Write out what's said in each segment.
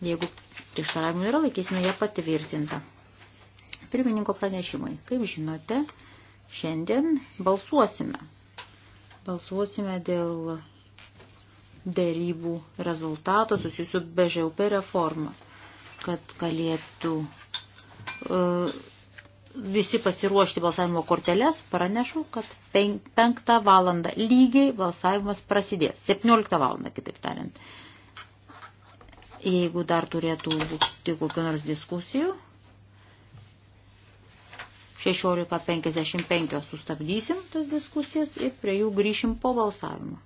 Jeigu prieštaravimų yra, laikysime ją patvirtintą. Pirmininko pranešimai. Kaip žinote, šiandien balsuosime. Balsuosime dėl dėrybų rezultato susijusių BŽUP reformą, kad galėtų uh, visi pasiruošti balsavimo korteles, pranešu, kad 5 valandą lygiai balsavimas prasidės. 17 valandą, kitaip tariant. Uh, Jeigu dar turėtų būti kokių nors diskusijų, 16.55 sustabdysim tas diskusijas ir prie jų grįšim po balsavimo.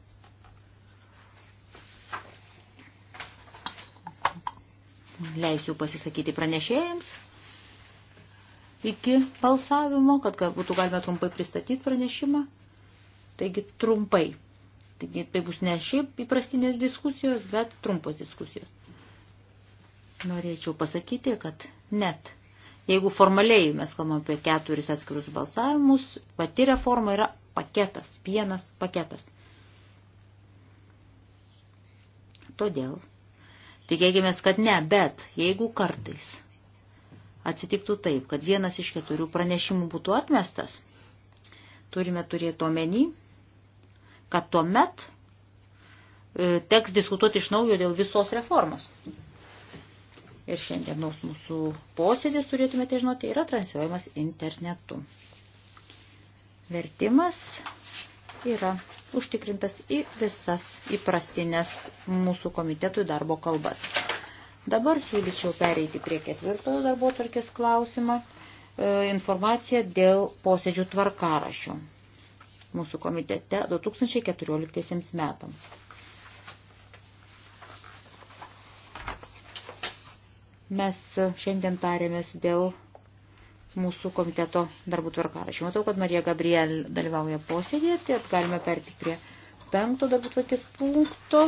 Leisiu pasisakyti pranešėjams iki balsavimo, kad būtų galima trumpai pristatyti pranešimą. Taigi trumpai. Taigi tai bus ne šiaip įprastinės diskusijos, bet trumpos diskusijos norėčiau pasakyti, kad net jeigu formaliai mes kalbam apie keturis atskirus balsavimus, pati reforma yra paketas, vienas paketas. Todėl tikėkime, kad ne, bet jeigu kartais atsitiktų taip, kad vienas iš keturių pranešimų būtų atmestas, turime turėti omeny, kad tuomet e, teks diskutuoti iš naujo dėl visos reformos. Ir šiandienos mūsų posėdis, turėtumėte žinoti, yra transliuojamas internetu. Vertimas yra užtikrintas į visas įprastinės mūsų komitetų darbo kalbas. Dabar siūlyčiau pereiti prie ketvirtojo darbo tvarkės klausimą e, informaciją dėl posėdžių tvarkarašių mūsų komitete 2014 metams. Mes šiandien tarėmės dėl mūsų komiteto darbų tvarkaraščių. Matau, kad Marija Gabriel dalyvauja posėdėje, tai galime perti prie penkto darbų tvarkės punkto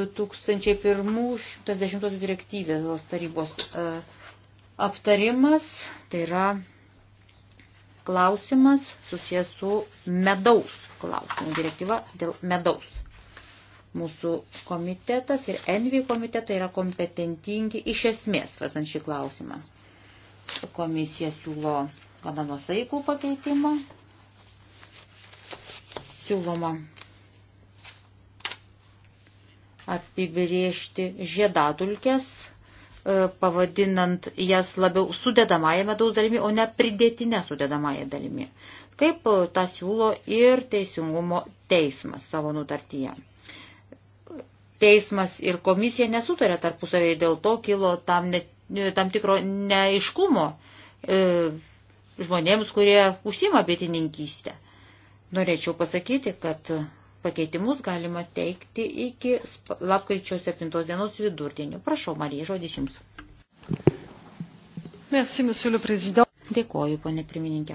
2001-60 direktyvės tarybos e, aptarimas. Tai yra klausimas susijęs su medaus klausimu, direktyva dėl medaus. Mūsų komitetas ir Envy komitetai yra kompetentingi iš esmės, svarstant šį klausimą. Komisija siūlo gana nuosaikų pakeitimą. Siūloma apibriežti žiedadulkės, e, pavadinant jas labiau sudedamąją medaus dalimi, o ne pridėtinę sudedamąją dalimi. Kaip e, tą siūlo ir teisingumo teismas savo nutartyje teismas ir komisija nesutarė tarpusavėje, dėl to kilo tam, ne, tam tikro neaiškumo e, žmonėms, kurie užsima bitininkystę. Norėčiau pasakyti, kad pakeitimus galima teikti iki lapkričio 7 dienos vidurdienio. Prašau, Marija, žodis jums. Merci, monsieur le président. Dėkoju, ponė pirmininkė.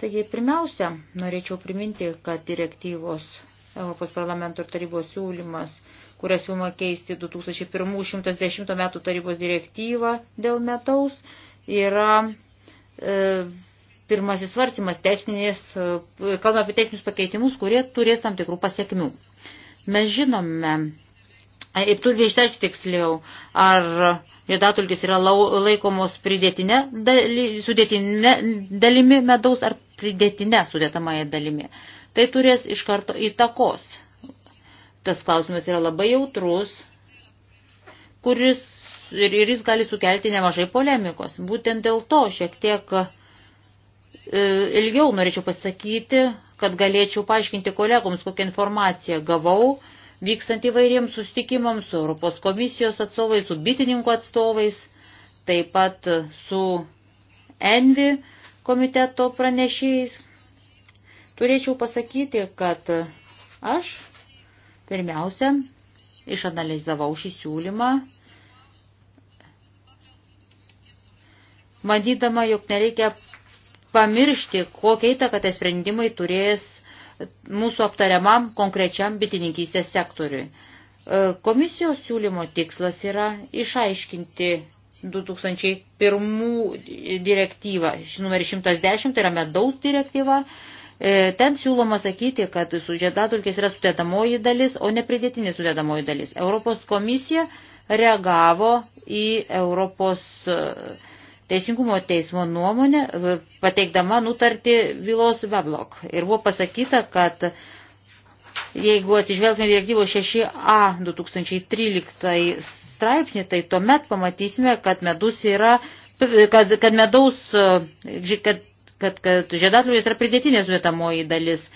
Taigi, pirmiausia, norėčiau priminti, kad direktyvos Europos parlamento ir tarybos siūlymas, kuria siūloma keisti 2110 metų tarybos direktyvą dėl metaus, yra e, pirmasis svarstymas techninės, e, kalbame apie techninius pakeitimus, kurie turės tam tikrų pasiekmių. Mes žinome, e, ir turime išsiaiškinti tiksliau, ar žiedadulkis yra laikomos pridėtinė daly, sudėtinė dalimi medaus ar pridėtinė sudėtamąją dalimi. Uh, Tai turės iš karto įtakos. Tas klausimas yra labai jautrus, kuris ir, ir jis gali sukelti nemažai polemikos. Būtent dėl to šiek tiek e, ilgiau norėčiau pasakyti, kad galėčiau paaiškinti kolegoms, kokią informaciją gavau, vykstant įvairiems sustikimams su Europos komisijos atstovais, su bitininkų atstovais, taip pat su Envi komiteto pranešėjais, Turėčiau pasakyti, kad aš pirmiausia išanalizavau šį siūlymą, manydama, jog nereikia pamiršti, kokią įtaką tie sprendimai turės mūsų aptariamam konkrečiam bitininkystės sektoriui. E, komisijos siūlymo tikslas yra išaiškinti 2001 direktyvą, numeris 110, tai yra medaus direktyva, E, ten siūloma sakyti, kad sužėdadulkės yra sudėdamoji dalis, o ne pridėtinė sudėdamoji dalis. Europos komisija reagavo į Europos e, Teisingumo teismo nuomonę, e, pateikdama nutarti bylos Veblok. Ir buvo pasakyta, kad jeigu atsižvelgime direktyvo 6a 2013 straipsnį, tai tuomet pamatysime, kad medus yra, kad, kad medaus, kad kad, kad žiedatliulės yra pridėtinė sudėtamoji dalis,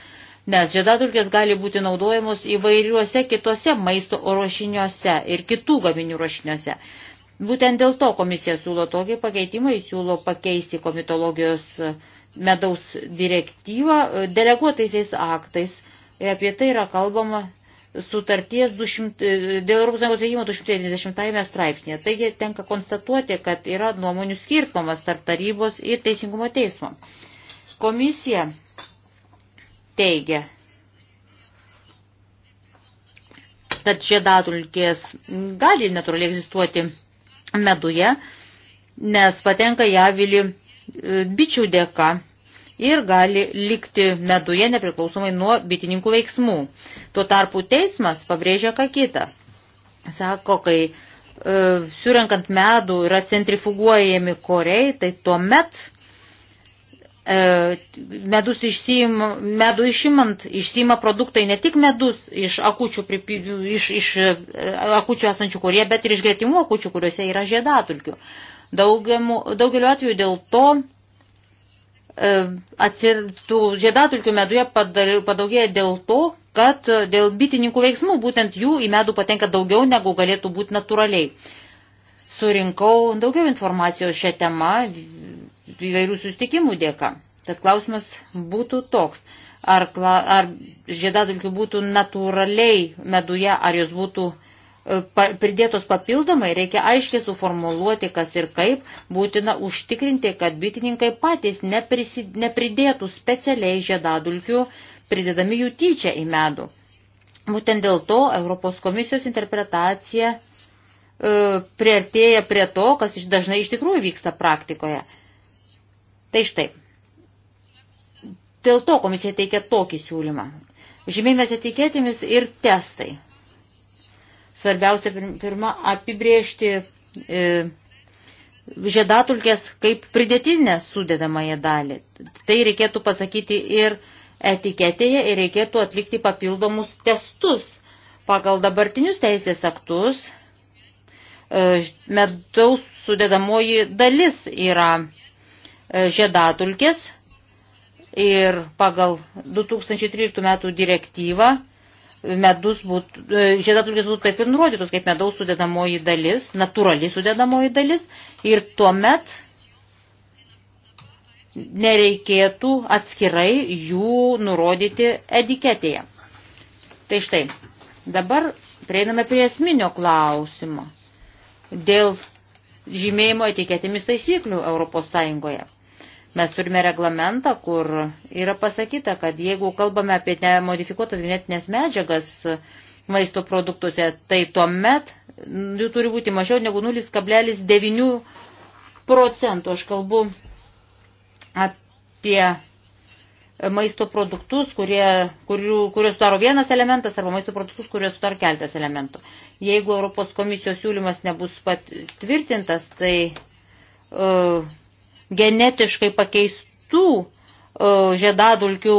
nes žiedatliulės gali būti naudojamos įvairiuose kitose maisto ruošiniuose ir kitų gaminių ruošiniuose. Būtent dėl to komisija siūlo tokį pakeitimą, jis siūlo pakeisti komitologijos medaus direktyvą deleguotaisiais aktais. Ir apie tai yra kalbama sutarties 200, dėl Europos Sąjungos veikimo 290 straipsnėje. Taigi tenka konstatuoti, kad yra nuomonių skirtumas tarp tarybos ir teisingumo teismo. Komisija teigia, kad žiedadulkės gali natūraliai egzistuoti meduje, nes patenka javili e, bičių dėka ir gali likti meduje nepriklausomai nuo bitininkų veiksmų. Tuo tarpu teismas pabrėžia ką kitą. Sako, kai e, surenkant medų yra centrifuguojami koriai, tai tuomet e, medus išsima, medų išimant išsima produktai ne tik medus iš akučių, pripivių, iš, iš e, akučių esančių kurie, bet ir iš gretimų akučių, kuriuose yra žiedatulkių. Daugeliu, daugeliu atveju dėl to E, tų žiedadulkių meduje padaugėja dėl to, kad e, dėl bitininkų veiksmų būtent jų į medų patenka daugiau negu galėtų būti natūraliai. Surinkau daugiau informacijos šią temą įvairių sustikimų dėka. Tad klausimas būtų toks. Ar, ar žiedadulkių būtų natūraliai meduje, ar jos būtų uh, pridėtos papildomai, reikia aiškiai suformuluoti, kas ir kaip būtina užtikrinti, kad bitininkai patys nepridėtų specialiai žiedadulkių, pridedami jų tyčia į medų. Būtent dėl to Europos komisijos interpretacija e, priartėja prie to, kas iš dažnai iš tikrųjų vyksta praktikoje. Tai štai. Dėl to komisija teikia tokį siūlymą. Žymėmės etiketėmis ir testai. Svarbiausia pirma apibriežti e, žiedatulkės kaip pridėtinę sudėdamąją dalį. Tai reikėtų pasakyti ir etiketėje ir reikėtų atlikti papildomus testus. Pagal dabartinius teisės aktus e, medaus sudėdamoji dalis yra e, žiedatulkės ir pagal 2013 metų direktyvą medus e, būtų, žiedadulkis būtų taip ir nurodytos, kaip medaus sudėdamoji dalis, natūrali sudėdamoji dalis ir tuomet nereikėtų atskirai jų nurodyti etiketėje. Tai štai, dabar prieiname prie esminio klausimo dėl žymėjimo etiketėmis taisyklių Europos Sąjungoje. Mes turime reglamentą, kur yra pasakyta, kad jeigu kalbame apie nemodifikuotas genetinės medžiagas maisto produktuose, tai tuomet jų turi būti mažiau negu 0,9 procentų. Aš kalbu apie maisto produktus, kurie, kurių, kurios sudaro vienas elementas arba maisto produktus, kurie sudaro keltas elementų. Jeigu Europos komisijos siūlymas nebus patvirtintas, tai uh, genetiškai pakeistų e, žiedadulkių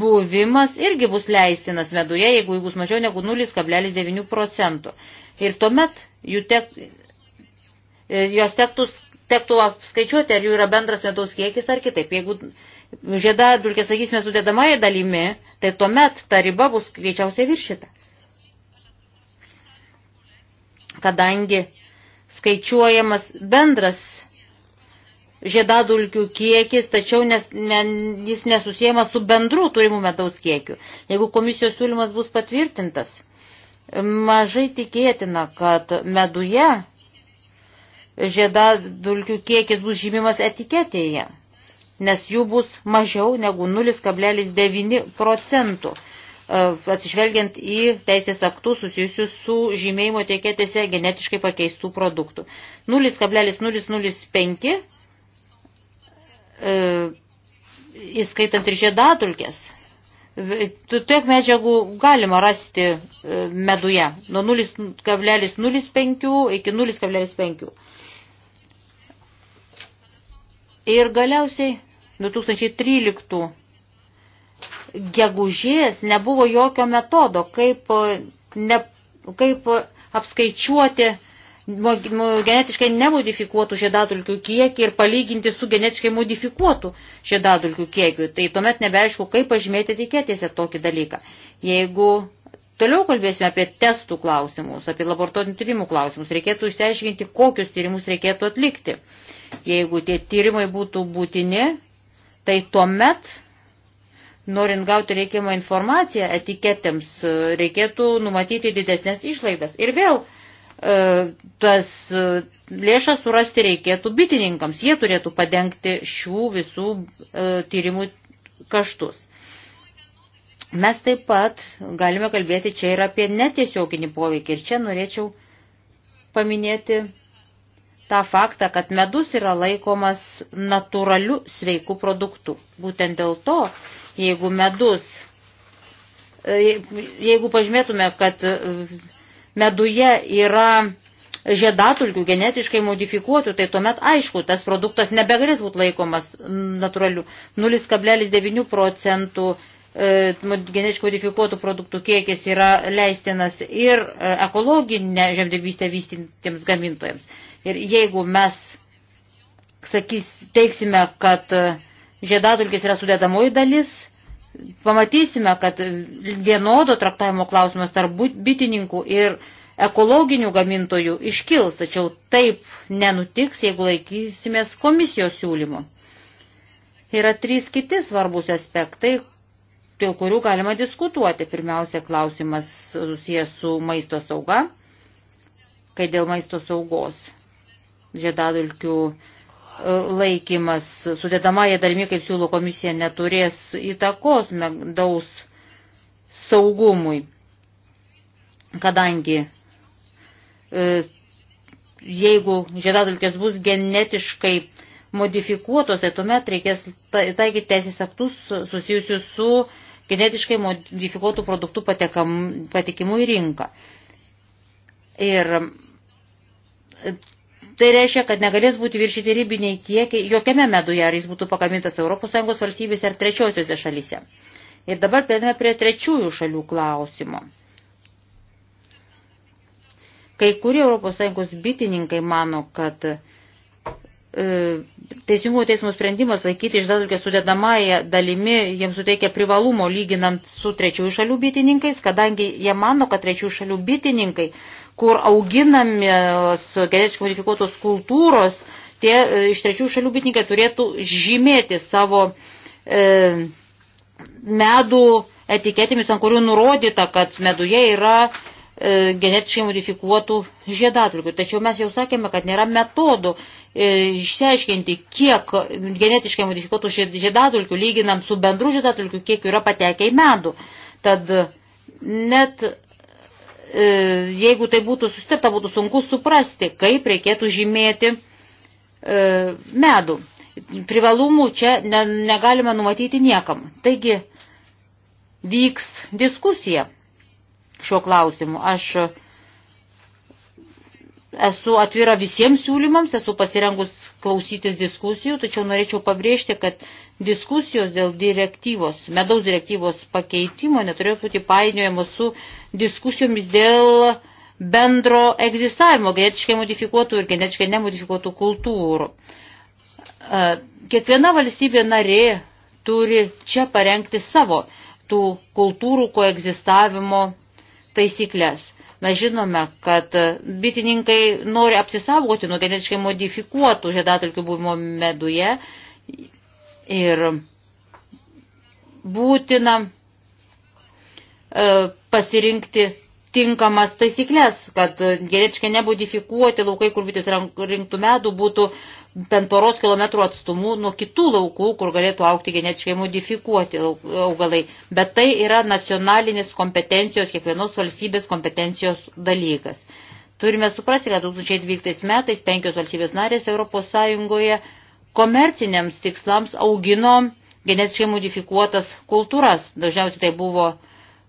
buvimas irgi bus leistinas meduje, jeigu bus mažiau negu 0,9 procentų. Ir tuomet jų tek, e, jos tektų, tektų apskaičiuoti, ar jų yra bendras medaus kiekis ar kitaip. Jeigu žieda dulkė, sakysime, sudėdamąją dalimi, tai tuomet ta riba bus greičiausiai viršita. Kadangi skaičiuojamas bendras žiedadulkių kiekis, tačiau nes, ne, jis nesusijęs su bendru turimų medaus kiekiu. Jeigu komisijos siūlymas bus patvirtintas, mažai tikėtina, kad meduje žiedadulkių kiekis bus žymimas etiketėje, nes jų bus mažiau negu 0,9 procentų e, atsižvelgiant į teisės aktus susijusius su žymėjimo tiekėtėse genetiškai pakeistų produktų. 0,005 E, įskaitant ir žiedadulkės. Tiek medžiagų galima rasti e, meduje nuo 0,05 iki 0,5. Ir galiausiai 2013 gegužės nebuvo jokio metodo, kaip, e, ne, kaip apskaičiuoti uh, genetiškai nemodifikuotų žiedadulkių kiekį ir palyginti su genetiškai modifikuotų žiedadulkių kiekiu. Tai tuomet nebeaišku, kaip pažymėti etiketėse tokį dalyką. Jeigu toliau kalbėsime apie testų klausimus, apie laboratorinių tyrimų klausimus, reikėtų išsiaiškinti, kokius tyrimus reikėtų atlikti. Jeigu tie tyrimai būtų būtini, tai tuomet norint gauti reikiamą informaciją etiketėms, reikėtų numatyti didesnės išlaidas. Ir vėl E, tas e, lėšas surasti reikėtų bitininkams. Jie turėtų padengti šių visų e, tyrimų kaštus. Mes taip pat galime kalbėti čia ir apie netiesioginį poveikį. Ir čia norėčiau paminėti tą faktą, kad medus yra laikomas natūraliu sveiku produktu. Būtent dėl to, jeigu medus, jeigu pažymėtume, kad meduje yra žiedatulkių genetiškai modifikuotų, tai tuomet aišku, tas produktas nebegalės būti laikomas natūraliu. 0,9 procentų e, genetiškai modifikuotų produktų kiekis yra leistinas ir e, ekologinė žemdirbystė vystintiems gamintojams. Ir jeigu mes sakys, teiksime, kad e, žiedadulkis yra sudėdamoji dalis, pamatysime, kad vienodo traktavimo klausimas tarp bitininkų ir ekologinių gamintojų iškils, tačiau taip nenutiks, jeigu laikysimės komisijos siūlymų. Yra trys kiti svarbus aspektai, dėl kurių galima diskutuoti. Pirmiausia, klausimas susijęs su maisto sauga, kai dėl maisto saugos žiedadulkių laikymas sudėdamąją dalimi, kaip siūlo komisija, neturės įtakos medaus saugumui, kadangi e, jeigu žiedadulkės bus genetiškai modifikuotos, tai tuomet reikės taikyti teisės aktus susijusius su genetiškai modifikuotų produktų patekam, patekimu į rinką. Ir Tai reiškia, kad negalės būti viršyti ribiniai kiekiai jokiame meduje, ar jis būtų pagamintas ES valstybėse ar trečiosiuose šalyse. Ir dabar pėdame prie trečiųjų šalių klausimo. Kai kurie ES bitininkai mano, kad e, teisingumo teismo sprendimas laikyti išdadulkę sudedamąją dalimi jiems suteikia privalumo lyginant su trečiųjų šalių bitininkais, kadangi jie mano, kad trečiųjų šalių bitininkai kur auginamios genetiškai modifikuotos kultūros, tie e, iš trečių šalių bitininkai turėtų žymėti savo e, medų etiketėmis, ant kurių nurodyta, kad meduje yra e, genetiškai modifikuotų žiedatulkių. Tačiau mes jau sakėme, kad nėra metodų e, išsiaiškinti, kiek genetiškai modifikuotų žiedatulkių lyginant su bendru žiedatulkiu, kiek yra patekę į medų. Tad net E, jeigu tai būtų susitarta, būtų sunku suprasti, kaip reikėtų žymėti e, medų. Privalumų čia ne, negalime numatyti niekam. Taigi vyks diskusija šiuo klausimu. Aš esu atvira visiems siūlymams, esu pasirengus klausytis diskusijų, tačiau norėčiau pabrėžti, kad diskusijos dėl direktyvos, medaus direktyvos pakeitimo neturėtų būti painiojamos su diskusijomis dėl bendro egzistavimo genetiškai modifikuotų ir genetiškai nemodifikuotų kultūrų. Kiekviena valstybė narė turi čia parengti savo tų kultūrų koegzistavimo taisyklės. Mes žinome, kad bitininkai nori apsisaugoti nuo genetiškai modifikuotų žiedatulkių buvimo meduje ir būtina e, pasirinkti tinkamas taisyklės, kad genetiškai nebodifikuoti laukai, kur bitės rinktų medų, būtų bent poros kilometrų atstumu nuo kitų laukų, kur galėtų aukti genetiškai modifikuoti augalai. Bet tai yra nacionalinės kompetencijos, kiekvienos valstybės kompetencijos dalykas. Turime suprasti, kad 2012 metais penkios valstybės narės Europos Sąjungoje komerciniams tikslams augino genetiškai modifikuotas kultūras. Dažniausiai tai buvo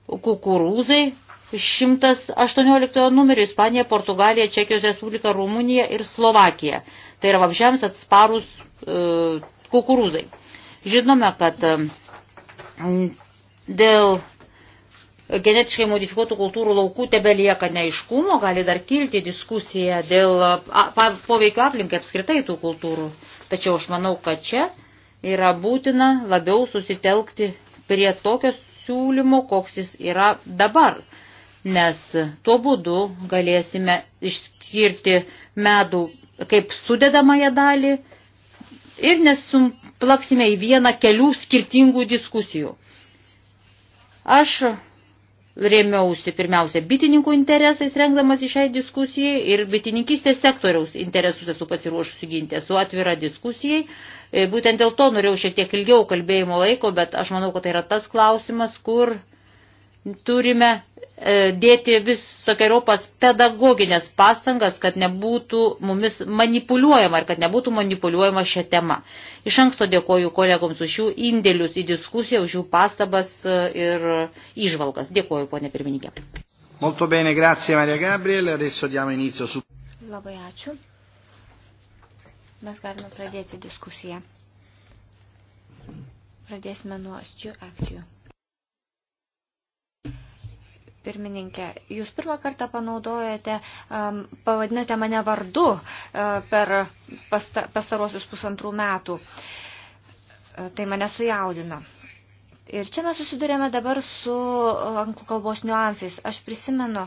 kukurūzai, 118 numerio Ispanija, Portugalija, Čekijos Respublika, Rumunija ir Slovakija. Tai yra vabžiams atsparus e, kukurūzai. Žinome, kad e, dėl genetiškai modifikuotų kultūrų laukų tebelieka neiškumo, gali dar kilti diskusija dėl poveikio aplinkai apskritai tų kultūrų. Tačiau aš manau, kad čia yra būtina labiau susitelkti prie tokio siūlymo, koks jis yra dabar, nes tuo būdu galėsime išskirti medų kaip sudedamąją dalį ir nesumplaksime į vieną kelių skirtingų diskusijų. Aš rėmiausi pirmiausia bitininkų interesais, rengdamas į šiai diskusijai ir bitininkistės sektoriaus interesus esu pasiruošusi ginti, esu atvira diskusijai. E, būtent dėl to norėjau šiek tiek ilgiau kalbėjimo laiko, bet aš manau, kad tai yra tas klausimas, kur Turime e, dėti visokiojopas pedagoginės pastangas, kad nebūtų mumis manipuliuojama ir kad nebūtų manipuliuojama šią temą. Iš anksto dėkoju kolegoms už jų indėlius į diskusiją, už jų pastabas e, ir išvalgas. Dėkoju, ponė pirmininkė. Molto bene, grazie Maria Gabriele. Adesso diamo inizio su... Labai ačiū. Mes galime pradėti diskusiją. Pradėsime nuo Stu akcijų pirmininkė, jūs pirmą kartą panaudojate, um, pavadinote mane vardu uh, per pasta, pastaruosius pusantrų metų. Uh, tai mane sujaudino. Ir čia mes susidurėme dabar su anglų kalbos niuansais. Aš prisimenu,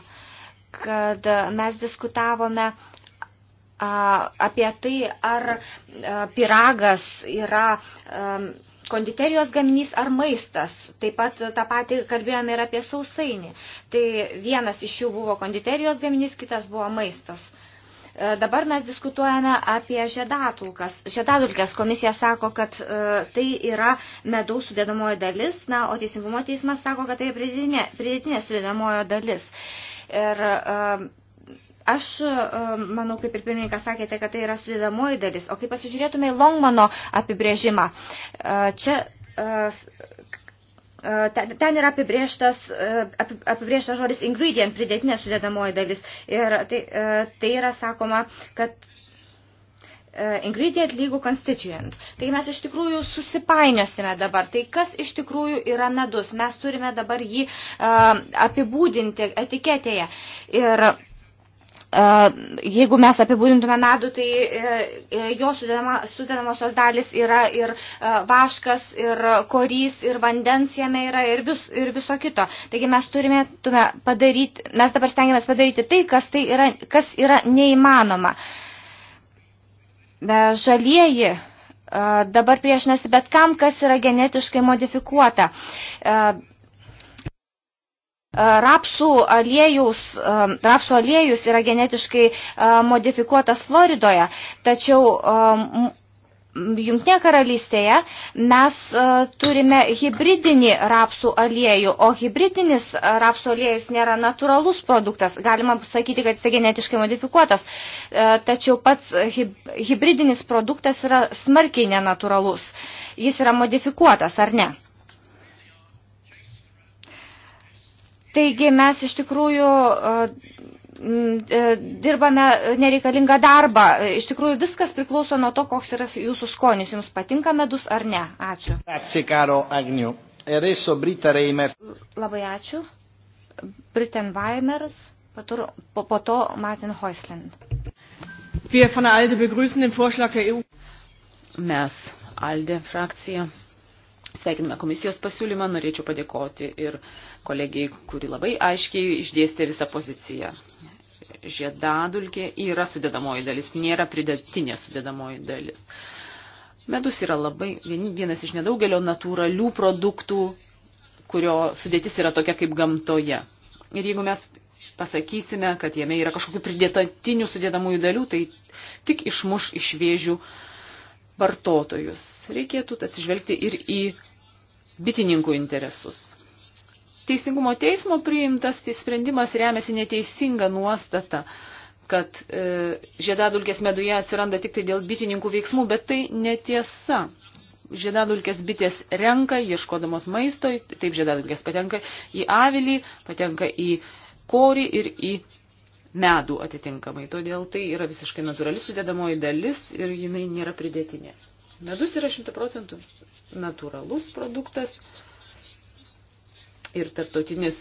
kad mes diskutavome apie tai, ar piragas yra konditerijos gaminys ar maistas. Taip pat tą patį kalbėjome ir apie sausainį. Tai vienas iš jų buvo konditerijos gaminys, kitas buvo maistas. E, dabar mes diskutuojame apie žiedatulkas. Žiedatulkės komisija sako, kad e, tai yra medaus sudėdamojo dalis, na, o teisingumo teismas sako, kad tai pridėtinė, pridėtinė sudėdamojo dalis. Ir e, Aš e, manau, kaip ir pirmininkas sakėte, kad tai yra sudėdamoji dalis. O kai pasižiūrėtume į Longmano apibrėžimą, e, čia e, ten yra apibrėžtas, apibrėžtas žodis ingredient, pridėtinė sudėdamoji dalis. Ir tai, tai yra sakoma, kad ingredient lygų constituent. Tai mes iš tikrųjų susipainiosime dabar. Tai kas iš tikrųjų yra medus? Mes turime dabar jį apibūdinti etiketėje. Ir E, jeigu mes apibūdintume medų, tai e, e, jo sudedamosios dalis yra ir vaškas, ir korys, ir vandens jame yra, ir, vis, ir viso kito. Taigi mes turime padaryti, mes dabar stengiamės padaryti tai, kas, tai yra, kas yra neįmanoma. Žalieji dabar priešinasi bet kam, kas yra genetiškai modifikuota rapsų, aliejus, rapsų aliejus yra genetiškai modifikuotas Floridoje, tačiau Junktinėje karalystėje mes turime hybridinį rapsų aliejų, o hybridinis rapsų aliejus nėra natūralus produktas. Galima sakyti, kad jis genetiškai modifikuotas, tačiau pats hybridinis produktas yra smarkiai nenatūralus. Jis yra modifikuotas, ar ne? Taigi mes iš tikrųjų e, e, dirbame nereikalingą darbą. Iš tikrųjų viskas priklauso nuo to, koks yra jūsų skonis. Jums patinka medus ar ne? Ačiū. Grazie, caro Agniu. E adesso Brita Reimer. Labai ačiū. Briten Weimers, po, po to Martin Heusland. Wir von der ALDE begrüßen den Vorschlag der EU. Mes, ALDE frakcija, sveikiname komisijos pasiūlymą, norėčiau padėkoti ir uh, kolegijai, kuri labai aiškiai išdėstė visą poziciją. Žiedadulkė yra sudėdamoji dalis, nėra pridėtinė sudėdamoji dalis. Medus yra labai vienas iš nedaugelio natūralių produktų, kurio sudėtis yra tokia kaip gamtoje. Ir jeigu mes pasakysime, kad jame yra kažkokių pridėtatinių sudėdamųjų dalių, tai tik išmuš iš vėžių vartotojus. Reikėtų atsižvelgti ir į bitininkų interesus. Teisingumo teismo priimtas tai sprendimas remiasi neteisinga nuostata, kad e, žiedadulkės meduje atsiranda tik tai dėl bitininkų veiksmų, bet tai netiesa. Žiedadulkės bitės renka, ieškodamos maisto, taip žiedadulkės patenka į avilį, patenka į korį ir į medų atitinkamai. Todėl tai yra visiškai natūrali sudėdamoji dalis ir jinai nėra pridėtinė. Medus yra 100 procentų natūralus produktas, ir tarptautinis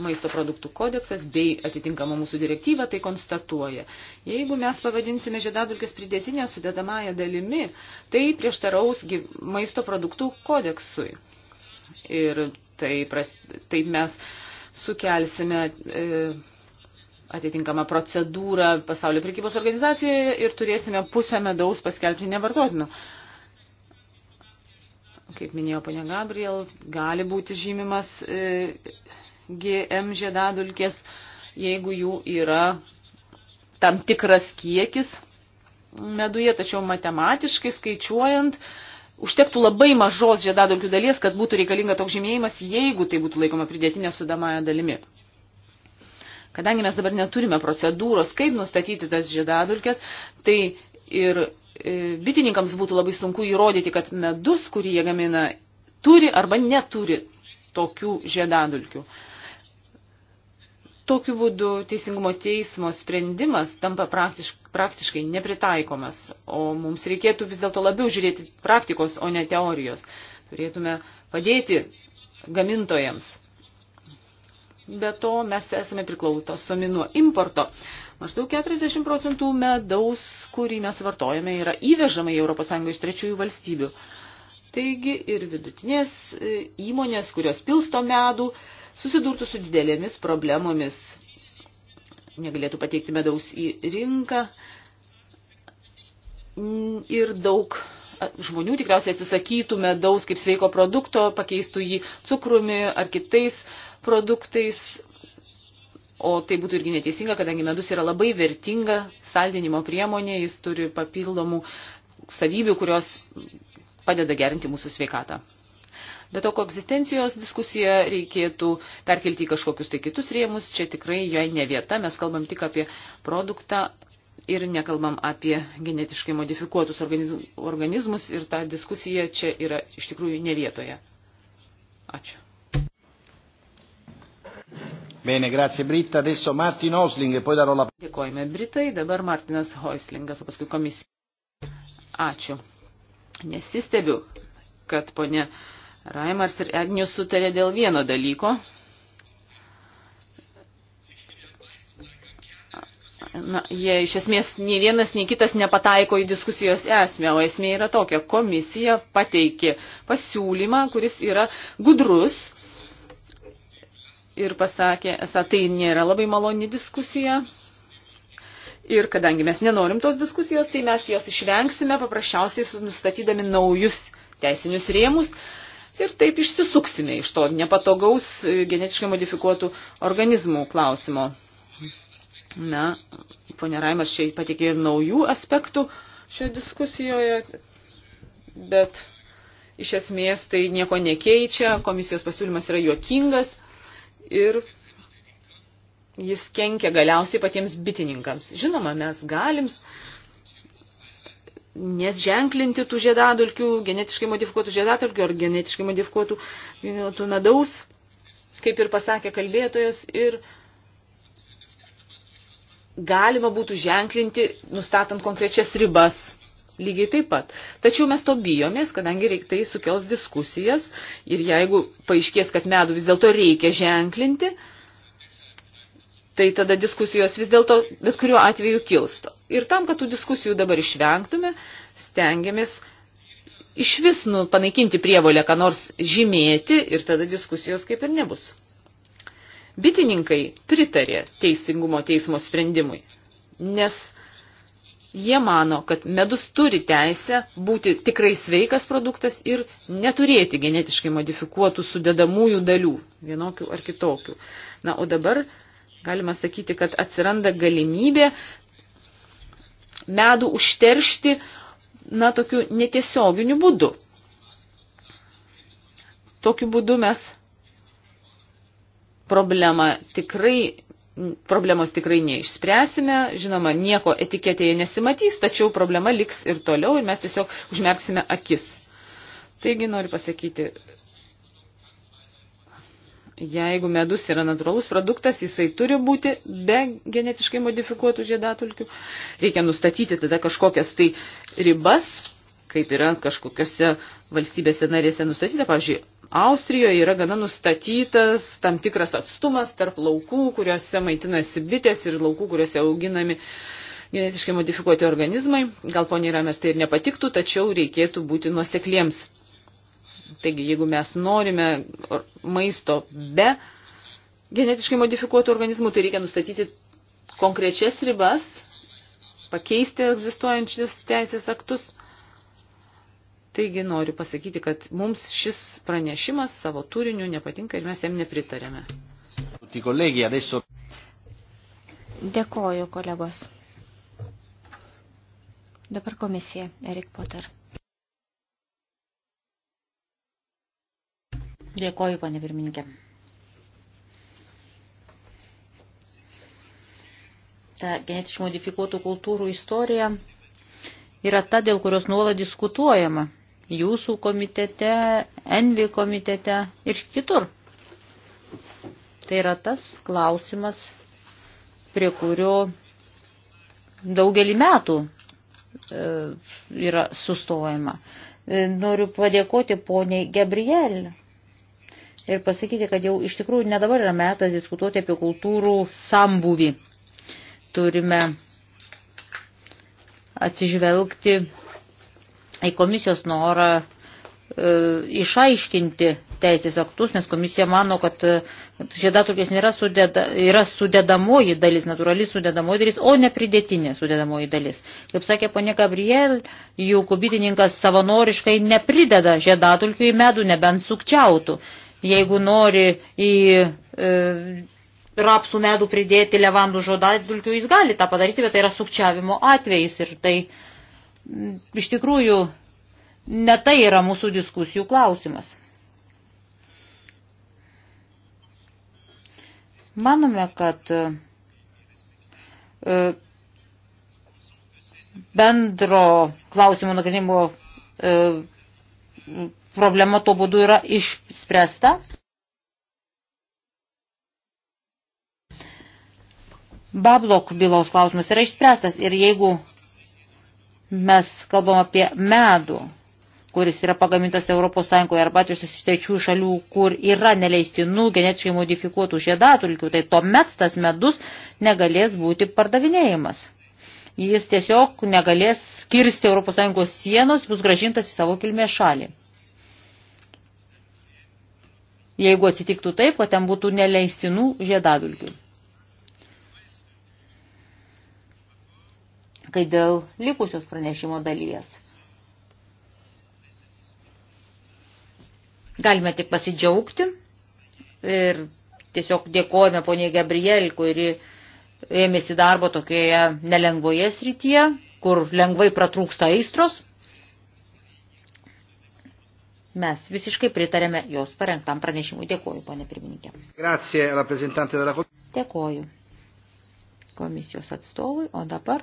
maisto produktų kodeksas bei atitinkama mūsų direktyva tai konstatuoja. Jeigu mes pavadinsime žiedadulkės pridėtinę sudedamąją dalimi, tai prieštaraus maisto produktų kodeksui. Ir tai, pras, tai mes sukelsime e, atitinkamą procedūrą pasaulio prekybos organizacijoje ir turėsime pusę medaus paskelbti nevartotinu. No kaip minėjo ponia Gabriel, gali būti žymimas e, GM žiedadulkės, jeigu jų yra tam tikras kiekis meduje, tačiau matematiškai skaičiuojant, užtektų labai mažos žiedadulkių dalies, kad būtų reikalinga toks žymėjimas, jeigu tai būtų laikoma pridėtinė sudamąją dalimi. Kadangi mes dabar neturime procedūros, kaip nustatyti tas žiedadulkės, tai ir E, bitininkams būtų labai sunku įrodyti, kad medus, kurį jie gamina, turi arba neturi tokių žiedadulkių. Tokiu būdu teisingumo teismo sprendimas tampa praktiškai, praktiškai nepritaikomas, o mums reikėtų vis dėlto labiau žiūrėti praktikos, o ne teorijos. Turėtume padėti gamintojams. Be to mes esame priklausomi nuo importo. Maždaug 40 procentų medaus, kurį mes vartojame, yra įvežama į ES iš trečiųjų valstybių. Taigi ir vidutinės e, įmonės, kurios pilsto medų, susidurtų su didelėmis problemomis. Negalėtų pateikti medaus į rinką mm, ir daug e, žmonių tikriausiai atsisakytų medaus kaip sveiko produkto, pakeistų jį cukrumi ar kitais produktais, O tai būtų irgi neteisinga, kadangi medus yra labai vertinga saldinimo priemonė, jis turi papildomų savybių, kurios padeda gerinti mūsų sveikatą. Bet to koegzistencijos diskusiją reikėtų perkelti į kažkokius tai kitus rėmus, čia tikrai joje ne vieta, mes kalbam tik apie produktą ir nekalbam apie genetiškai modifikuotus organizmus ir ta diskusija čia yra iš tikrųjų ne vietoje. Ačiū. Bene, grazie Britta. Adesso Martin Osling e poi darò la... Dėkojame Britai, dabar Martinas Hoislingas, o paskui komisija. Ačiū. Nesistebiu, kad ponė Raimars ir Agnius sutarė dėl vieno dalyko. Na, jie iš esmės nei vienas, nei kitas nepataiko į diskusijos esmę, o esmė yra tokia. Komisija pateikė pasiūlymą, kuris yra gudrus ir pasakė, esą tai nėra labai maloni diskusija. Ir kadangi mes nenorim tos diskusijos, tai mes jos išvengsime paprasčiausiai nustatydami naujus teisinius rėmus ir taip išsisuksime iš to nepatogaus e, genetiškai modifikuotų organizmų klausimo. Na, ponė Raimas čia patikė ir naujų aspektų šioje diskusijoje, bet iš esmės tai nieko nekeičia, komisijos pasiūlymas yra juokingas ir jis kenkia galiausiai patiems bitininkams. Žinoma, mes galim nes ženklinti tų žiedadulkių, genetiškai modifikuotų žiedadulkių ar genetiškai modifikuotų tų medaus, kaip ir pasakė kalbėtojas, ir galima būtų ženklinti, nustatant konkrečias ribas lygiai taip pat. Tačiau mes to bijomės, kadangi reik tai sukels diskusijas ir jeigu paaiškės, kad medų vis dėlto reikia ženklinti, tai tada diskusijos vis dėlto bet kuriuo atveju kilsto. Ir tam, kad tų diskusijų dabar išvengtume, stengiamės iš vis nu, panaikinti prievolę, ką nors žymėti ir tada diskusijos kaip ir nebus. Bitininkai pritarė teisingumo teismo sprendimui, nes Jie mano, kad medus turi teisę būti tikrai sveikas produktas ir neturėti genetiškai modifikuotų sudedamųjų dalių, vienokių ar kitokių. Na, o dabar galima sakyti, kad atsiranda galimybė medų užteršti, na, tokiu netiesioginiu būdu. Tokiu būdu mes problemą tikrai problemos tikrai neišspręsime, žinoma, nieko etiketėje nesimatys, tačiau problema liks ir toliau ir mes tiesiog užmerksime akis. Taigi noriu pasakyti, jeigu medus yra natūralus produktas, jisai turi būti be genetiškai modifikuotų žiedatulkių. Reikia nustatyti tada kažkokias tai ribas, kaip yra kažkokiose valstybėse narėse nustatyta, pavyzdžiui, Austrijoje yra gana nustatytas tam tikras atstumas tarp laukų, kuriuose maitinasi bitės ir laukų, kuriuose auginami genetiškai modifikuoti organizmai. Gal poniai Ramės tai ir nepatiktų, tačiau reikėtų būti nuosekliems. Taigi, jeigu mes norime maisto be genetiškai modifikuotų organizmų, tai reikia nustatyti konkrečias ribas, pakeisti egzistuojančius teisės aktus. Taigi noriu pasakyti, kad mums šis pranešimas savo turiniu nepatinka ir mes jam nepritarėme. Dėkoju, kolegos. Dabar komisija, Erik Potter. Dėkoju, panė pirmininkė. Ta genetiškai modifikuotų kultūrų istorija yra ta, dėl kurios nuolat diskutuojama jūsų komitete, Envi komitete ir kitur. Tai yra tas klausimas, prie kurio daugelį metų e, yra sustojama. E, noriu padėkoti poniai Gabriel ir pasakyti, kad jau iš tikrųjų nedabar yra metas diskutuoti apie kultūrų sambuvį. Turime atsižvelgti į komisijos norą e, išaiškinti teisės aktus, nes komisija mano, kad e, žiedatulkės nėra sudeda, yra sudedamoji dalis, natūrali sudedamoji dalis, o ne pridėtinė sudedamoji dalis. Kaip sakė ponė Gabriel, jų kubitininkas savanoriškai neprideda žiedatulkių į medų, nebent sukčiautų. Jeigu nori į e, rapsų medų pridėti levandų žodadulkių, jis gali tą padaryti, bet tai yra sukčiavimo atvejis ir tai iš tikrųjų ne tai yra mūsų diskusijų klausimas. Manome, kad e, bendro klausimo nagrinimo e, problema to būdu yra išspręsta. Bablok bylos klausimas yra išspręstas ir jeigu Mes kalbam apie medų, kuris yra pagamintas ES arba atvežtas iš trečių šalių, kur yra neleistinų genetiškai modifikuotų žiedadulkių, tai tuomet tas medus negalės būti pardavinėjimas. Jis tiesiog negalės kirsti ES sienos, bus gražintas į savo kilmės šalį. Jeigu atsitiktų taip, kad ten būtų neleistinų žiedadulkių. kai dėl likusios pranešimo dalies. Galime tik pasidžiaugti ir tiesiog dėkojame poniai Gabriel, kuri ėmėsi darbo tokioje nelengvoje srityje, kur lengvai pratrūksta aistros. Mes visiškai pritarėme jos parengtam pranešimui. Dėkoju, ponė pirmininkė. Grazie, Dėkoju komisijos atstovui, o dabar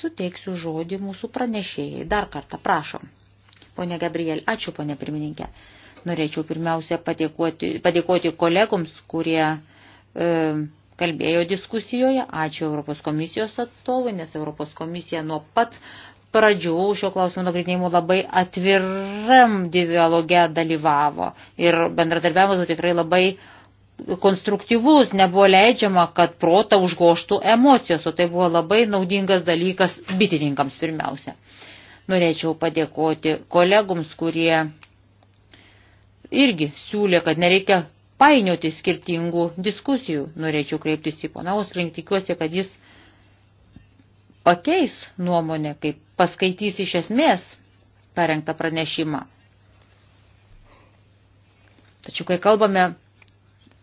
suteiksiu žodį mūsų pranešėjai. Dar kartą prašom. Pone Gabriel, ačiū, pone pirmininkė. Norėčiau pirmiausia padėkoti, padėkoti kolegoms, kurie e, kalbėjo diskusijoje. Ačiū Europos komisijos atstovui, nes Europos komisija nuo pat pradžių šio klausimo nagrinėjimų labai atviram dialoge dalyvavo. Ir bendradarbiavimas buvo tikrai labai konstruktyvus, nebuvo leidžiama, kad protą užgoštų emocijos, o tai buvo labai naudingas dalykas bitininkams pirmiausia. Norėčiau padėkoti kolegoms, kurie irgi siūlė, kad nereikia painioti skirtingų diskusijų. Norėčiau kreiptis į ponaus rink, tikiuosi, kad jis pakeis nuomonę, kaip paskaitys iš esmės parengtą pranešimą. Tačiau, kai kalbame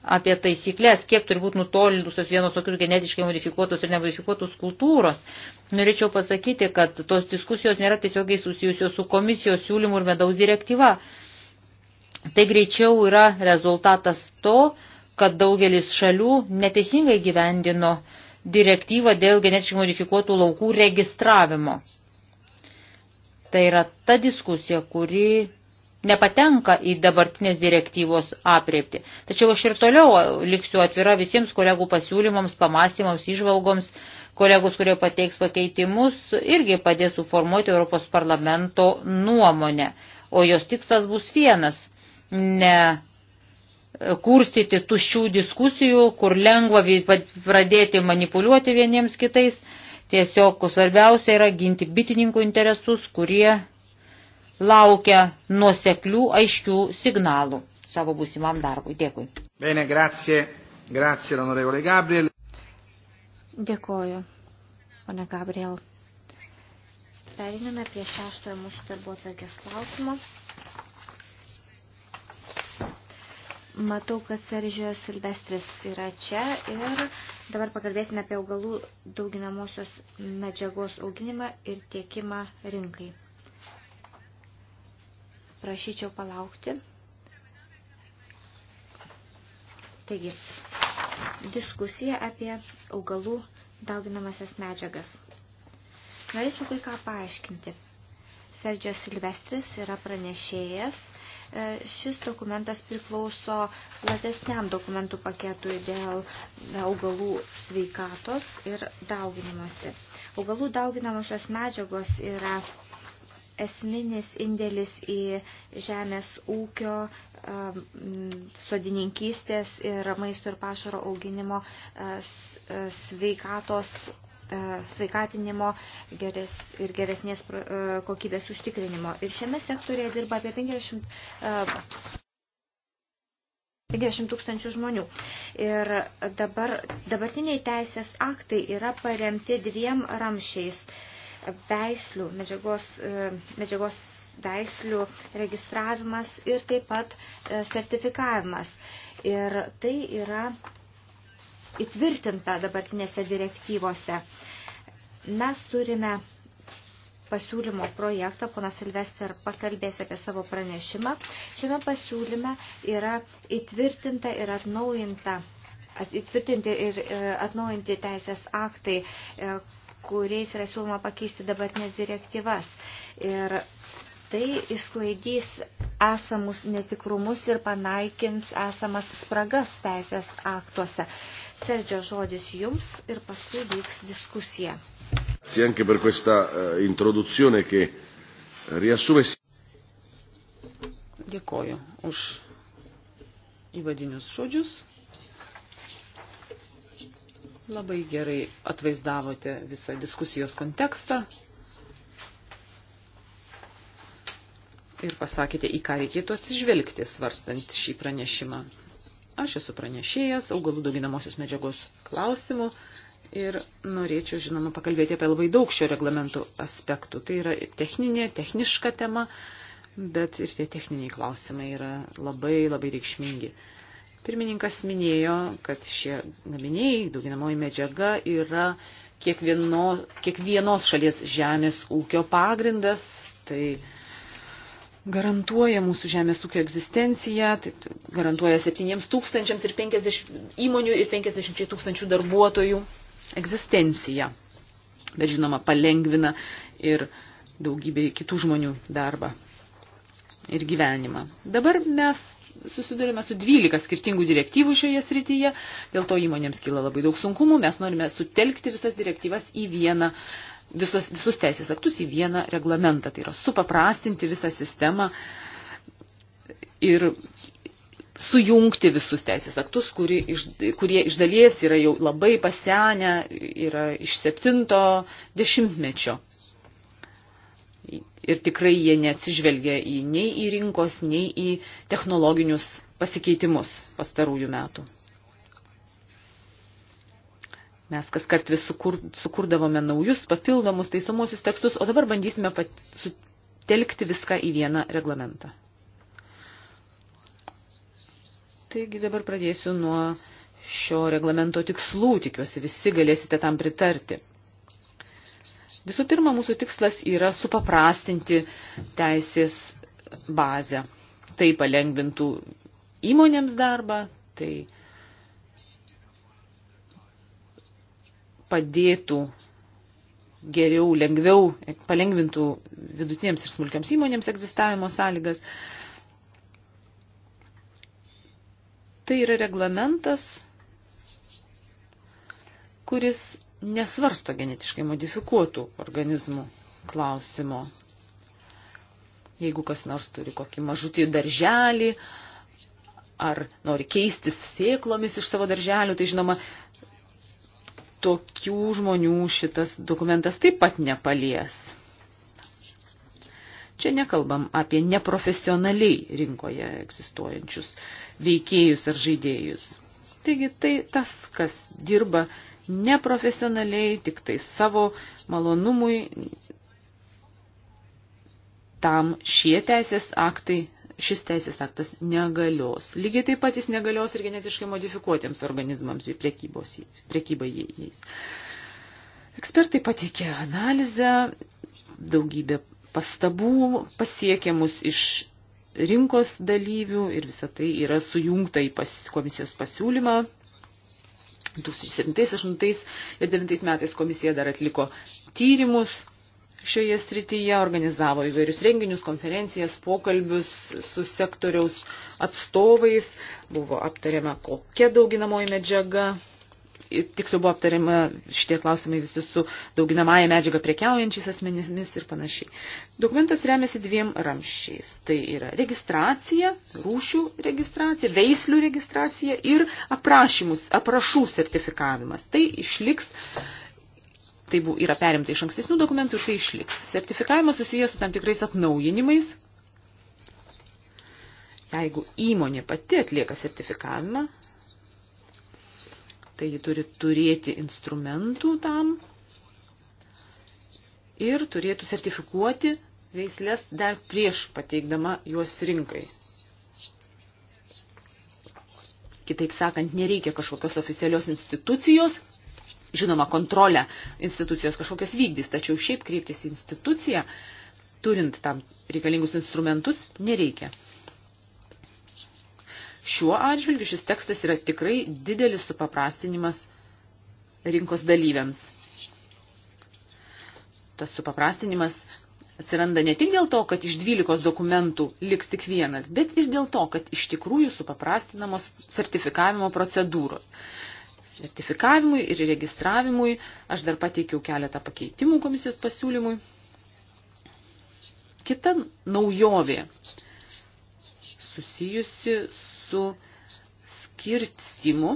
apie taisyklės, kiek turi būti nutolinusios vienos tokių genetiškai modifikuotos ir nemodifikuotos kultūros. Norėčiau pasakyti, kad tos diskusijos nėra tiesiogiai susijusios su komisijos siūlymu ir medaus direktyva. Tai greičiau yra rezultatas to, kad daugelis šalių neteisingai gyvendino direktyvą dėl genetiškai modifikuotų laukų registravimo. Tai yra ta diskusija, kuri nepatenka į dabartinės direktyvos apriepti. Tačiau aš ir toliau liksiu atvira visiems kolegų pasiūlymams, pamastymams, išvalgoms. Kolegos, kurie pateiks pakeitimus, irgi padės suformuoti Europos parlamento nuomonę. O jos tikslas bus vienas - ne kurstyti tuščių diskusijų, kur lengva pradėti manipuliuoti vieniems kitais. Tiesiog svarbiausia yra ginti bitininkų interesus, kurie laukia nuoseklių, aiškių signalų savo būsimam darbui. Dėkui. Bene, grazie. Grazie, l'onorevole Gabriel. Dėkoju, pane Gabriel. Periname prie šeštojo mūsų darbo atvarkės klausimo. Matau, kad Seržijos Silvestris yra čia ir dabar pakalbėsime apie augalų dauginamosios medžiagos auginimą ir tiekimą rinkai prašyčiau palaukti. Taigi, diskusija apie augalų dauginamasias medžiagas. Norėčiau kai ką paaiškinti. Sergio Silvestris yra pranešėjas. E, šis dokumentas priklauso platesniam dokumentų paketui dėl augalų sveikatos ir dauginimuose. Augalų dauginamosios medžiagos yra esminis indėlis į žemės ūkio, um, sodininkystės ir maisto ir pašaro auginimo uh, uh, sveikatos uh, sveikatinimo geres, ir geresnės kokybės užtikrinimo. Ir šiame sektorėje dirba apie 50, 50 tūkstančių žmonių. Ir dabar, dabartiniai teisės aktai yra paremti dviem ramšiais. Uh, veislių, medžiagos, e, medžiagos veislių registravimas ir taip pat e, sertifikavimas. Ir tai yra įtvirtinta dabartinėse direktyvose. Mes turime pasiūlymo projektą, ponas Silvester pakalbės apie savo pranešimą. Šiame pasiūlyme yra įtvirtinta ir atnaujinta įtvirtinti ir e, atnaujinti teisės aktai, kuriais yra siūloma pakeisti dabartinės direktyvas. Ir tai išsklaidys esamus netikrumus ir panaikins esamas spragas teisės aktuose. Serdžio žodis jums ir paskui vyks diskusija. anche per questa eh, introduzione che riassume Dėkoju už įvadinius žodžius. Labai gerai atvaizdavote visą diskusijos kontekstą ir pasakėte, į ką reikėtų atsižvelgti, svarstant šį pranešimą. Aš esu pranešėjas augalų dauginamosios medžiagos klausimų ir norėčiau, žinoma, pakalbėti apie labai daug šio reglamento aspektų. Tai yra techninė, techniška tema, bet ir tie techniniai klausimai yra labai labai reikšmingi. Pirmininkas minėjo, kad šie gaminiai, dauginamoji medžiaga, yra kiekvieno, kiekvienos šalies žemės ūkio pagrindas. Tai garantuoja mūsų žemės ūkio egzistenciją, tai garantuoja 7 tūkstančiams ir 50 įmonių ir 50 tūkstančių darbuotojų egzistenciją. Bet žinoma, palengvina ir daugybė kitų žmonių darbą ir gyvenimą. Dabar mes susidurime su 12 skirtingų direktyvų šioje srityje, dėl to įmonėms kyla labai daug sunkumų, mes norime sutelkti visas direktyvas į vieną, visus, visus teisės aktus į vieną reglamentą, tai yra supaprastinti visą sistemą ir sujungti visus teisės aktus, kuri iš, kurie iš dalies yra jau labai pasenę, yra iš septinto dešimtmečio ir tikrai jie neatsižvelgia į, nei į rinkos, nei į technologinius pasikeitimus pastarųjų metų. Mes kas kart vis sukur, sukurdavome naujus papildomus taisomosius tekstus, o dabar bandysime pat, sutelkti viską į vieną reglamentą. Taigi dabar pradėsiu nuo šio reglamento tikslų, tikiuosi visi galėsite tam pritarti. Visų pirma, mūsų tikslas yra supaprastinti teisės bazę. Tai palengvintų įmonėms darbą, tai padėtų geriau, lengviau, palengvintų vidutinėms ir smulkiams įmonėms egzistavimo sąlygas. Tai yra reglamentas, kuris nesvarsto genetiškai modifikuotų organizmų klausimo. Jeigu kas nors turi kokį mažutį darželį ar nori keistis sėklomis iš savo darželių, tai žinoma, tokių žmonių šitas dokumentas taip pat nepalies. Čia nekalbam apie neprofesionaliai rinkoje egzistuojančius veikėjus ar žaidėjus. Taigi tai tas, kas dirba neprofesionaliai, tik tai savo malonumui. Tam šie teisės aktai, šis teisės aktas negalios. Lygiai taip pat jis negalios ir genetiškai modifikuotiems organizmams bei prekybai jais. Ekspertai pateikė analizę, daugybė pastabų pasiekiamus iš rinkos dalyvių ir visa tai yra sujungta į pas, komisijos pasiūlymą, 2007, 2008 ir 2009 metais komisija dar atliko tyrimus šioje srityje, organizavo įvairius renginius, konferencijas, pokalbius su sektoriaus atstovais, buvo aptariama kokia dauginamoji medžiaga tiksliau buvo aptariama šitie klausimai visi su dauginamąją medžiagą prekiaujančiais asmenimis ir panašiai. Dokumentas remiasi dviem ramščiais. Tai yra registracija, rūšių registracija, veislių registracija ir aprašymus, aprašų sertifikavimas. Tai išliks tai yra perimta iš ankstesnių dokumentų ir tai išliks. Sertifikavimas susijęs su tam tikrais atnaujinimais. Jeigu įmonė pati atlieka sertifikavimą, tai ji turi turėti instrumentų tam ir turėtų sertifikuoti veislės dar prieš pateikdama juos rinkai. Kitaip sakant, nereikia kažkokios oficialios institucijos, žinoma, kontrolę institucijos kažkokios vykdys, tačiau šiaip kreiptis į instituciją, turint tam reikalingus instrumentus, nereikia. Šiuo atžvilgiu šis tekstas yra tikrai didelis supaprastinimas rinkos dalyviams. Tas supaprastinimas atsiranda ne tik dėl to, kad iš 12 dokumentų liks tik vienas, bet ir dėl to, kad iš tikrųjų supaprastinamos sertifikavimo procedūros. Sertifikavimui ir registravimui aš dar pateikiau keletą pakeitimų komisijos pasiūlymui. Kita naujovė susijusi su skirstimu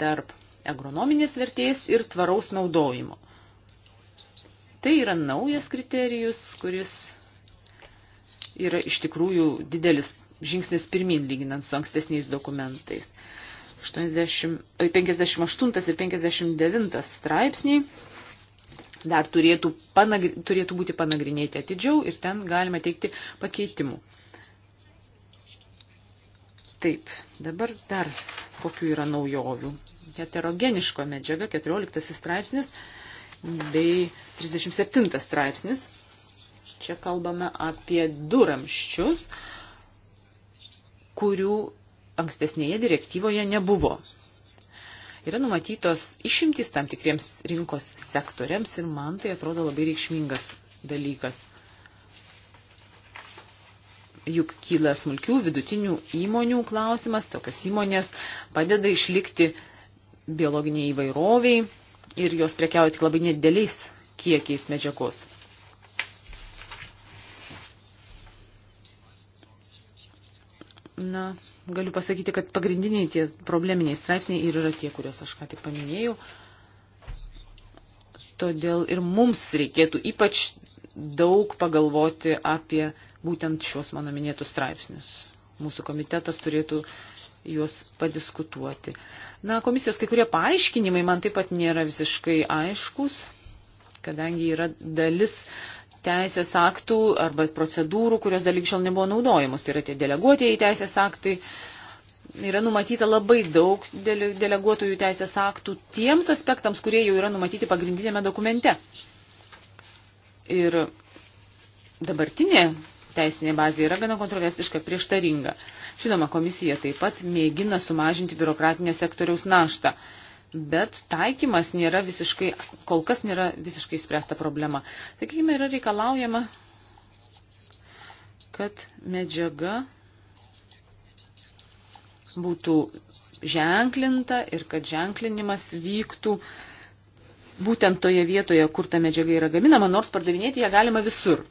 tarp agronominės vertės ir tvaraus naudojimo. Tai yra naujas kriterijus, kuris yra iš tikrųjų didelis žingsnis pirmin lyginant su ankstesniais dokumentais. 80, 58 e, ir 59 straipsniai dar turėtų, panagri, turėtų būti panagrinėti atidžiau ir ten galima teikti pakeitimų. Taip, dabar dar kokių yra naujovių. Heterogeniško medžiaga, 14 straipsnis bei 37 straipsnis. Čia kalbame apie du ramščius, kurių ankstesnėje direktyvoje nebuvo. Yra numatytos išimtys tam tikriems rinkos sektoriams ir man tai atrodo labai reikšmingas dalykas juk kyla smulkių vidutinių įmonių klausimas, tokios įmonės padeda išlikti biologiniai įvairoviai ir jos prekiauja tik labai nedėliais kiekiais medžiagos. Na, galiu pasakyti, kad pagrindiniai tie probleminiai straipsniai ir yra tie, kuriuos aš ką tik paminėjau. Todėl ir mums reikėtų ypač daug pagalvoti apie būtent šios mano minėtus straipsnius. Mūsų komitetas turėtų juos padiskutuoti. Na, komisijos kai kurie paaiškinimai man taip pat nėra visiškai aiškus, kadangi yra dalis teisės aktų arba procedūrų, kurios dar likščiau nebuvo naudojamos. Tai yra tie deleguotieji teisės aktai. Yra numatyta labai daug deleguotųjų teisės aktų tiems aspektams, kurie jau yra numatyti pagrindinėme dokumente. Ir dabartinė teisinė bazė yra gana kontroversiška, prieštaringa. Žinoma, komisija taip pat mėgina sumažinti biurokratinę sektoriaus naštą, bet taikymas nėra visiškai, kol kas nėra visiškai spręsta problema. Sakykime, yra reikalaujama, kad medžiaga būtų ženklinta ir kad ženklinimas vyktų uh, būtent toje vietoje, kur ta medžiaga yra gaminama, nors pardavinėti ją galima visur.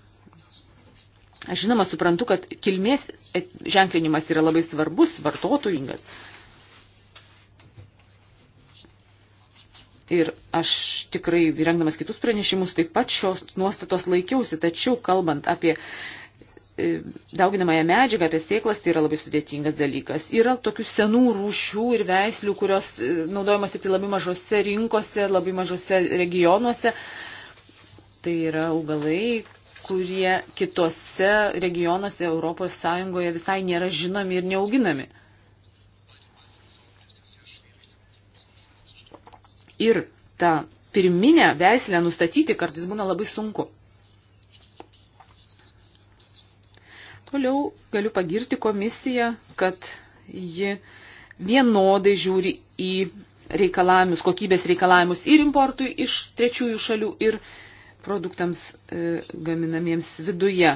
Aš žinoma suprantu, kad kilmės ženklinimas yra labai svarbus, vartotojingas. Ir aš tikrai, rengdamas kitus pranešimus, taip pat šios nuostatos laikiausi, tačiau kalbant apie E, dauginamąją medžiagą, apie sėklas, tai yra labai sudėtingas dalykas. Yra tokių senų rūšių ir veislių, kurios e, naudojamas tik labai mažose rinkose, labai mažose regionuose. Tai yra augalai, kurie kitose regionuose Europos Sąjungoje visai nėra žinomi ir neauginami. Ir tą pirminę veislę nustatyti kartais būna labai sunku. Toliau galiu pagirti komisiją, kad ji vienodai žiūri į reikalavimus, kokybės reikalavimus ir importui iš trečiųjų šalių ir produktams e, gaminamiems viduje.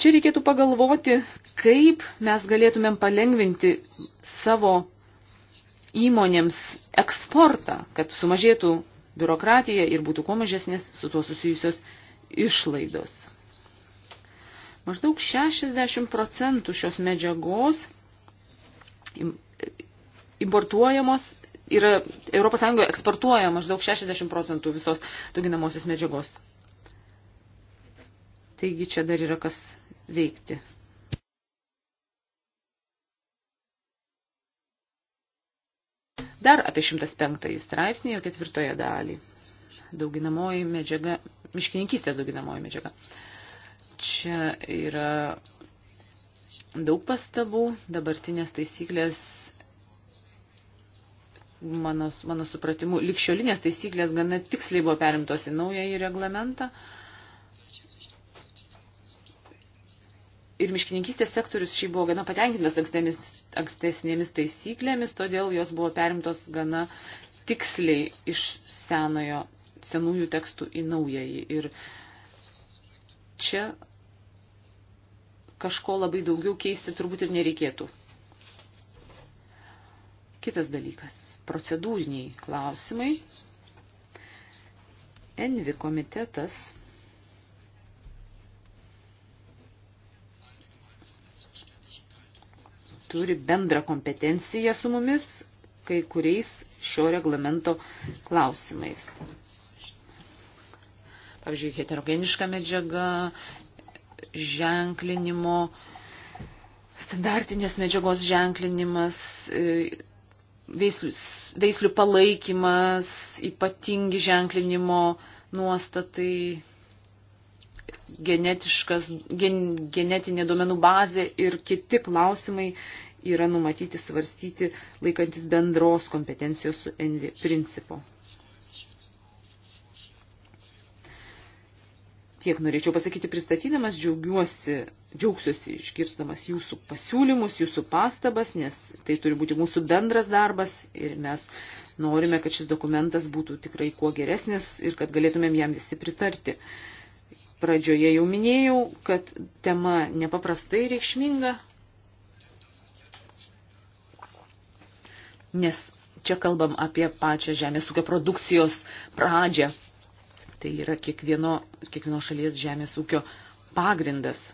Čia reikėtų pagalvoti, kaip mes galėtumėm palengvinti savo įmonėms eksportą, kad sumažėtų biurokratiją ir būtų kuo mažesnės su tuo susijusios išlaidos. Maždaug 60 procentų šios medžiagos importuojamos yra ES eksportuoja maždaug 60 procentų visos dauginamosios medžiagos. Taigi čia dar yra kas veikti. Dar apie 105 straipsnį, jau ketvirtoje dalį. Dauginamoji medžiaga, miškininkystės dauginamoji medžiaga. Čia yra daug pastabų, dabartinės taisyklės, mano, mano supratimu, likščiolinės taisyklės gana tiksliai buvo perimtos į naująjį reglamentą. Uh, ir miškininkystės sektorius šiaip buvo gana patenkintas ankstesnėmis taisyklėmis, todėl jos buvo perimtos gana tiksliai iš senojo, senųjų tekstų į naująjį. Ir čia kažko labai daugiau keisti turbūt ir nereikėtų. Kitas dalykas - procedūriniai klausimai. Envi komitetas turi bendrą kompetenciją su mumis kai kuriais šio reglamento klausimais. Pavyzdžiui, heterogeniška medžiaga, ženklinimo, standartinės medžiagos ženklinimas, e, veislių, veislių palaikymas, ypatingi ženklinimo nuostatai genetiškas, gen, genetinė duomenų bazė ir kiti klausimai yra numatyti svarstyti laikantis bendros kompetencijos su ENVI principu. Tiek norėčiau pasakyti pristatydamas, džiaugiuosi, džiaugsiuosi išgirstamas jūsų pasiūlymus, jūsų pastabas, nes tai turi būti mūsų bendras darbas ir mes norime, kad šis dokumentas būtų tikrai kuo geresnis ir kad galėtumėm jam visi pritarti. Uh, Pradžioje jau minėjau, kad tema nepaprastai reikšminga, nes čia kalbam apie pačią žemės ūkio produkcijos pradžią. Tai yra kiekvieno, kiekvieno šalies žemės ūkio pagrindas.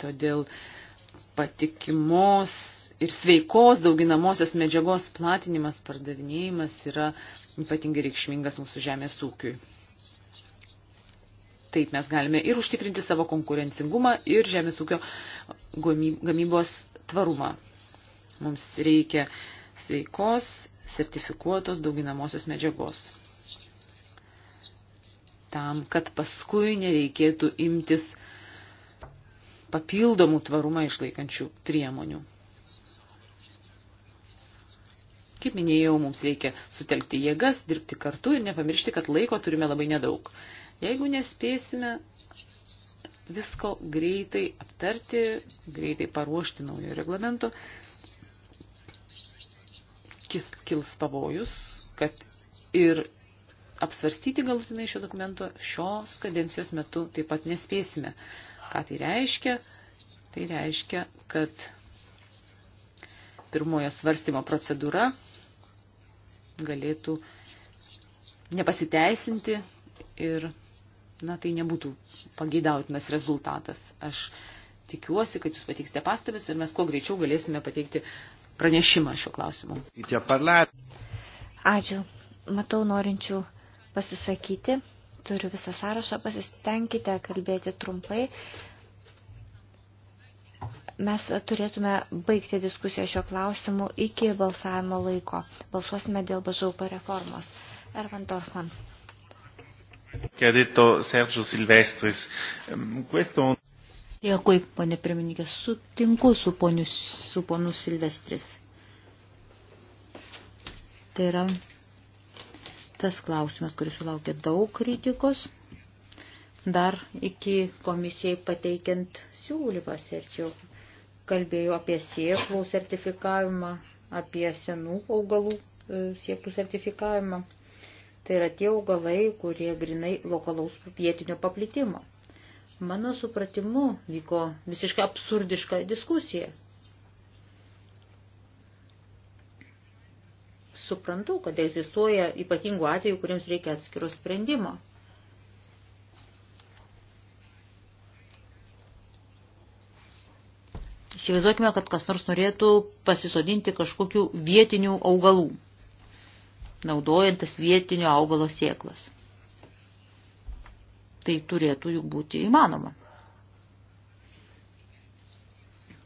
Todėl patikimos ir sveikos dauginamosios medžiagos platinimas, pardavinėjimas yra ypatingai reikšmingas mūsų žemės ūkiui. Taip mes galime ir užtikrinti savo konkurencingumą, ir žemės ūkio gamybos tvarumą. Mums reikia sveikos, sertifikuotos dauginamosios medžiagos. Tam, kad paskui nereikėtų imtis papildomų tvarumą išlaikančių priemonių. Kaip minėjau, mums reikia sutelkti jėgas, dirbti kartu ir nepamiršti, kad laiko turime labai nedaug. Jeigu nespėsime visko greitai aptarti, greitai paruošti naujo reglamento, kils pavojus, kad ir apsvarstyti galutinai šio dokumento šios kadencijos metu taip pat nespėsime. Ką tai reiškia? Tai reiškia, kad pirmojo svarstymo procedūra galėtų nepasiteisinti ir na, tai nebūtų pageidautinas rezultatas. Aš tikiuosi, kad jūs pateiksite pastabas ir mes kuo greičiau galėsime pateikti pranešimą šiuo klausimu. Ačiū. Matau norinčių pasisakyti. Turiu visą sąrašą. Pasistengkite kalbėti trumpai. Mes turėtume baigti diskusiją šio klausimu iki balsavimo laiko. Balsuosime dėl bažaupo reformos. Ervan Dorfman che ha detto Sergio Silvestris. Ehm, questo... Dėkui, ponė pirmininkė, sutinku su ponu, su ponu Silvestris. Tai yra tas klausimas, kuris sulaukė daug kritikos, dar iki komisijai pateikiant siūlymą Sergio. Kalbėjau apie sėklų sertifikavimą, apie senų augalų e, siektų sertifikavimą. Tai yra tie augalai, kurie grinai lokalaus vietinio paplitimo. Mano supratimu vyko visiškai absurdiška diskusija. Suprantu, kad egzistuoja ypatingų atvejų, kuriems reikia atskiro sprendimo. Įsivaizduokime, kad kas nors norėtų pasisodinti kažkokių vietinių augalų naudojantas vietinio augalo sėklas. Tai turėtų juk būti įmanoma.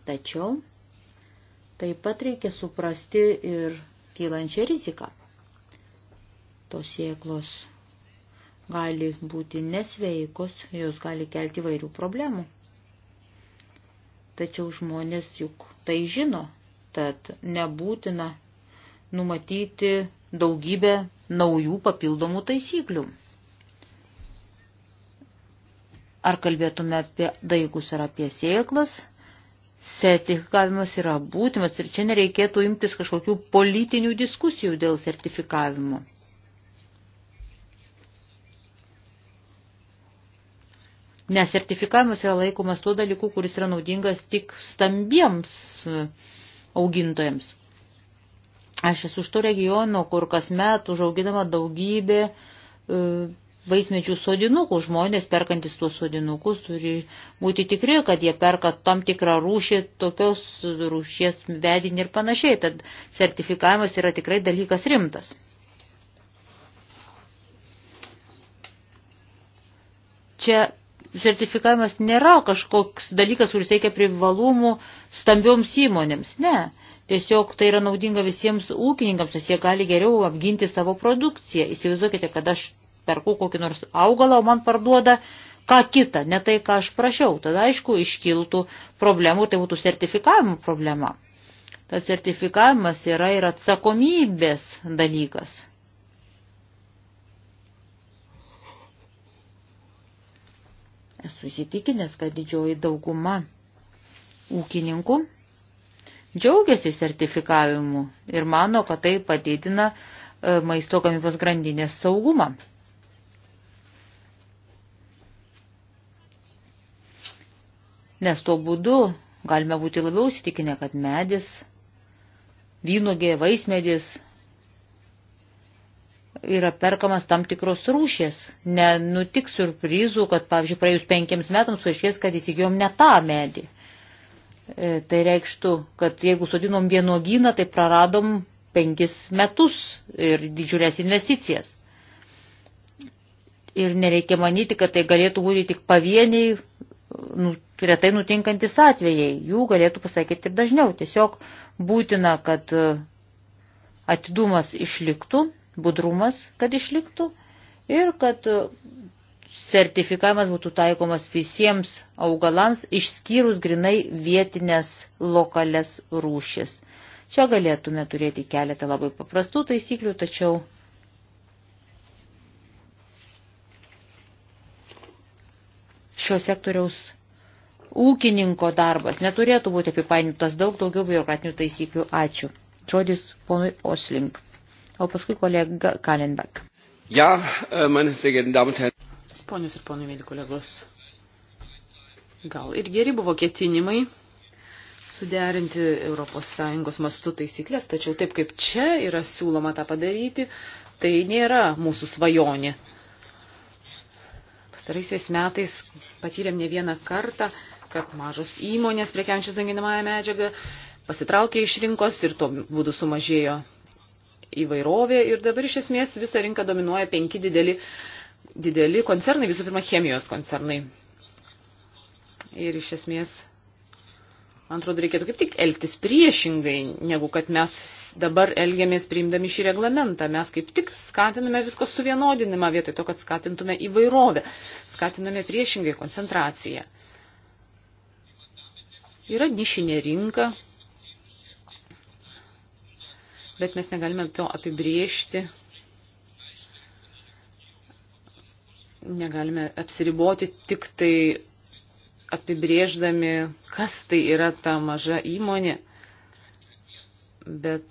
Tačiau taip pat reikia suprasti ir kylančią riziką. Tos sėklos gali būti nesveikos, jos gali kelti vairių problemų. Tačiau žmonės juk tai žino, tad nebūtina numatyti daugybė naujų papildomų taisyklių. Ar kalbėtume apie daigus ar apie sėklas, sertifikavimas yra būtinas ir čia nereikėtų imtis kažkokių politinių diskusijų dėl sertifikavimo. Nes sertifikavimas yra laikomas tuo dalyku, kuris yra naudingas tik stambiems augintojams. Aš esu iš to regiono, kur kasmet užauginama daugybė e, vaismedžių sodinukų. Žmonės perkantis tuos sodinukus turi būti tikri, kad jie perka tam tikrą rūšį, tokios rūšies vedinį ir panašiai. Tad sertifikavimas yra tikrai dalykas rimtas. Čia sertifikavimas nėra kažkoks dalykas, kuris teikia privalumų stambioms įmonėms. Ne. Tiesiog tai yra naudinga visiems ūkininkams, nes jie gali geriau apginti savo produkciją. Įsivaizduokite, kad aš perku kokį nors augalą, o man parduoda ką kitą, ne tai, ką aš prašiau. Tada, aišku, iškiltų problemų, tai būtų sertifikavimo problema. Tas sertifikavimas yra ir atsakomybės dalykas. Esu įsitikinęs, kad didžioji dauguma ūkininkų džiaugiasi sertifikavimu ir mano, kad tai padidina e, maisto gamybos grandinės saugumą. Nes tuo būdu galime būti labiau įsitikinę, kad medis, vynogė, vaismedis yra perkamas tam tikros rūšės. Nenutiks surprizų, kad, pavyzdžiui, praėjus penkiems metams paaiškės, kad įsigijom ne tą medį. E, tai reikštų, kad jeigu sodinom vienogyną, tai praradom penkis metus ir didžiulės investicijas. Ir nereikia manyti, kad tai galėtų būti tik pavieniai, nu, retai nutinkantis atvejai. Jų galėtų pasakyti ir dažniau. Tiesiog būtina, kad e, atidumas išliktų, budrumas, kad išliktų ir kad e, sertifikavimas būtų taikomas visiems augalams, išskyrus grinai vietinės lokales rūšis. Čia galėtume turėti keletą labai paprastų taisyklių, tačiau šio sektoriaus ūkininko darbas neturėtų būti apipainintas daug daugiau biurokratinių taisyklių. Ačiū. Žodis ponui Oslink. O paskui kolega Kalendak. Ja, äh, meine sehr geehrten Damen und Herren. Ponius ir ponai, mėly kolegos, gal ir geri buvo ketinimai suderinti ES mastų taisyklės, tačiau taip kaip čia yra siūloma tą padaryti, tai nėra mūsų svajonė. Pastaraisiais metais patyrėm ne vieną kartą, kad mažos įmonės prekiančios danginamąją medžiagą pasitraukė iš rinkos ir to būdu sumažėjo įvairovė ir dabar iš esmės visą rinką dominuoja penki dideli uh, dideli koncernai, visų pirma, chemijos koncernai. Ir iš esmės, man atrodo, reikėtų kaip tik elgtis priešingai, negu kad mes dabar elgiamės priimdami šį reglamentą. Mes kaip tik skatiname visko suvienodinimą, vietoj to, kad skatintume įvairovę, skatiname priešingai koncentraciją. Yra nišinė rinka, bet mes negalime to apibriežti negalime apsiriboti tik tai apibrėždami, kas tai yra ta maža įmonė, bet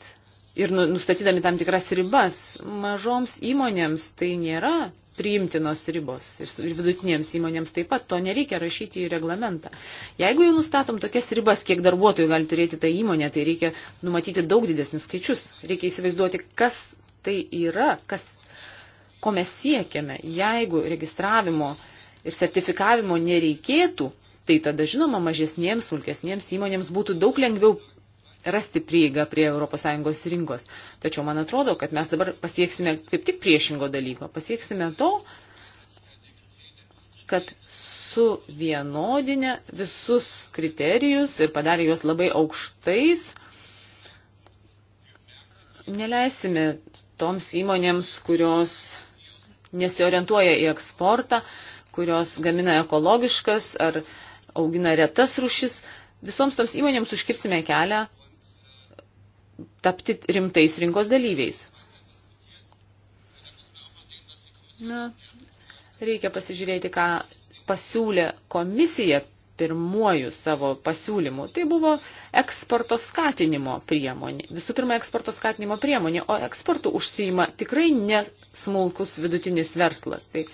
ir nu, nustatydami tam tikras ribas. Mažoms įmonėms tai nėra priimtinos ribos ir vidutinėms įmonėms taip pat to nereikia rašyti į reglamentą. Jeigu jau nustatom tokias ribas, kiek darbuotojų gali turėti ta įmonė, tai reikia numatyti daug didesnius skaičius. Reikia įsivaizduoti, kas tai yra, kas ko mes siekiame. Jeigu registravimo ir sertifikavimo nereikėtų, tai tada, žinoma, mažesniems, smulkesniems įmonėms būtų daug lengviau rasti prieigą prie ES rinkos. Tačiau man atrodo, kad mes dabar pasieksime kaip tik priešingo dalyko. Pasieksime to, kad suvienodinę visus kriterijus ir padarė juos labai aukštais, neleisime toms įmonėms, kurios nesiorientuoja į eksportą, kurios gamina ekologiškas ar augina retas rušis. Visoms toms įmonėms užkirsime kelią tapti rimtais rinkos dalyviais. Na, reikia pasižiūrėti, ką pasiūlė komisija pirmuoju savo pasiūlymu. Tai buvo eksporto skatinimo priemonė. Visų pirma, eksporto skatinimo priemonė, o eksportų užsijima tikrai ne smulkus vidutinis verslas. Tai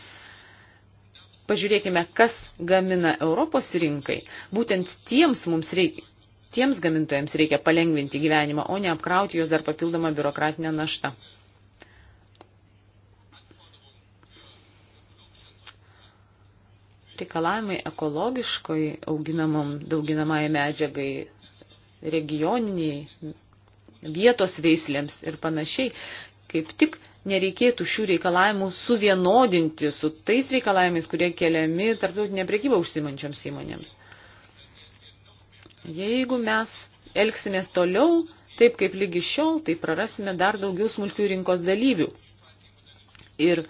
pažiūrėkime, kas gamina Europos rinkai. Būtent tiems mums reikia. Tiems gamintojams reikia palengvinti gyvenimą, o ne apkrauti juos dar papildomą biurokratinę naštą. reikalavimai ekologiškai auginamam dauginamai medžiagai, regioniniai, vietos veislėms ir panašiai, kaip tik nereikėtų šių reikalavimų suvienodinti su tais reikalavimais, kurie keliami tarptautinė priekyba užsimančioms įmonėms. Jeigu mes elgsimės toliau, taip kaip lygi šiol, tai prarasime dar daugiau smulkių rinkos dalyvių. Ir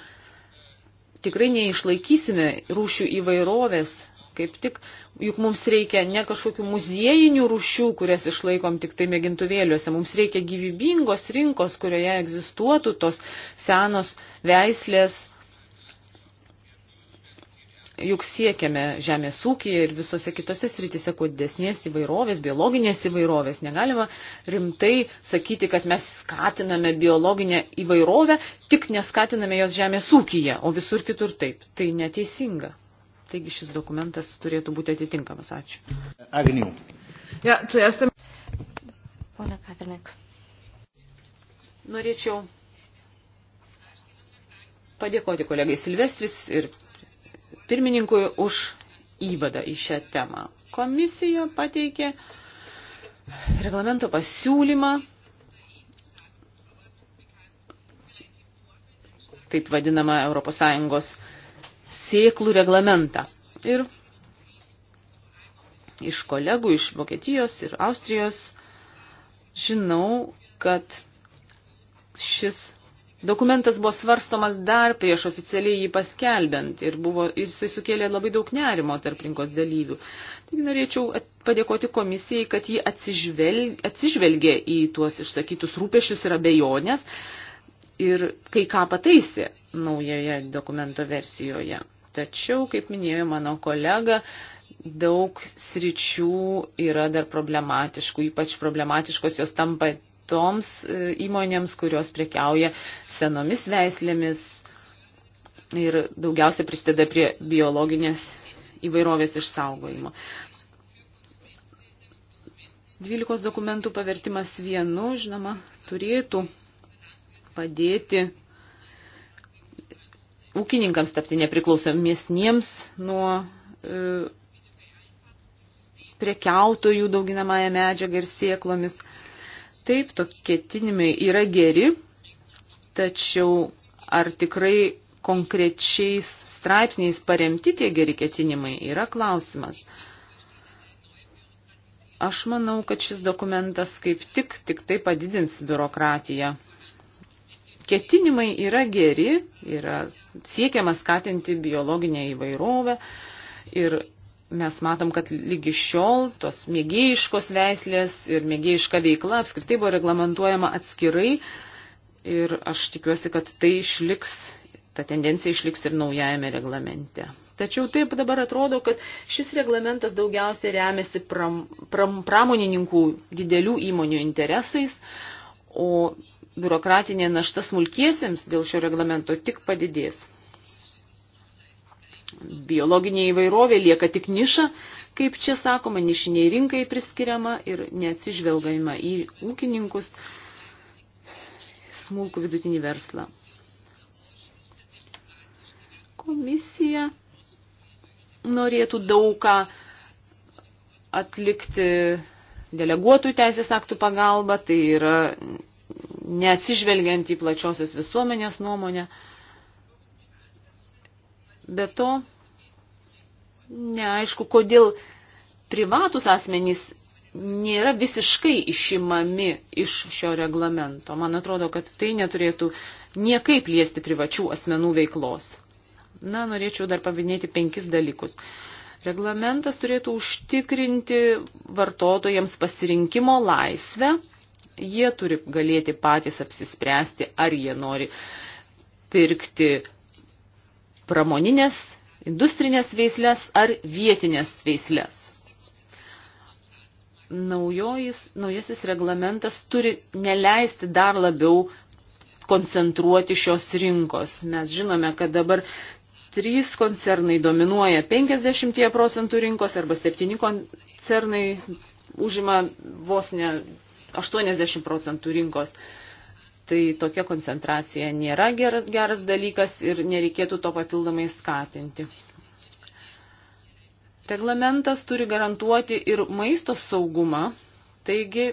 tikrai neišlaikysime rūšių įvairovės. Kaip tik, juk mums reikia ne kažkokių muziejinių rūšių, kurias išlaikom tik tai mėgintuvėliuose, mums reikia gyvybingos rinkos, kurioje egzistuotų tos senos veislės juk siekiame žemės ūkija ir visose kitose sritise, kuo didesnės įvairovės, biologinės įvairovės. Negalima rimtai sakyti, kad mes skatiname biologinę įvairovę, tik neskatiname jos žemės ūkija, o visur kitur taip. Tai neteisinga. Taigi šis dokumentas turėtų būti atitinkamas. Ačiū. Agnių. Ja, tu esi. Pone Katernek. Norėčiau padėkoti kolegai Silvestris ir pirmininkui už įvadą į šią temą. Komisija pateikė reglamento pasiūlymą, taip vadinamą ES sėklų reglamentą. Ir iš kolegų iš Vokietijos ir Austrijos žinau, kad šis Dokumentas buvo svarstomas dar prieš oficialiai jį paskelbent ir buvo, jisai sukėlė labai daug nerimo tarp rinkos dalyvių. Taigi norėčiau padėkoti komisijai, kad ji atsižvelg, atsižvelgė į tuos išsakytus rūpešius ir abejonės ir kai ką pataisė naujoje dokumento versijoje. Tačiau, kaip minėjo mano kolega, daug sričių yra dar problematiškų, ypač problematiškos jos tampa toms e, įmonėms, kurios prekiauja senomis veislėmis ir daugiausia prisideda prie biologinės įvairovės išsaugojimo. 12 dokumentų pavertimas vienu, žinoma, turėtų padėti ūkininkams tapti nepriklausomėsniems nuo e, prekiautojų dauginamąją medžiagą ir sieklomis. E, Taip, tokie ketinimai yra geri, tačiau ar tikrai konkrečiais straipsniais paremti tie geri ketinimai yra klausimas. Aš manau, kad šis dokumentas kaip tik, tik tai padidins biurokratiją. Ketinimai yra geri, yra siekiama skatinti biologinę įvairovę ir mes matom, kad lygi šiol tos mėgėjiškos veislės ir mėgėjiška veikla apskritai buvo reglamentuojama atskirai ir aš tikiuosi, kad tai išliks, ta tendencija išliks ir naujajame reglamente. Tačiau taip dabar atrodo, kad šis reglamentas daugiausiai remiasi pram, pram, pramonininkų didelių įmonių interesais, o biurokratinė našta smulkiesiems dėl šio reglamento tik padidės biologinė įvairovė lieka tik niša, kaip čia sakoma, nišiniai rinkai priskiriama ir neatsižvelgama į ūkininkus, smulkų vidutinį verslą. Komisija norėtų daugą atlikti deleguotų teisės aktų pagalba, tai yra neatsižvelgiant į plačiosios visuomenės nuomonę. Be to, neaišku, kodėl privatus asmenys nėra visiškai išimami iš šio reglamento. Man atrodo, kad tai neturėtų niekaip liesti privačių asmenų veiklos. Na, norėčiau dar paminėti penkis dalykus. Reglamentas turėtų užtikrinti vartotojams pasirinkimo laisvę. Jie turi galėti patys apsispręsti, ar jie nori pirkti pramoninės, industrinės veislės ar vietinės veislės. Naujojis, naujasis reglamentas turi neleisti dar labiau koncentruoti šios rinkos. Mes žinome, kad dabar trys koncernai dominuoja 50 procentų rinkos arba septyni koncernai užima vos ne 80 procentų rinkos. Uh, tai tokia koncentracija nėra geras, geras dalykas ir nereikėtų to papildomai skatinti. Reglamentas turi garantuoti ir maisto saugumą, taigi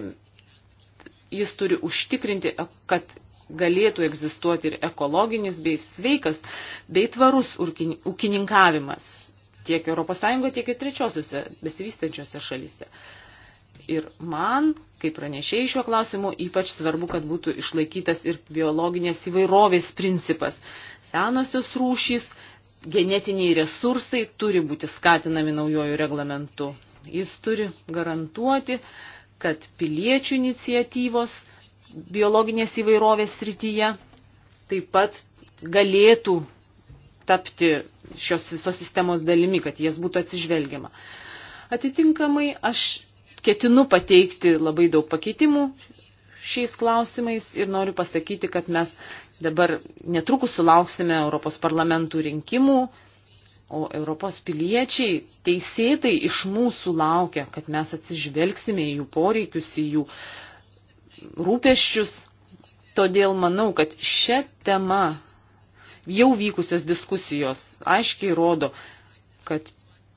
jis turi užtikrinti, kad galėtų egzistuoti ir ekologinis bei sveikas bei tvarus ūkininkavimas tiek ES, tiek ir trečiosiuose besivystančiose šalyse ir man, kaip pranešėjai šiuo klausimu, ypač svarbu, kad būtų išlaikytas ir biologinės įvairovės principas. Senosios rūšys, genetiniai resursai turi būti skatinami naujojų reglamentų. Jis turi garantuoti, kad piliečių iniciatyvos biologinės įvairovės srityje taip pat galėtų tapti šios visos sistemos dalimi, kad jas būtų atsižvelgiama. Atitinkamai aš ketinu pateikti labai daug pakeitimų šiais klausimais ir noriu pasakyti, kad mes dabar netrukus sulauksime Europos parlamentų rinkimų, o Europos piliečiai teisėtai iš mūsų laukia, kad mes atsižvelgsime į jų poreikius, į jų rūpeščius. Todėl manau, kad šią temą jau vykusios diskusijos aiškiai rodo, kad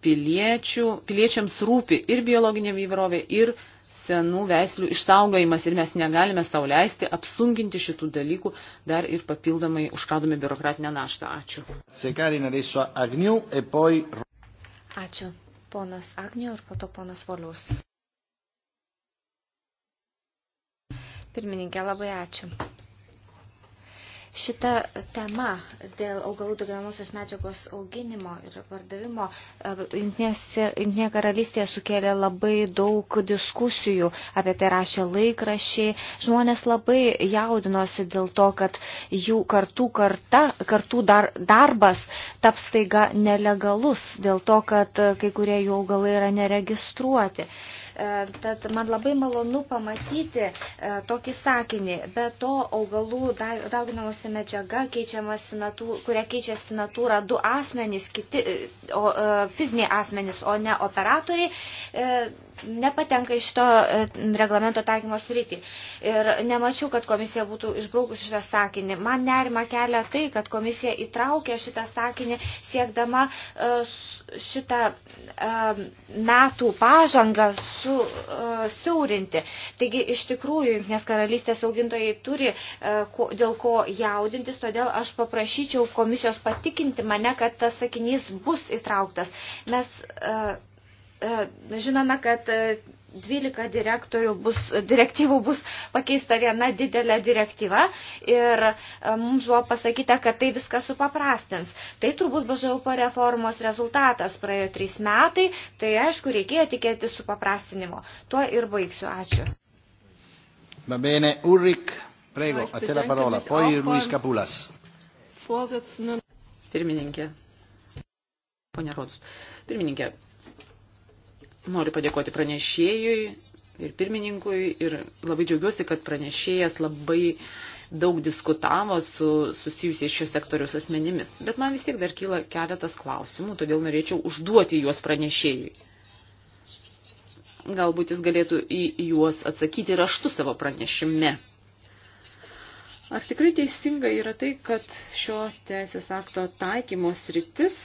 piliečių, piliečiams rūpi ir biologinė įvairovė, ir senų veislių išsaugojimas ir mes negalime sau leisti apsunginti šitų dalykų dar ir papildomai užkraudami biurokratinę naštą. Ačiū. E ačiū. Ponas Agnių ir po to ponas Volius. Pirmininkė, labai ačiū. Šita tema dėl augalų daugiamosios medžiagos auginimo ir pardavimo e, Jungtinėje karalystėje sukėlė labai daug diskusijų, apie tai rašė laikrašiai. Žmonės labai jaudinosi dėl to, kad jų kartų, karta, kartų dar, darbas taps taiga nelegalus, dėl to, kad kai kurie jų augalai yra neregistruoti. Uh, E, tad man labai malonu pamatyti e, tokį sakinį. Be to augalų dauginamosi medžiaga, natūra, kuria keičiasi natūra du asmenys, kiti, e, o, fiziniai asmenys, o ne operatoriai nepatenka iš to e, reglamento taikymo sritį. Ir nemačiau, kad komisija būtų išbraukus šitą sakinį. Man nerima kelia tai, kad komisija įtraukė šitą sakinį siekdama e, šitą e, metų pažangą su, siaurinti. Taigi, iš tikrųjų, nes karalystės augintojai turi dėl ko jaudintis, todėl aš paprašyčiau komisijos patikinti mane, kad tas sakinys bus įtrauktas. Mes uh, E, žinome, kad 12 e, bus, direktyvų bus pakeista viena didelė direktyva ir e, mums buvo pasakyta, kad tai viską supaprastins. Tai turbūt BŽUP reformos rezultatas praėjo 3 metai, tai aišku, reikėjo tikėti supaprastinimo. Tuo ir baigsiu. Ačiū. Va bene, Ulrich, prego, a te la parola, poi Luis Capulas. Pirmininkė. Pone Rodus. Pirmininkė, Noriu padėkoti pranešėjui ir pirmininkui ir labai džiaugiuosi, kad pranešėjas labai daug diskutavo su susijusiais šios sektoriaus asmenimis. Bet man vis tiek dar kyla keletas klausimų, todėl norėčiau užduoti juos pranešėjui. Galbūt jis galėtų į juos atsakyti raštu savo pranešime. Ar tikrai teisinga yra tai, kad šio teisės akto taikymos rytis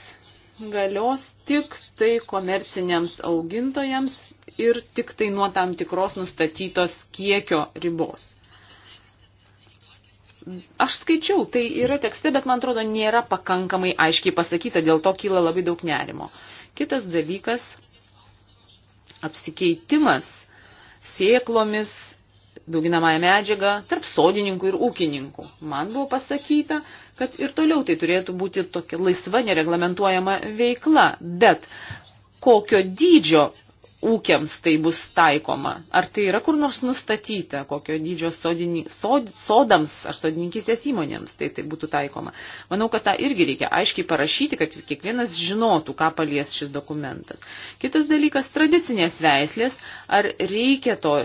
galios tik tai komerciniams augintojams ir tik tai nuo tam tikros nustatytos kiekio ribos. Aš skaičiau, tai yra tekste, bet man atrodo nėra pakankamai aiškiai pasakyta, dėl to kyla labai daug nerimo. Kitas dalykas – apsikeitimas sėklomis dauginamąją medžiagą tarp sodininkų ir ūkininkų. Man buvo pasakyta, kad ir toliau tai turėtų būti tokia laisva, nereglamentuojama veikla, bet kokio dydžio ūkiams tai bus taikoma? Ar tai yra kur nors nustatyta, kokio dydžio sodini, sod, sodams ar sodininkystės įmonėms tai, tai būtų taikoma? Manau, kad tą irgi reikia aiškiai parašyti, kad kiekvienas žinotų, ką palies šis dokumentas. Kitas dalykas - tradicinės veislės. Ar reikia to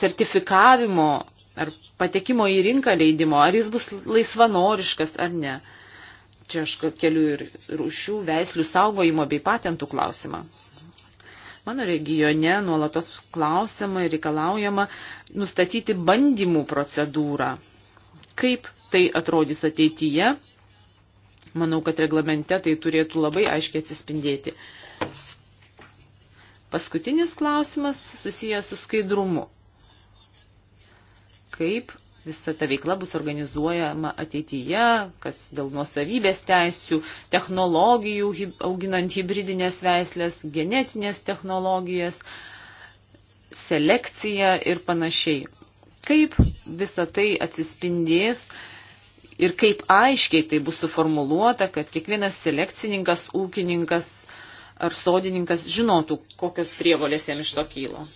sertifikavimo ar patekimo į rinką leidimo, ar jis bus laisvanoriškas ar ne? Čia aš keliu ir rūšių, veislių saugojimo bei patentų klausimą. Mano regione nuolatos klausima ir reikalaujama nustatyti bandymų procedūrą. Kaip tai atrodys ateityje? Manau, kad reglamente tai turėtų labai aiškiai atsispindėti. Paskutinis klausimas susijęs su skaidrumu. Kaip visa ta veikla bus organizuojama ateityje, kas dėl nuosavybės teisių, technologijų, auginant hybridinės veislės, genetinės technologijas, selekciją ir panašiai. Kaip visa tai atsispindės ir kaip aiškiai tai bus suformuluota, kad kiekvienas selekcininkas, ūkininkas ar sodininkas žinotų, kokios prievolės jam iš to kylo.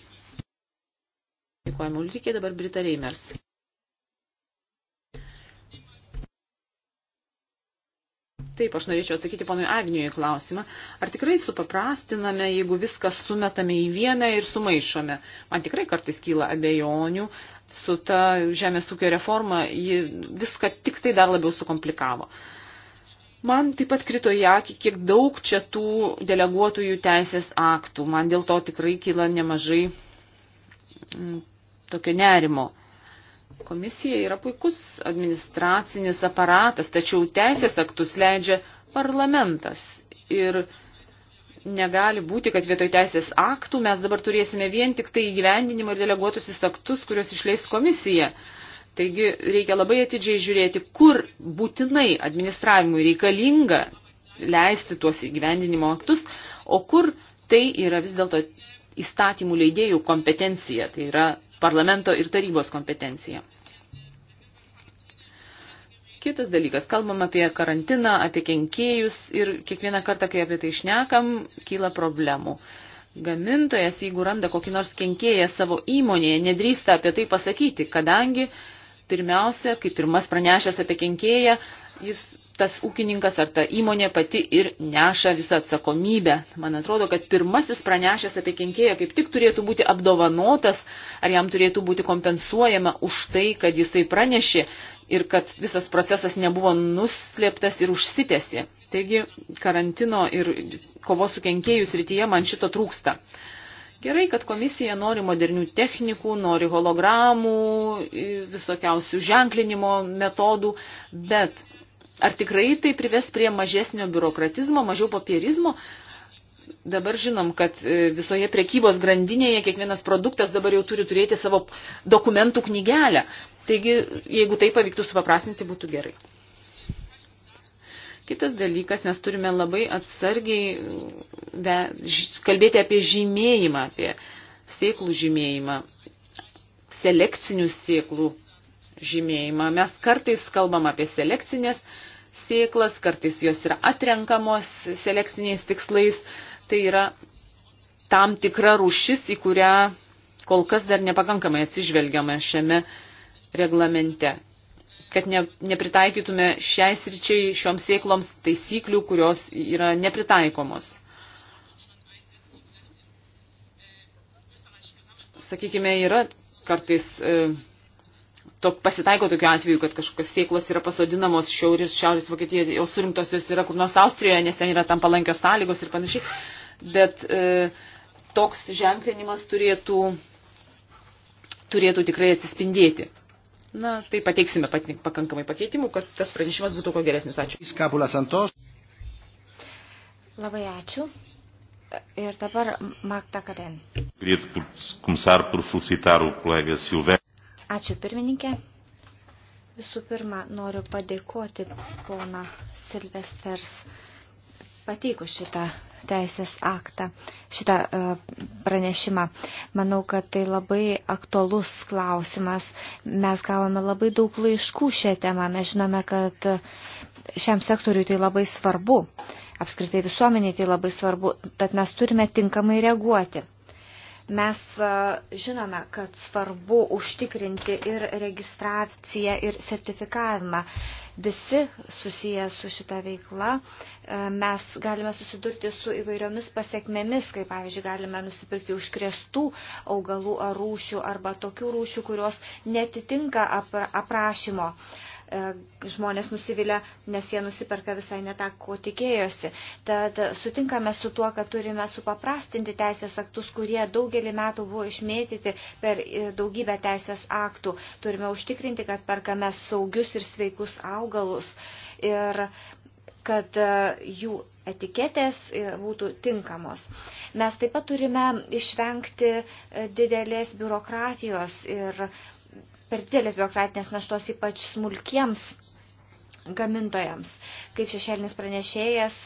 Dėkojame Ulrikė, dabar Brita Reimers. Taip, aš norėčiau atsakyti ponui Agniui klausimą. Ar tikrai supaprastiname, jeigu viską sumetame į vieną ir sumaišome? Man tikrai kartais kyla abejonių. Su ta žemės ūkio reforma ji viską tik tai dar labiau sukomplikavo. Man taip pat krito į akį, kiek daug čia tų deleguotųjų teisės aktų. Man dėl to tikrai kyla nemažai mm, tokio nerimo. Komisija yra puikus administracinis aparatas, tačiau teisės aktus leidžia parlamentas. Ir negali būti, kad vietoj teisės aktų mes dabar turėsime vien tik tai įgyvendinimo ir deleguotusius aktus, kuriuos išleis komisija. Taigi reikia labai atidžiai žiūrėti, kur būtinai administravimui reikalinga leisti tuos įgyvendinimo aktus, o kur tai yra vis dėlto įstatymų leidėjų kompetencija, tai yra parlamento ir tarybos kompetencija. Kitas dalykas, kalbam apie karantiną, apie kenkėjus ir kiekvieną kartą, kai apie tai išnekam, kyla problemų. Gamintojas, jeigu randa kokį nors kenkėją savo įmonėje, nedrįsta apie tai pasakyti, kadangi pirmiausia, kaip pirmas pranešęs apie kenkėją, jis tas ūkininkas ar ta įmonė pati ir neša visą atsakomybę. Man atrodo, kad pirmasis pranešęs apie kenkėją kaip tik turėtų būti apdovanotas, ar jam turėtų būti kompensuojama už tai, kad jisai pranešė ir kad visas procesas nebuvo nuslėptas ir užsitėsi. Taigi karantino ir kovos su kenkėjus rytyje man šito trūksta. Gerai, kad komisija nori modernių technikų, nori hologramų, visokiausių ženklinimo metodų, bet Ar tikrai tai prives prie mažesnio biurokratizmo, mažiau papierizmo? Dabar žinom, kad e, visoje prekybos grandinėje kiekvienas produktas dabar jau turi turėti savo dokumentų knygelę. Taigi, jeigu tai pavyktų supaprastinti, būtų gerai. Kitas dalykas, mes turime labai atsargiai e, ve, ž, kalbėti apie žymėjimą, apie sėklų žymėjimą, selekcinių sėklų žymėjimą. Mes kartais kalbam apie selekcinės sėklas, kartais jos yra atrenkamos selekciniais tikslais. Tai yra tam tikra rušis, į kurią kol kas dar nepakankamai atsižvelgiama šiame reglamente kad ne, nepritaikytume šiai sričiai, šioms sėkloms taisyklių, kurios yra nepritaikomos. Sakykime, yra kartais e, Tok, pasitaiko tokiu atveju, kad kažkokios sėklos yra pasodinamos šiaurės, šiaurės Vokietijoje, jau surimtos jos yra kur nors Austrijoje, nes ten yra tam palankios sąlygos ir panašiai. Bet e, toks ženklinimas turėtų, turėtų tikrai atsispindėti. Na, tai pateiksime pakankamai pakeitimų, kad tas pranešimas būtų ko geresnis. Ačiū. Skapula Santos. Labai ačiū. Ir dabar Magda Karen. Queria começar por felicitar o colega Silvério. Ačiū pirmininkė. Visų pirma, noriu padėkoti pona Silvesters pateikus šitą teisės aktą, šitą e, pranešimą. Manau, kad tai labai aktualus klausimas. Mes gavome labai daug laiškų šią temą. Mes žinome, kad šiam sektoriui tai labai svarbu. Apskritai visuomeniai tai labai svarbu, tad mes turime tinkamai reaguoti. Mes e, žinome, kad svarbu užtikrinti ir registraciją, ir sertifikavimą. Visi susiję su šita veikla e, mes galime susidurti su įvairiomis pasiekmėmis, kaip pavyzdžiui galime nusipirkti užkrestų augalų ar rūšių arba tokių rūšių, kurios netitinka aprašymo. Apra E, žmonės nusivilia, nes jie nusiperka visai ne tą, ko tikėjosi. Tad sutinkame su tuo, kad turime supaprastinti teisės aktus, kurie daugelį metų buvo išmėtyti per e, daugybę teisės aktų. Turime užtikrinti, kad perkame saugius ir sveikus augalus ir kad e, jų etiketės būtų tinkamos. Mes taip pat turime išvengti didelės biurokratijos ir per didelės biurokratinės naštos, ypač smulkiems gamintojams. Kaip šešėlinis pranešėjas,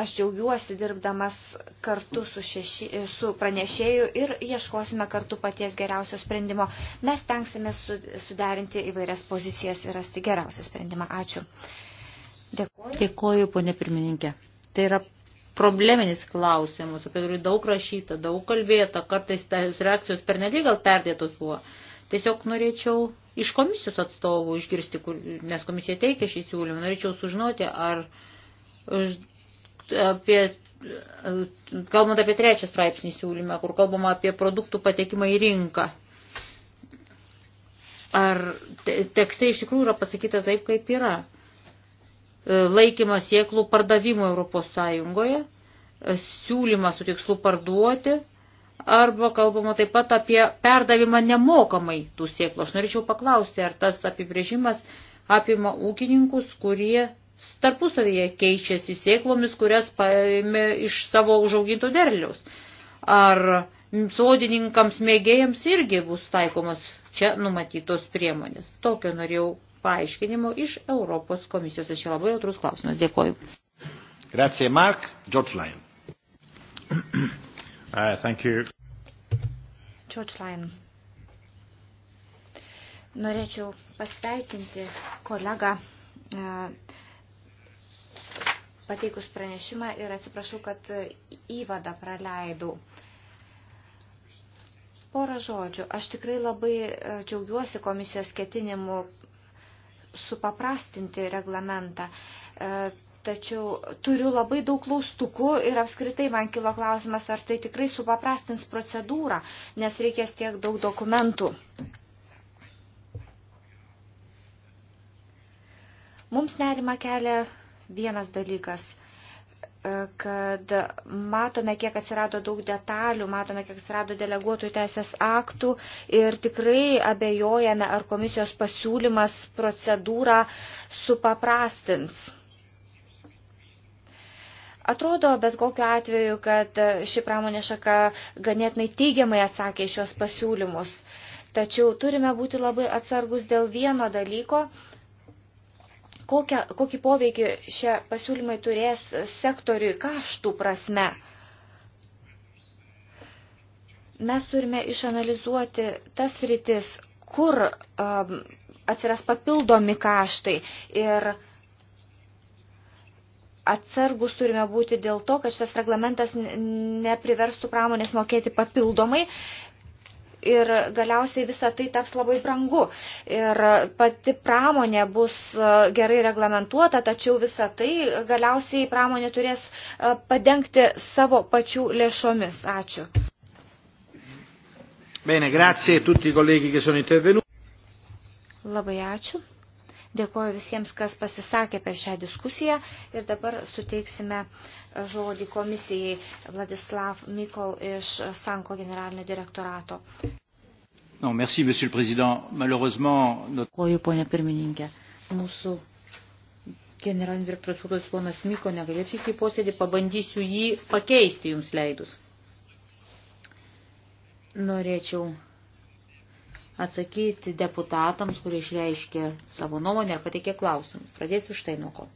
aš džiaugiuosi dirbdamas kartu su, šeši, su pranešėju ir ieškosime kartu paties geriausio sprendimo. Mes tenksime su, suderinti įvairias pozicijas ir rasti geriausią sprendimą. Ačiū. Dėkuoju. Dėkuoju, ponė pirmininkė. Tai yra probleminis klausimas, apie kurį daug rašyta, daug kalbėta, kartais tos reakcijos pernelyg gal perdėtos buvo. Uh, Tiesiog norėčiau iš komisijos atstovų išgirsti, kur, nes komisija teikia šį siūlymą, norėčiau sužinoti, ar apie, kalbant apie trečią straipsnį siūlymą, kur kalbama apie produktų patekimą į rinką. Ar tekstai iš tikrųjų yra pasakyta taip, kaip yra? Laikymas sieklų pardavimo Europos Sąjungoje, siūlymas su tikslu parduoti, arba kalbama taip pat apie perdavimą nemokamai tų sėklų. Aš norėčiau paklausti, ar tas apibrėžimas apima ūkininkus, kurie tarpusavyje keičiasi sėklomis, kurias paėmė iš savo užaugintų derliaus. Ar sodininkams mėgėjams irgi bus taikomas čia numatytos priemonės. Tokio norėjau paaiškinimo iš Europos komisijos. Aš čia labai jautrus klausimas. Dėkoju. Grazie, Mark. George Lyon. Uh, thank you. George Lyon. Norėčiau pasveikinti kolegą e, pateikus pranešimą ir atsiprašau, kad įvadą praleidau. Porą žodžių. Aš tikrai labai e, džiaugiuosi komisijos ketinimu supaprastinti reglamentą. E, Tačiau turiu labai daug klaustukų ir apskritai man kilo klausimas, ar tai tikrai supaprastins procedūrą, nes reikės tiek daug dokumentų. Mums nerima kelia vienas dalykas e, kad matome, kiek atsirado daug detalių, matome, kiek atsirado deleguotų teisės aktų ir tikrai abejojame, ar komisijos pasiūlymas procedūrą supaprastins. Atrodo, bet kokiu atveju, kad ši pramonė šaka ganėtinai teigiamai atsakė šios pasiūlymus. Tačiau turime būti labai atsargus dėl vieno dalyko, kokią, kokį poveikį šie pasiūlymai turės sektoriui kaštų prasme. Mes turime išanalizuoti tas rytis, kur um, atsiras papildomi kaštai ir atsargus turime būti dėl to, kad šis reglamentas nepriverstų pramonės mokėti papildomai ir galiausiai visa tai taps labai brangu. Ir pati pramonė bus e, gerai reglamentuota, tačiau visa tai galiausiai pramonė turės e, padengti savo pačių lėšomis. Ačiū. Bene, grazie tutti i colleghi che sono intervenuti. Labai ačiū. Dėkoju visiems, kas pasisakė per šią diskusiją ir dabar suteiksime žodį komisijai Vladislav Mikol iš Sanko generalinio direktorato. No, merci, monsieur le président. Malheureusement, notre... Dėkoju, ponė pirmininkė. Mūsų generalinio direktoratūros ponas Miko negalėjo atvykti į posėdį, pabandysiu jį pakeisti jums leidus. Norėčiau atsakyti deputatams, kurie išreiškė savo nuomonę ir pateikė klausimus. Pradėsiu štai nuo ko.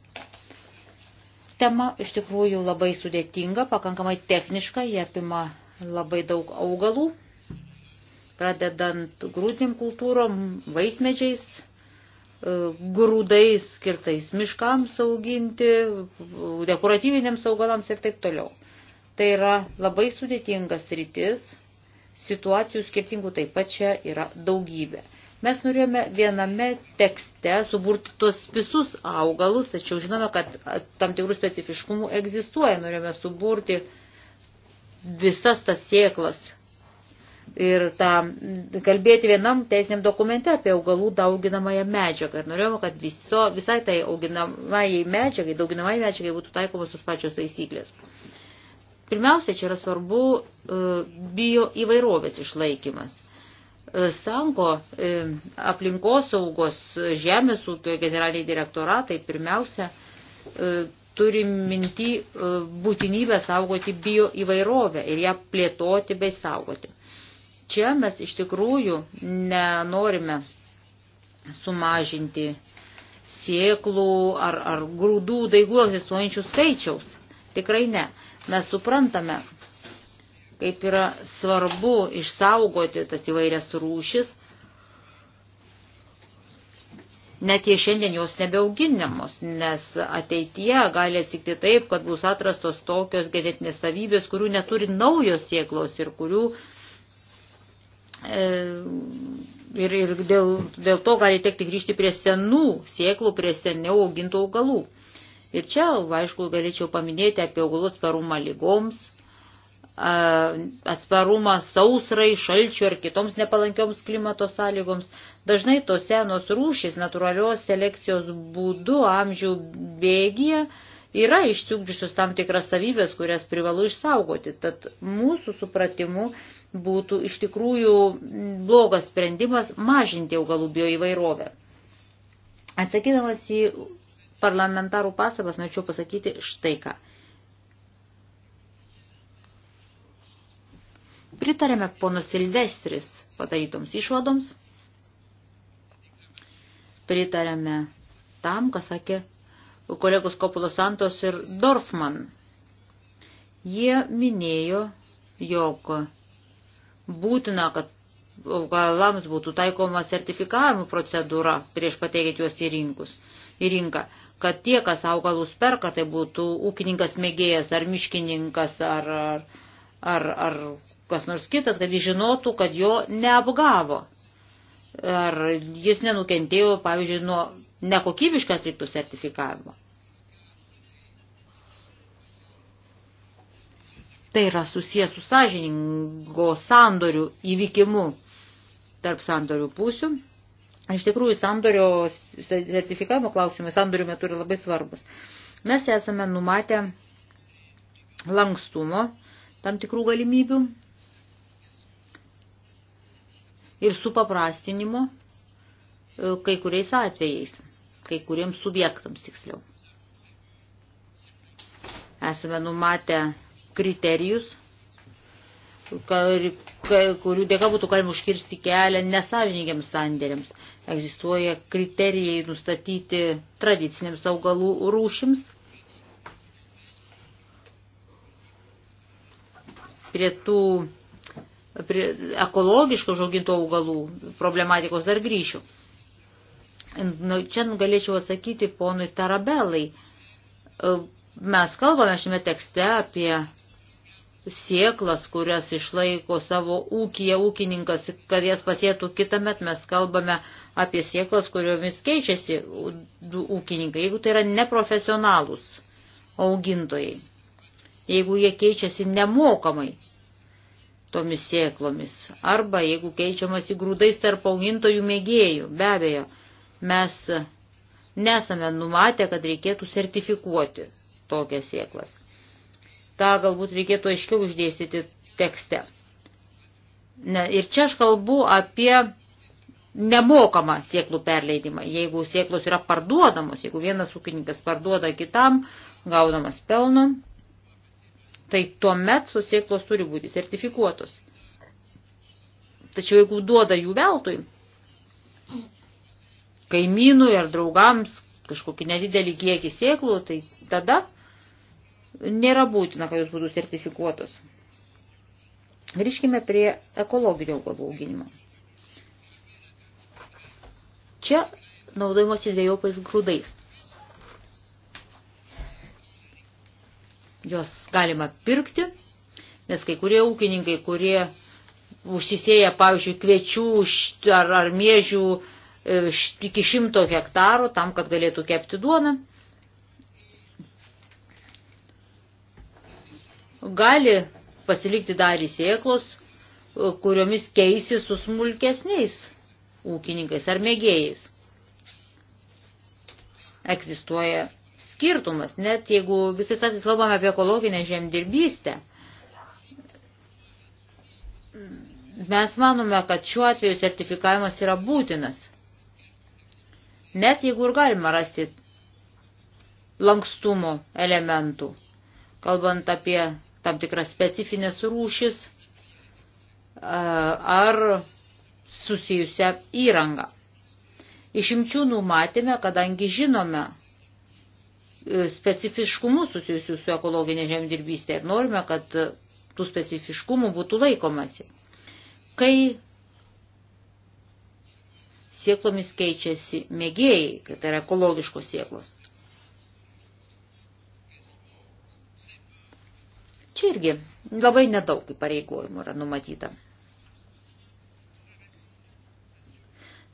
Tema iš tikrųjų labai sudėtinga, pakankamai techniška, jie apima labai daug augalų, pradedant grūdiniam kultūrom, vaismedžiais, e, grūdais skirtais miškams auginti, dekoratyviniams augalams ir taip toliau. Tai yra labai sudėtingas rytis, situacijų skirtingų taip pat čia yra daugybė. Mes norėjome viename tekste suburti tos visus augalus, tačiau žinome, kad tam tikrų specifiškumų egzistuoja. Norėjome suburti visas tas sėklas ir tą, kalbėti vienam teisiniam dokumente apie augalų dauginamąją medžiagą. Ir norėjome, kad viso, visai tai auginamąjai medžiagai, dauginamąjai medžiagai būtų taikomos tos pačios taisyklės. Uh, Pirmiausia, čia yra svarbu e, bio įvairovės išlaikymas. E, Sanko e, aplinkosaugos žemės ūkio generaliniai direktoratai pirmiausia turi minti būtinybę saugoti bio įvairovę ir ją plėtoti bei saugoti. Čia mes iš tikrųjų nenorime sumažinti sieklų ar, ar grūdų daigų egzistuojančių skaičiaus. Tikrai ne. Mes suprantame, kaip yra svarbu išsaugoti tas įvairias rūšis, net jei šiandien jos nebeauginamos, nes ateityje gali atsikti taip, kad bus atrastos tokios genetinės savybės, kurių neturi naujos sieklos ir kurių e, ir, ir dėl, dėl to gali tekti grįžti prie senų sieklų, prie seniau augintų augalų. Ir čia, aišku, galėčiau paminėti apie augalų atsparumą lygoms, atsparumą sausrai, šalčių ar kitoms nepalankioms klimato sąlygoms. Dažnai tos senos rūšys natūralios selekcijos būdu amžių bėgyje yra išsiugdžiusios tam tikras savybės, kurias privalu išsaugoti. Tad mūsų supratimu būtų iš tikrųjų blogas sprendimas mažinti augalų bioįvairovę. Atsakydamas į parlamentarų pastabas, norėčiau pasakyti štai ką. Pritarėme pono Silvestris padarytoms išvadoms, pritarėme tam, ką sakė kolegos Kopulos Santos ir Dorfman. Jie minėjo, jog būtina, kad augalams būtų taikoma sertifikavimo procedūra prieš pateikiant juos į, rinkus, į rinką kad tie, kas augalus perka, tai būtų ūkininkas mėgėjas ar miškininkas ar, ar, ar, ar kas nors kitas, kad jis žinotų, kad jo neapgavo. Ar jis nenukentėjo, pavyzdžiui, nuo nekokybiškai atliktų sertifikavimo. Tai yra susijęs su sąžiningo sandorių įvykimu tarp sandorių pusių. Iš tikrųjų, sandorio sertifikavimo klausimai sandorių metu yra labai svarbus. Mes esame numatę lankstumo tam tikrų galimybių ir supaprastinimo e, kai kuriais atvejais, kai kuriems subjektams tiksliau. Esame numatę kriterijus, kurių dėka būtų galima užkirsti kelią nesažiningiams sandėriams egzistuoja kriterijai nustatyti tradicinėms augalų rūšims. Prie tų prie ekologiškai užaugintų augalų problematikos dar grįšiu. Nu, čia galėčiau atsakyti ponui Tarabelai. E, mes kalbame šiame tekste apie sieklas, kurias išlaiko savo ūkija ūkininkas, kad jas pasėtų kitą met. Mes kalbame apie sieklas, kuriomis keičiasi ūkininkai, jeigu tai yra neprofesionalūs augintojai, jeigu jie keičiasi nemokamai tomis sieklomis, arba jeigu keičiamasi grūdais tarp augintojų mėgėjų, be abejo, mes nesame numatę, kad reikėtų sertifikuoti tokias sieklas. Ta galbūt reikėtų aiškiau išdėstyti tekste. Ne, ir čia aš kalbu apie nemokamą sieklų perleidimą. Jeigu sieklos yra parduodamos, jeigu vienas ūkininkas parduoda kitam, gaudamas pelno, tai tuomet su sieklos turi būti sertifikuotos. Tačiau jeigu duoda jų veltui, kaimynui ar draugams kažkokį nedidelį kiekį sėklų, tai tada nėra būtina, kad jos būtų sertifikuotos. Grįžkime prie ekologinio augalų auginimo. Čia naudojimuosi dviejopais grūdais. Jos galima pirkti, nes kai kurie ūkininkai, kurie užsisėja, pavyzdžiui, kviečių ar, ar miežių e, iki šimto hektarų tam, kad galėtų kepti duoną, gali pasilikti dar į sėklos, e, kuriomis keisi su smulkesniais ūkininkais ar mėgėjais. Egzistuoja skirtumas, net jeigu visais atvejais kalbame apie ekologinę žemdirbystę. Mes manome, kad šiuo atveju sertifikavimas yra būtinas. Net jeigu ir galima rasti lankstumo elementų, kalbant apie tam tikras specifines rūšis ar susijusią įrangą. Išimčių numatėme, kadangi žinome e, specifiškumus susijusius su ekologinė žemdirbystė ir norime, kad e, tų specifiškumų būtų laikomasi. Kai sieklomis keičiasi mėgėjai, kai tai yra ekologiškos sieklos. Čia irgi labai nedaug įpareigojimų yra numatyta.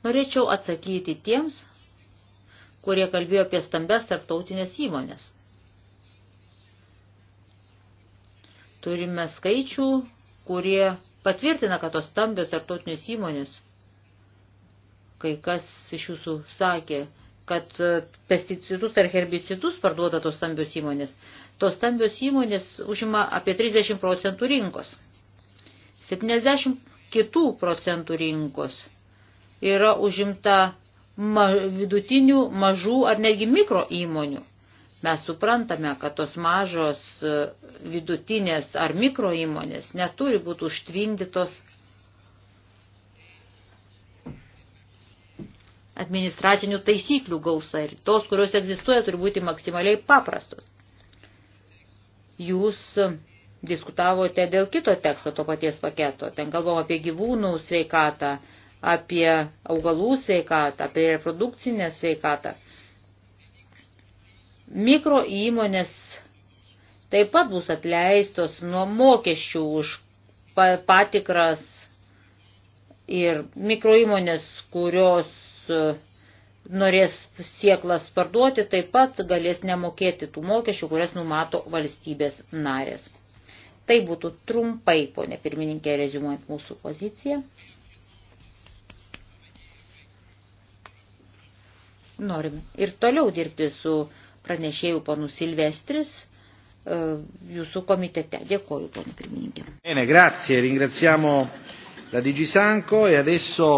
Norėčiau atsakyti tiems, kurie kalbėjo apie stambes tarptautinės įmonės. Turime skaičių, kurie patvirtina, kad tos stambios tarptautinės įmonės, kai kas iš jūsų sakė, kad e, pesticidus ar herbicidus parduoda tos stambios įmonės. Tos stambios įmonės užima apie 30 procentų rinkos. 70 kitų procentų rinkos yra užimta ma, vidutinių, mažų ar netgi mikro įmonių. Mes suprantame, kad tos mažos e, vidutinės ar mikro įmonės neturi būti užtvindytos administracinių taisyklių gausa ir tos, kurios egzistuoja, turi būti maksimaliai paprastos. Jūs diskutavote dėl kito teksto to paties paketo, ten kalbam apie gyvūnų sveikatą, apie augalų sveikatą, apie reprodukcinę sveikatą. Mikro įmonės taip pat bus atleistos nuo mokesčių už patikras ir mikro įmonės, kurios e, norės sieklas parduoti, taip pat galės nemokėti tų mokesčių, kurias numato valstybės narės. Tai būtų trumpai, ponė pirmininkė, rezumuojant mūsų poziciją. Norim ir toliau dirbti su pranešėjų ponu Silvestris e, jūsų komitete. Dėkoju, ponė pirmininkė. Bene, grazie. Ringraziamo la Digisanko e adesso.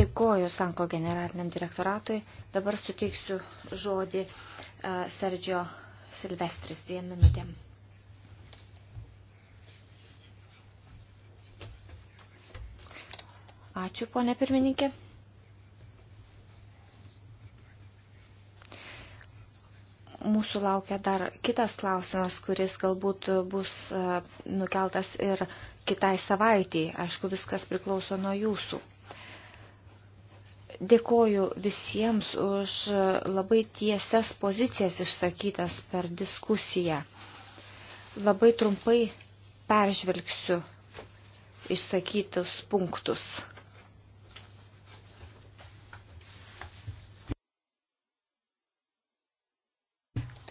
Dėkoju Sanko generaliniam direktoratui. Dabar suteiksiu žodį uh, Sergio Silvestris dviem minutėm. Ačiū, ponė pirmininkė. Mūsų laukia dar kitas klausimas, kuris galbūt bus e, nukeltas ir kitai savaitėjai. Aišku, viskas priklauso nuo jūsų. Dėkoju visiems už e, labai tiesias pozicijas išsakytas per diskusiją. Labai trumpai peržvelgsiu išsakytus punktus.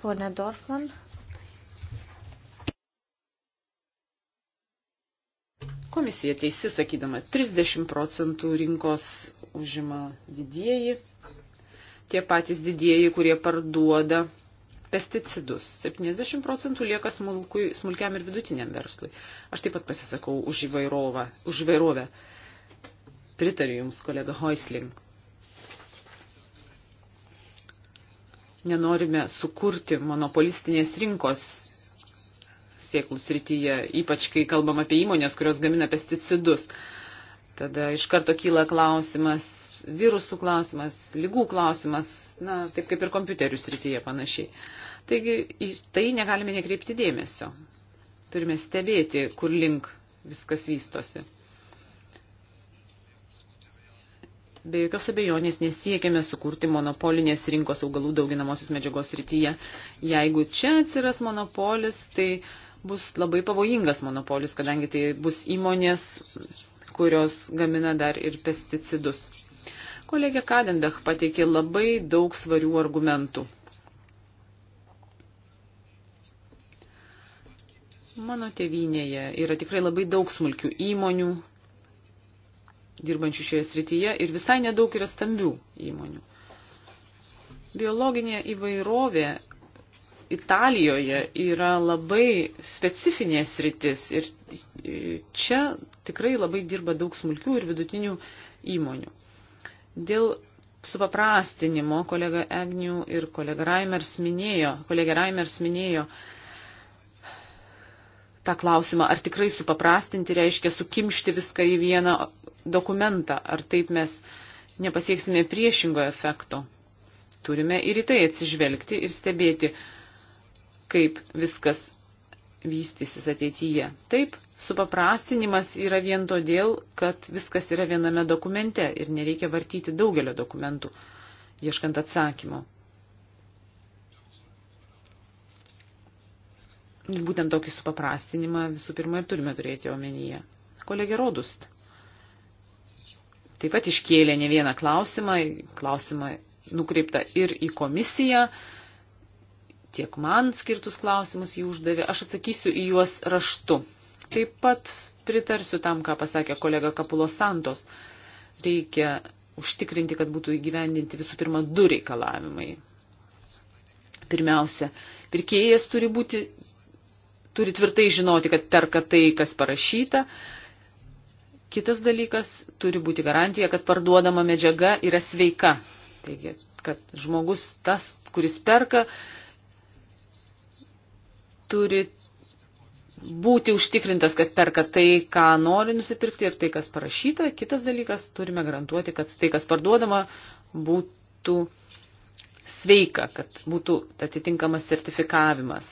Pone Dorfman. Komisija teisi, sakydama, 30 procentų rinkos užima didieji, tie patys didieji, kurie parduoda pesticidus. 70 procentų lieka smulkui, smulkiam ir vidutiniam verslui. Aš taip pat pasisakau už įvairovę. Už įvairovę. Pritariu Jums, kolega Hoisling. Nenorime sukurti monopolistinės rinkos sieklų srityje, ypač kai kalbam apie įmonės, kurios gamina pesticidus. Tada iš karto kyla klausimas, virusų klausimas, lygų klausimas, na, taip kaip ir kompiuterių srityje panašiai. Taigi į tai negalime nekreipti dėmesio. Turime stebėti, kur link viskas vystosi. Be jokios abejonės nesiekėme sukurti monopolinės rinkos augalų dauginamosios medžiagos rytyje. Jeigu čia atsiras monopolis, tai bus labai pavojingas monopolis, kadangi tai bus įmonės, kurios gamina dar ir pesticidus. Kolegė Kadenbech pateikė labai daug svarių argumentų. Mano tėvynėje yra tikrai labai daug smulkių įmonių, dirbančių šioje srityje ir visai nedaug yra stambių įmonių. Biologinė įvairovė Italijoje yra labai specifinė sritis ir čia tikrai labai dirba daug smulkių ir vidutinių įmonių. Dėl supaprastinimo kolega Egnių ir kolega Raimers minėjo, kolega Raimers minėjo, tą klausimą, ar tikrai supaprastinti reiškia sukimšti viską į vieną dokumentą, ar taip mes nepasieksime priešingo efekto. Turime ir į tai atsižvelgti ir stebėti, kaip viskas vystysis ateityje. Taip, supaprastinimas yra vien todėl, kad viskas yra viename dokumente ir nereikia vartyti daugelio dokumentų, ieškant atsakymo. būtent tokį supaprastinimą visų pirma ir turime turėti omenyje. Kolegė Rodust taip pat iškėlė ne vieną klausimą, klausimą nukreiptą ir į komisiją, tiek man skirtus klausimus jį uždavė, aš atsakysiu į juos raštu. Taip pat pritarsiu tam, ką pasakė kolega Kapulo Santos. Reikia užtikrinti, kad būtų įgyvendinti visų pirma du reikalavimai. Pirmiausia, pirkėjas turi būti turi tvirtai žinoti, kad perka tai, kas parašyta. Kitas dalykas, turi būti garantija, kad parduodama medžiaga yra sveika. Taigi, kad žmogus tas, kuris perka, turi būti užtikrintas, kad perka tai, ką nori nusipirkti ir tai, kas parašyta. Kitas dalykas, turime garantuoti, kad tai, kas parduodama, būtų sveika, kad būtų atitinkamas sertifikavimas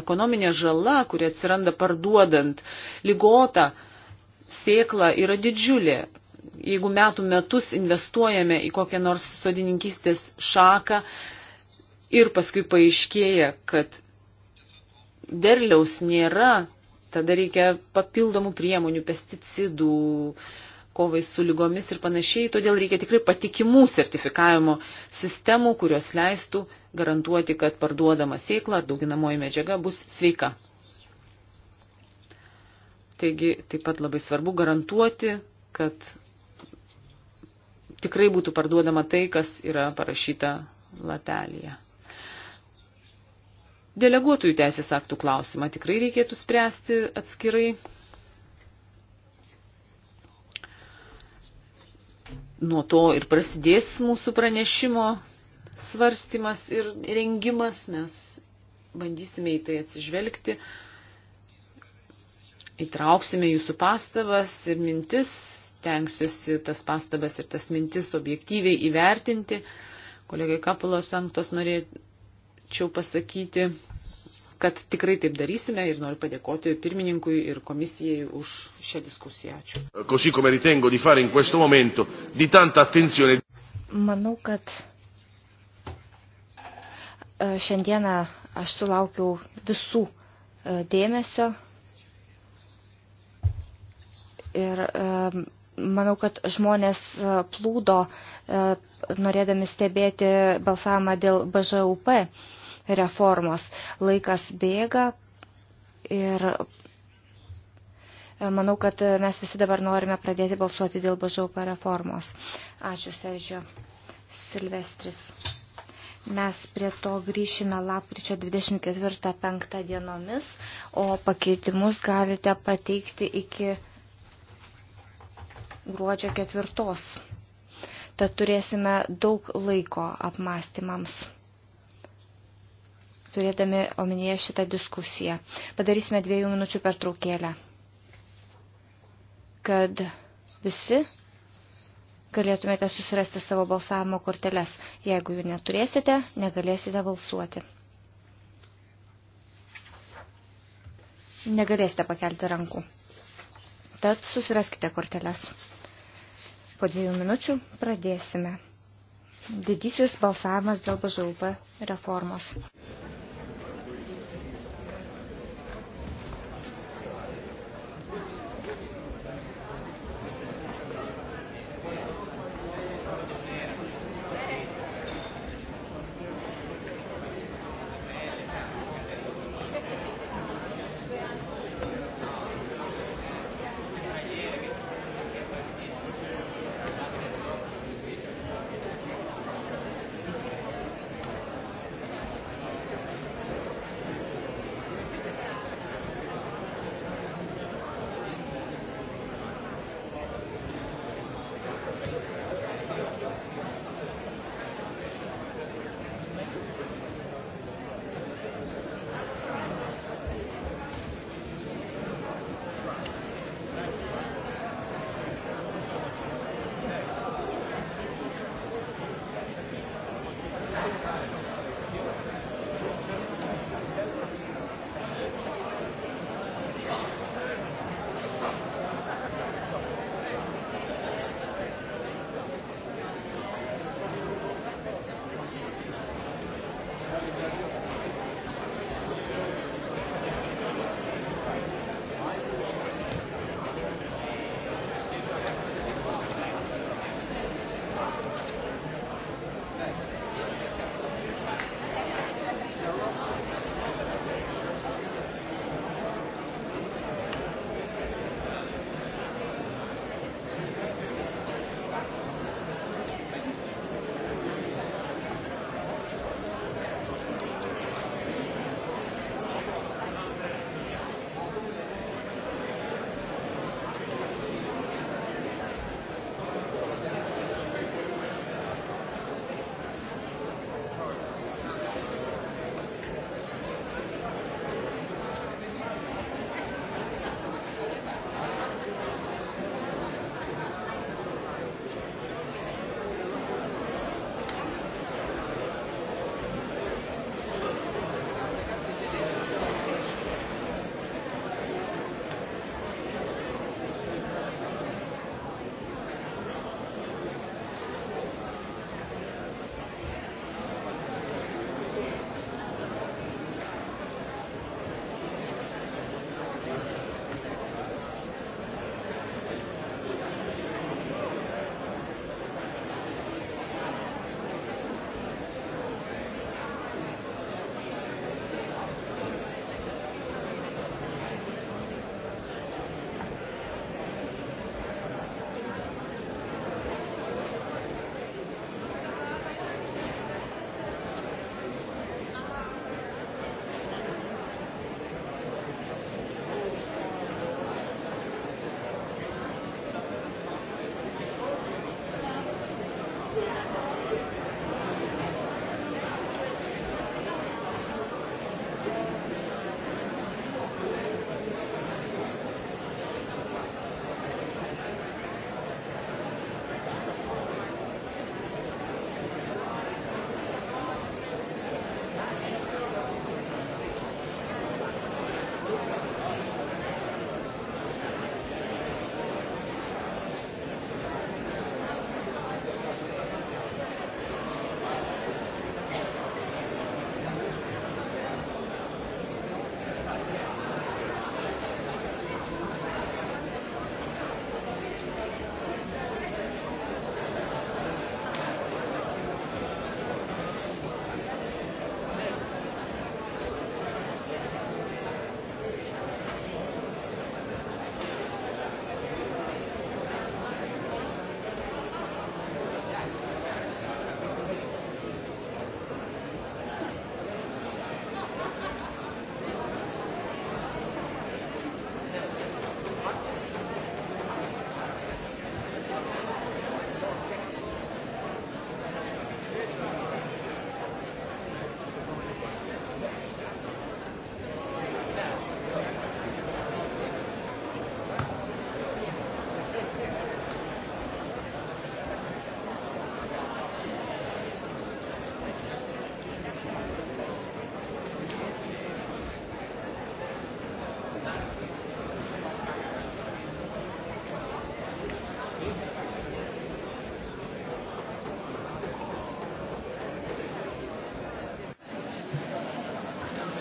ekonominė žala, kuri atsiranda parduodant lygotą sėklą, yra didžiulė. Jeigu metų metus investuojame į kokią nors sodininkystės šaką ir paskui paaiškėja, kad derliaus nėra, tada reikia papildomų priemonių, pesticidų, kovai su lygomis ir panašiai, todėl reikia tikrai patikimų sertifikavimo sistemų, kurios leistų garantuoti, kad parduodama sėkla ar dauginamoji medžiaga bus sveika. Taigi taip pat labai svarbu garantuoti, kad tikrai būtų parduodama tai, kas yra parašyta lapelėje. Deleguotojų teisės aktų klausimą tikrai reikėtų spręsti atskirai. Nuo to ir prasidės mūsų pranešimo svarstymas ir rengimas, mes bandysime į tai atsižvelgti, įtrauksime jūsų pastabas ir mintis, tenksiuosi tas pastabas ir tas mintis objektyviai įvertinti. Kolegai Kapulos Sanktos norėčiau pasakyti, kad tikrai taip darysime ir noriu padėkoti pirmininkui ir komisijai už šią diskusiją. Ačiū. Manau, kad E, šiandieną aš sulaukiau visų e, dėmesio ir e, manau, kad žmonės plūdo norėdami stebėti balsavimą dėl BŽUP reformos. Laikas bėga ir manau, kad mes visi dabar norime pradėti balsuoti dėl BŽUP reformos. Ačiū, Sergio Silvestris. Mes prie to grįšime lapkričio 24-5 dienomis, o pakeitimus galite pateikti iki gruodžio 4. Tad turėsime daug laiko apmąstymams, turėdami omenyje šitą diskusiją. Padarysime dviejų minučių pertraukėlę, kad visi galėtumėte susirasti savo balsavimo korteles. Jeigu jų neturėsite, negalėsite balsuoti. Negalėsite pakelti rankų. Tad susiraskite korteles. Po dviejų minučių pradėsime. Didysis balsavimas dėl BŽUP reformos.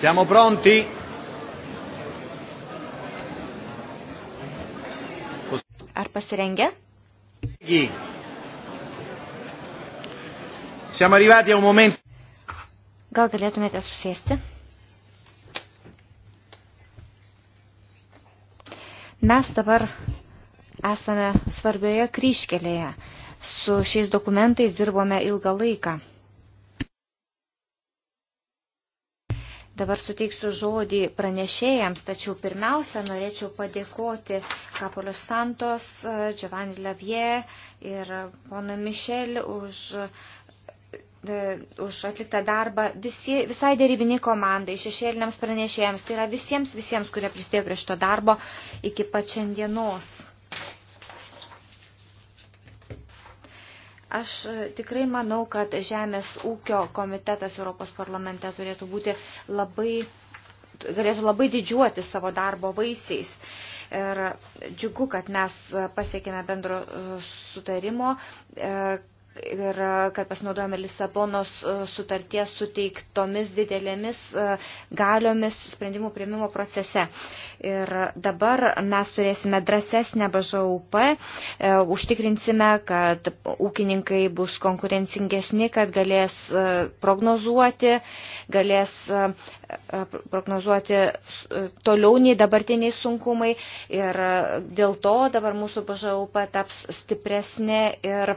Siamo pronti? Ar pasirengę? Siamo arrivati a un momento. Gal galėtumėte susėsti? Mes dabar esame svarbioje kryškelėje. Su šiais dokumentais dirbome ilgą laiką. Dabar suteiksiu žodį pranešėjams, tačiau pirmiausia norėčiau padėkoti Kapolius Santos, Giovanni Lavie ir pono Mišel už, e, už atliktą darbą visi, visai dėrybiniai komandai, šešėliniams pranešėjams, tai yra visiems, visiems, kurie prisidėjo prie šito darbo iki pat šiandienos. Aš e, tikrai manau, kad Žemės ūkio komitetas Europos parlamente turėtų būti labai, galėtų labai didžiuoti savo darbo vaisiais. Ir džiugu, kad mes e, pasiekėme bendro e, sutarimo ir ir e, kad pasinaudojame Lisabonos e, sutarties suteiktomis didelėmis e, galiomis sprendimų prieimimo procese. Ir dabar mes turėsime drąsesnę BŽUP, užtikrinsime, kad ūkininkai bus konkurencingesni, kad galės prognozuoti, galės prognozuoti toliau nei dabartiniai sunkumai ir dėl to dabar mūsų BŽUP taps stipresnė ir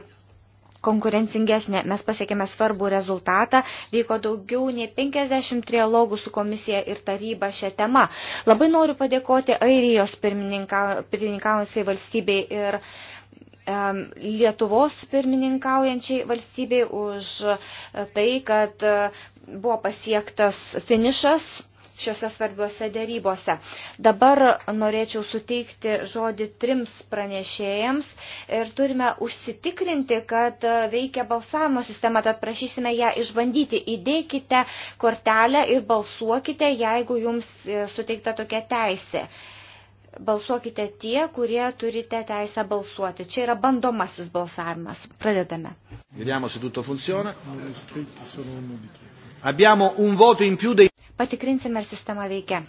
konkurencingesnė. Mes pasiekėme svarbų rezultatą, vyko daugiau nei 50 trialogų su komisija ir taryba šią temą. Labai noriu padėkoti Airijos pirmininkaujančiai valstybei ir um, Lietuvos pirmininkaujančiai valstybei už tai, kad e, buvo pasiektas finišas šiuose svarbiuose dėrybose. Dabar norėčiau suteikti žodį trims pranešėjams ir turime užsitikrinti, kad veikia balsavimo sistema, tad prašysime ją išbandyti. Įdėkite kortelę ir balsuokite, jeigu jums suteikta tokia teisė. Balsuokite tie, kurie turite teisę balsuoti. Čia yra bandomasis balsavimas. Pradedame. Vediamo se tutto funziona. No, Abbiamo un voto in più dei... Patikrinsime, ar sistema veikia.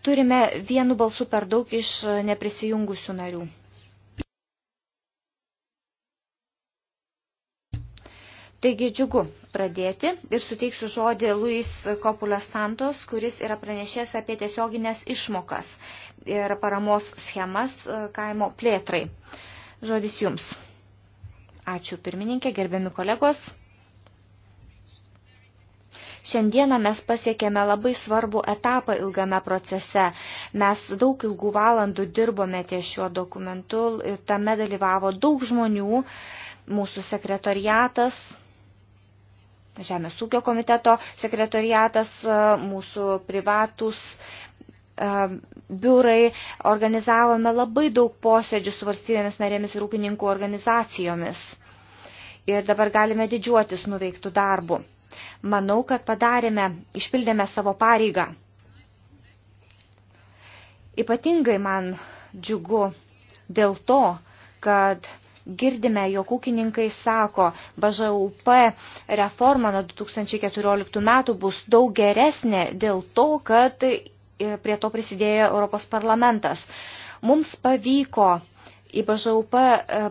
Turime vienu balsu per daug iš e, neprisijungusių narių. Taigi džiugu pradėti ir suteiksiu žodį Luis Kopulio Santos, kuris yra pranešęs apie tiesioginės išmokas ir paramos schemas e, kaimo plėtrai. Žodis jums. Ačiū pirmininkė, gerbiami kolegos. Šiandieną mes pasiekėme labai svarbų etapą ilgame procese. Mes daug ilgų valandų dirbome ties šiuo dokumentu, tame dalyvavo daug žmonių, mūsų sekretariatas, Žemės ūkio komiteto sekretoriatas, mūsų privatus e, biurai, organizavome labai daug posėdžių su valstybėmis narėmis ir ūkininkų organizacijomis. Ir dabar galime didžiuotis nuveiktų darbų. Manau, kad padarėme, išpildėme savo pareigą. Ypatingai man džiugu dėl to, kad girdime, jog ūkininkai sako, BŽUP reforma nuo 2014 metų bus daug geresnė dėl to, kad e, prie to prisidėjo Europos parlamentas. Mums pavyko į BŽUP,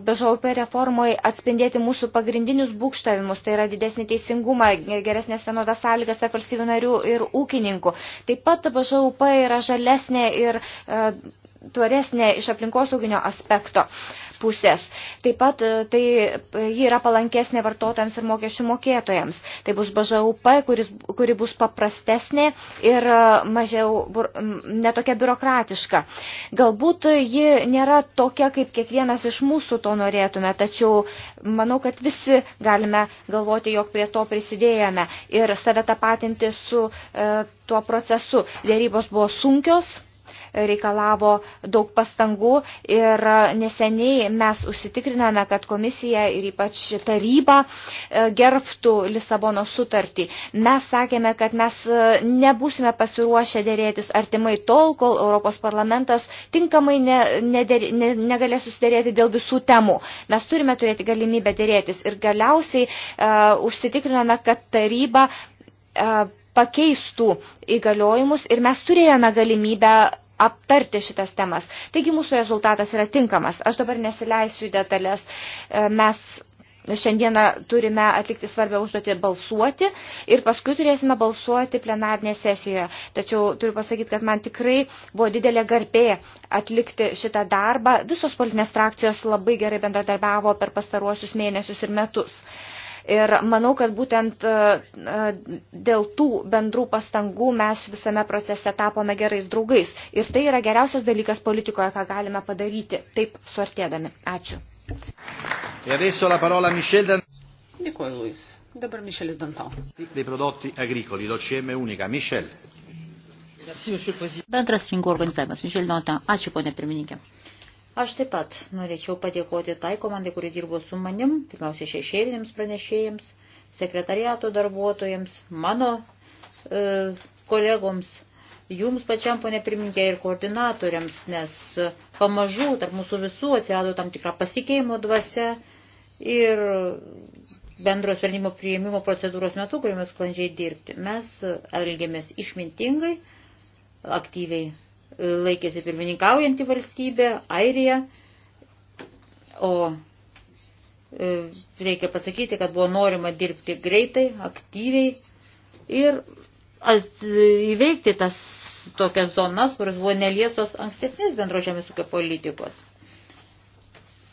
BŽUP reformoje atspindėti mūsų pagrindinius būkštavimus, tai yra didesnį teisingumą, geresnės vienodas sąlygas tarp valstybių narių ir ūkininkų. Taip pat BŽUP yra žalesnė ir e, tvaresnė iš aplinkosauginio aspekto pusės. Taip pat e, tai e, ji yra palankesnė vartotojams ir mokesčių mokėtojams. Tai bus BŽUP, kuris, kuri bus paprastesnė ir e, mažiau netokia biurokratiška. Galbūt ji nėra tokia, kaip kiekvienas iš mūsų to norėtume, tačiau manau, kad visi galime galvoti, jog prie to prisidėjome ir save tapatinti su e, tuo procesu. Dėrybos buvo sunkios reikalavo daug pastangų ir neseniai mes užsitikriname, kad komisija ir ypač taryba e, gerbtų Lisabono sutartį. Mes sakėme, kad mes e, nebūsime pasiruošę dėrėtis artimai tol, kol Europos parlamentas tinkamai ne, nedėrė, ne, negalės susidėrėti dėl visų temų. Mes turime turėti galimybę dėrėtis ir galiausiai uh, užsitikrinome, kad taryba uh, pakeistų įgaliojimus ir mes turėjome galimybę aptarti šitas temas. Taigi mūsų rezultatas yra tinkamas. Aš dabar nesileisiu į detalės. E, mes šiandieną turime atlikti svarbę užduotį balsuoti ir paskui turėsime balsuoti plenarnėje sesijoje. Tačiau turiu pasakyti, kad man tikrai buvo didelė garbė atlikti šitą darbą. Visos politinės frakcijos labai gerai bendradarbiavo per pastaruosius mėnesius ir metus. Uh, Ir manau, kad būtent e, e, dėl tų bendrų pastangų mes visame procese tapome gerais draugais. Ir tai yra geriausias dalykas politikoje, ką galime padaryti, taip suartėdami. Ačiū. E Dėkuoju, Luis. Dabar Mišelis Danton. Dei prodotti agricoli, l'OCM unica. Mišel. Bendras rinkų organizavimas. Mišel Danton. Ačiū, ponė pirmininkė. Aš taip pat norėčiau padėkoti tai komandai, kuri dirbo su manim, pirmiausia šešėlinėms pranešėjams, sekretariato darbuotojams, mano e, kolegoms, jums pačiam, ponė pirmininkė, ir koordinatoriams, nes pamažu tarp mūsų visų atsirado tam tikrą pasikeimo dvasia ir bendro sprendimo priėmimo procedūros metu, kuriuo mes sklandžiai dirbti. Mes elgėmės išmintingai, aktyviai laikėsi pirmininkaujantį valstybę, Airiją, o e, reikia pasakyti, kad buvo norima dirbti greitai, aktyviai ir įveikti tas tokias zonas, kurios buvo neliestos ankstesnės bendro žemės ūkio politikos.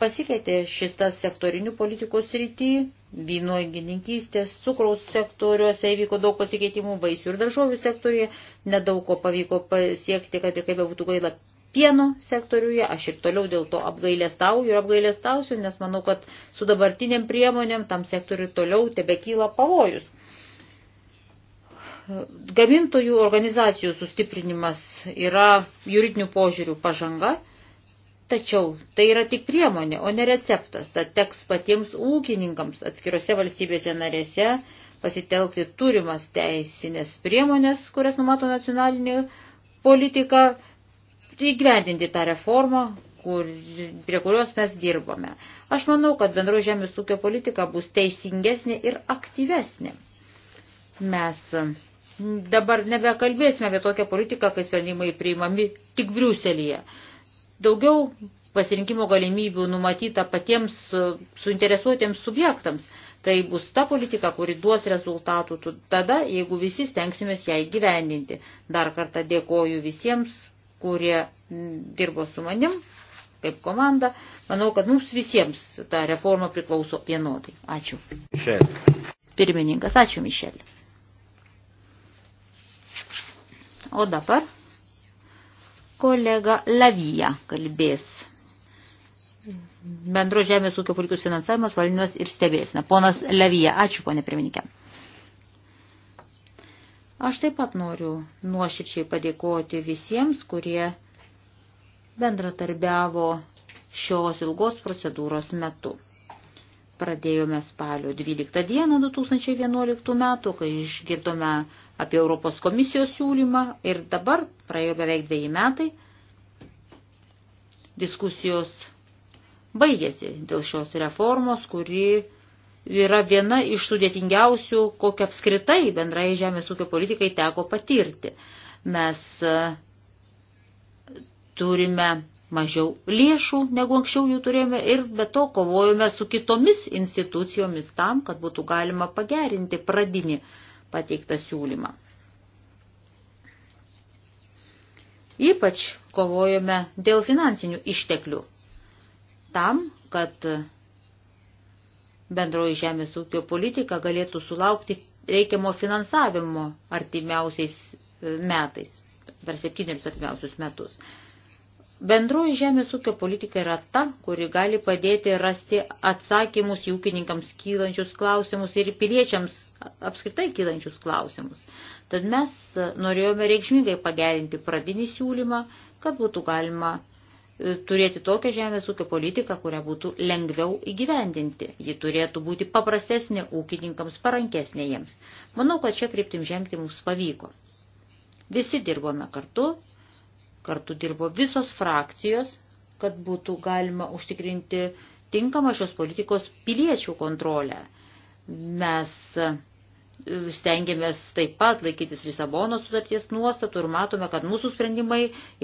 Pasikeitė šis tas sektorinių politikos rytį, vynuogininkystės, cukraus sektoriuose įvyko daug pasikeitimų, vaisių ir daržovių sektoriuje, nedaug ko pavyko pasiekti, kad ir kaip būtų gaila pieno sektoriuje, aš ir toliau dėl to apgailėstauju ir apgailėstausiu, nes manau, kad su dabartiniam priemonėm tam sektoriui toliau tebekyla pavojus. Gamintojų organizacijų sustiprinimas yra juridinių požiūrių pažanga Tačiau tai yra tik priemonė, o ne receptas. Tad teks patiems ūkininkams atskirose valstybėse narėse pasitelkti turimas teisinės priemonės, kurias numato nacionalinė politika, įgyvendinti tą reformą, kur, prie kurios mes dirbame. Aš manau, kad bendro žemės ūkio politika bus teisingesnė ir aktyvesnė. Mes dabar nebekalbėsime apie tokią politiką, kai sprendimai priimami tik Briuselėje daugiau pasirinkimo galimybių numatyta patiems e, suinteresuotiems subjektams. Tai bus ta politika, kuri duos rezultatų tada, jeigu visi stengsimės ją įgyvendinti. Dar kartą dėkoju visiems, kurie dirbo su manim, kaip komanda. Manau, kad mums visiems ta reforma priklauso vienodai. Ačiū. Mišel. Pirmininkas, ačiū Mišelė. O dabar Kolega Lavija kalbės. Bendro žemės ūkio politikos finansavimas, valdymas ir stebėsina. Ponas Lavija, ačiū, ponė pirmininkė. Aš taip pat noriu nuoširčiai padėkoti visiems, kurie bendratarbiavo šios ilgos procedūros metu pradėjome spalio 12 dieną 2011 metų, kai išgirdome apie Europos komisijos siūlymą ir dabar praėjo beveik dviejai metai. Diskusijos baigėsi dėl šios reformos, kuri yra viena iš sudėtingiausių, kokią apskritai bendrai žemės ūkio politikai teko patirti. Mes e, turime mažiau lėšų, negu anksčiau jų turėjome ir be to kovojome su kitomis institucijomis tam, kad būtų galima pagerinti pradinį pateiktą siūlymą. Ypač kovojome dėl finansinių išteklių. Tam, kad bendroji žemės ūkio politika galėtų sulaukti reikiamo finansavimo artimiausiais metais, per septynerius artimiausius metus. Bendroji žemės ūkio politika yra ta, kuri gali padėti rasti atsakymus į ūkininkams kylančius klausimus ir piliečiams apskritai kylančius klausimus. Tad mes norėjome reikšmingai pagerinti pradinį siūlymą, kad būtų galima e, turėti tokią žemės ūkio politiką, kurią būtų lengviau įgyvendinti. Ji turėtų būti paprastesnė ūkininkams, parankesnė jiems. Manau, kad čia kryptim žengti mums pavyko. Visi dirbome kartu, Kartu dirbo visos frakcijos, kad būtų galima užtikrinti tinkamą šios politikos piliečių kontrolę. Mes e, stengiamės taip pat laikytis Lisabonos sutarties nuostatų ir matome, kad mūsų sprendimai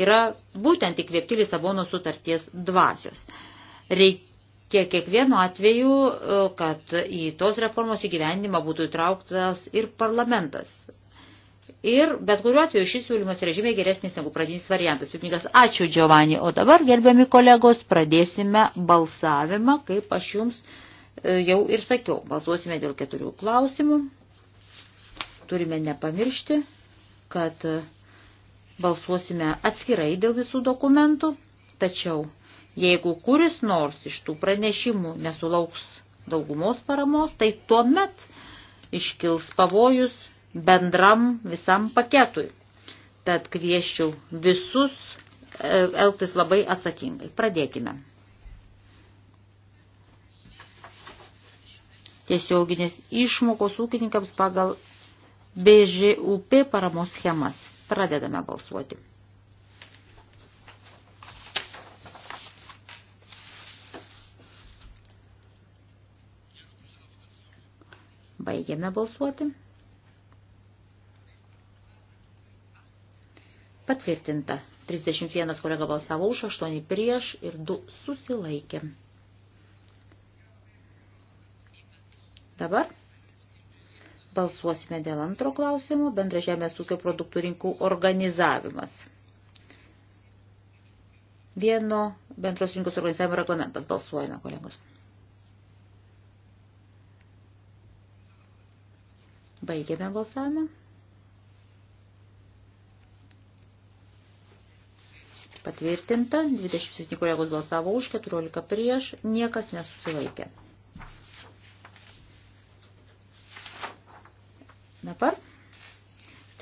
yra būtent įkvėpti Lisabonos sutarties dvasios. Reikia kiekvienu atveju, e, kad į tos reformos įgyvendimą būtų įtrauktas ir parlamentas ir bet kuriuo atveju šis siūlymas yra žymiai geresnis negu pradinis variantas. Pirmininkas, ačiū Giovanni. O dabar, gerbiami kolegos, pradėsime balsavimą, kaip aš jums e, jau ir sakiau. Balsuosime dėl keturių klausimų. Turime nepamiršti, kad e, balsuosime atskirai dėl visų dokumentų, tačiau jeigu kuris nors iš tų pranešimų nesulauks daugumos paramos, tai tuomet iškils pavojus bendram visam paketui. Tad kvieščiau visus e, elgtis labai atsakingai. Pradėkime. Tiesioginės išmokos ūkininkams pagal BŽUP paramos schemas. Pradedame balsuoti. Baigiame balsuoti. Patvirtinta. 31 kolega balsavo už, 8 prieš ir 2 susilaikė. Dabar balsuosime dėl antro klausimo – bendra žemės ūkio produktų rinkų organizavimas. Vieno bendros rinkos organizavimo reglamentas balsuojame, kolegos. Baigėme balsavimą. Patvirtinta, 27 kolegos balsavo už, 14 prieš, niekas nesusilaikė. Dabar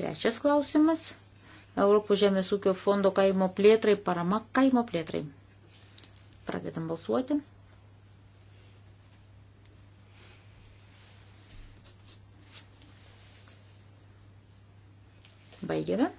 trečias klausimas. Europos žemės ūkio fondo kaimo plėtrai, parama kaimo plėtrai. Pradedam balsuoti. Baigėme.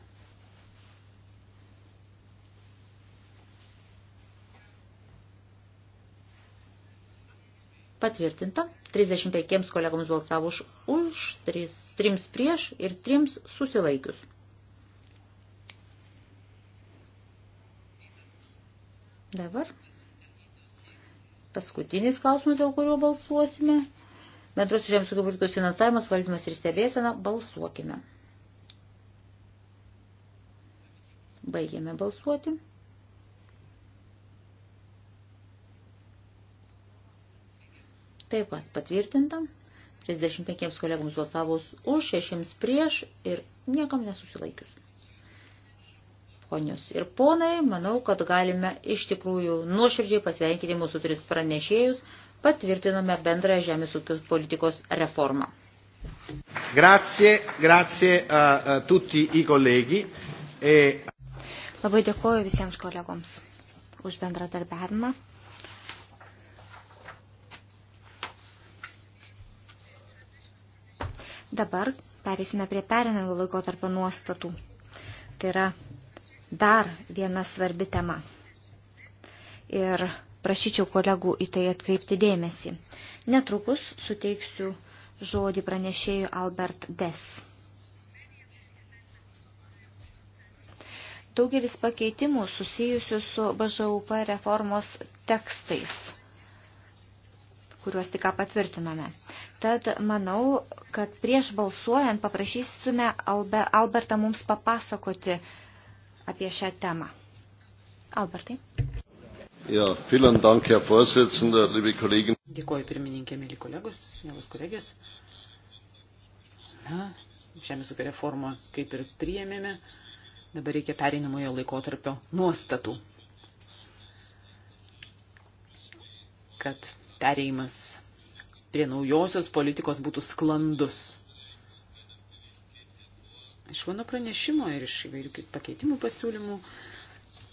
Patvirtinta. 35 kolegoms balsavo už, už 3, 3 prieš ir 3 susilaikius. Dabar paskutinis klausimas, dėl kurio balsuosime. Bendros žemės ūkio politikos finansavimas, valdymas ir stebėsena. Balsuokime. Baigėme balsuoti. Taip pat patvirtinta. 35 kolegoms balsavus už, 6 prieš ir niekam nesusilaikius. Ponius ir ponai, manau, kad galime iš tikrųjų nuoširdžiai pasveikinti mūsų turis pranešėjus, patvirtinome bendrąją žemės ūkio politikos reformą. Grazie, grazie a, uh, a uh, tutti i colleghi. E... Labai dėkuoju visiems kolegoms už bendradarbiavimą. Dabar perėsime prie perinamų laikotarpio nuostatų. Tai yra dar viena svarbi tema. Ir prašyčiau kolegų į tai atkreipti dėmesį. Netrukus suteiksiu žodį pranešėjų Albert Des. Daugelis pakeitimų susijusių su BŽUP reformos tekstais, kuriuos tik patvirtinome. Tad manau, kad prieš balsuojant paprašysime Albertą mums papasakoti apie šią temą. Albertai. Ja, vielen Dank, Herr Vorsitzender, liebe Kollegen. Dėkuoju pirmininkė, mėly kolegos, mielas kolegės. Na, žemės ūkio reformą kaip ir priėmėme, dabar reikia pereinamojo laikotarpio nuostatų, kad pereimas prie naujosios politikos būtų sklandus. Iš mano pranešimo ir iš įvairių pakeitimų pasiūlymų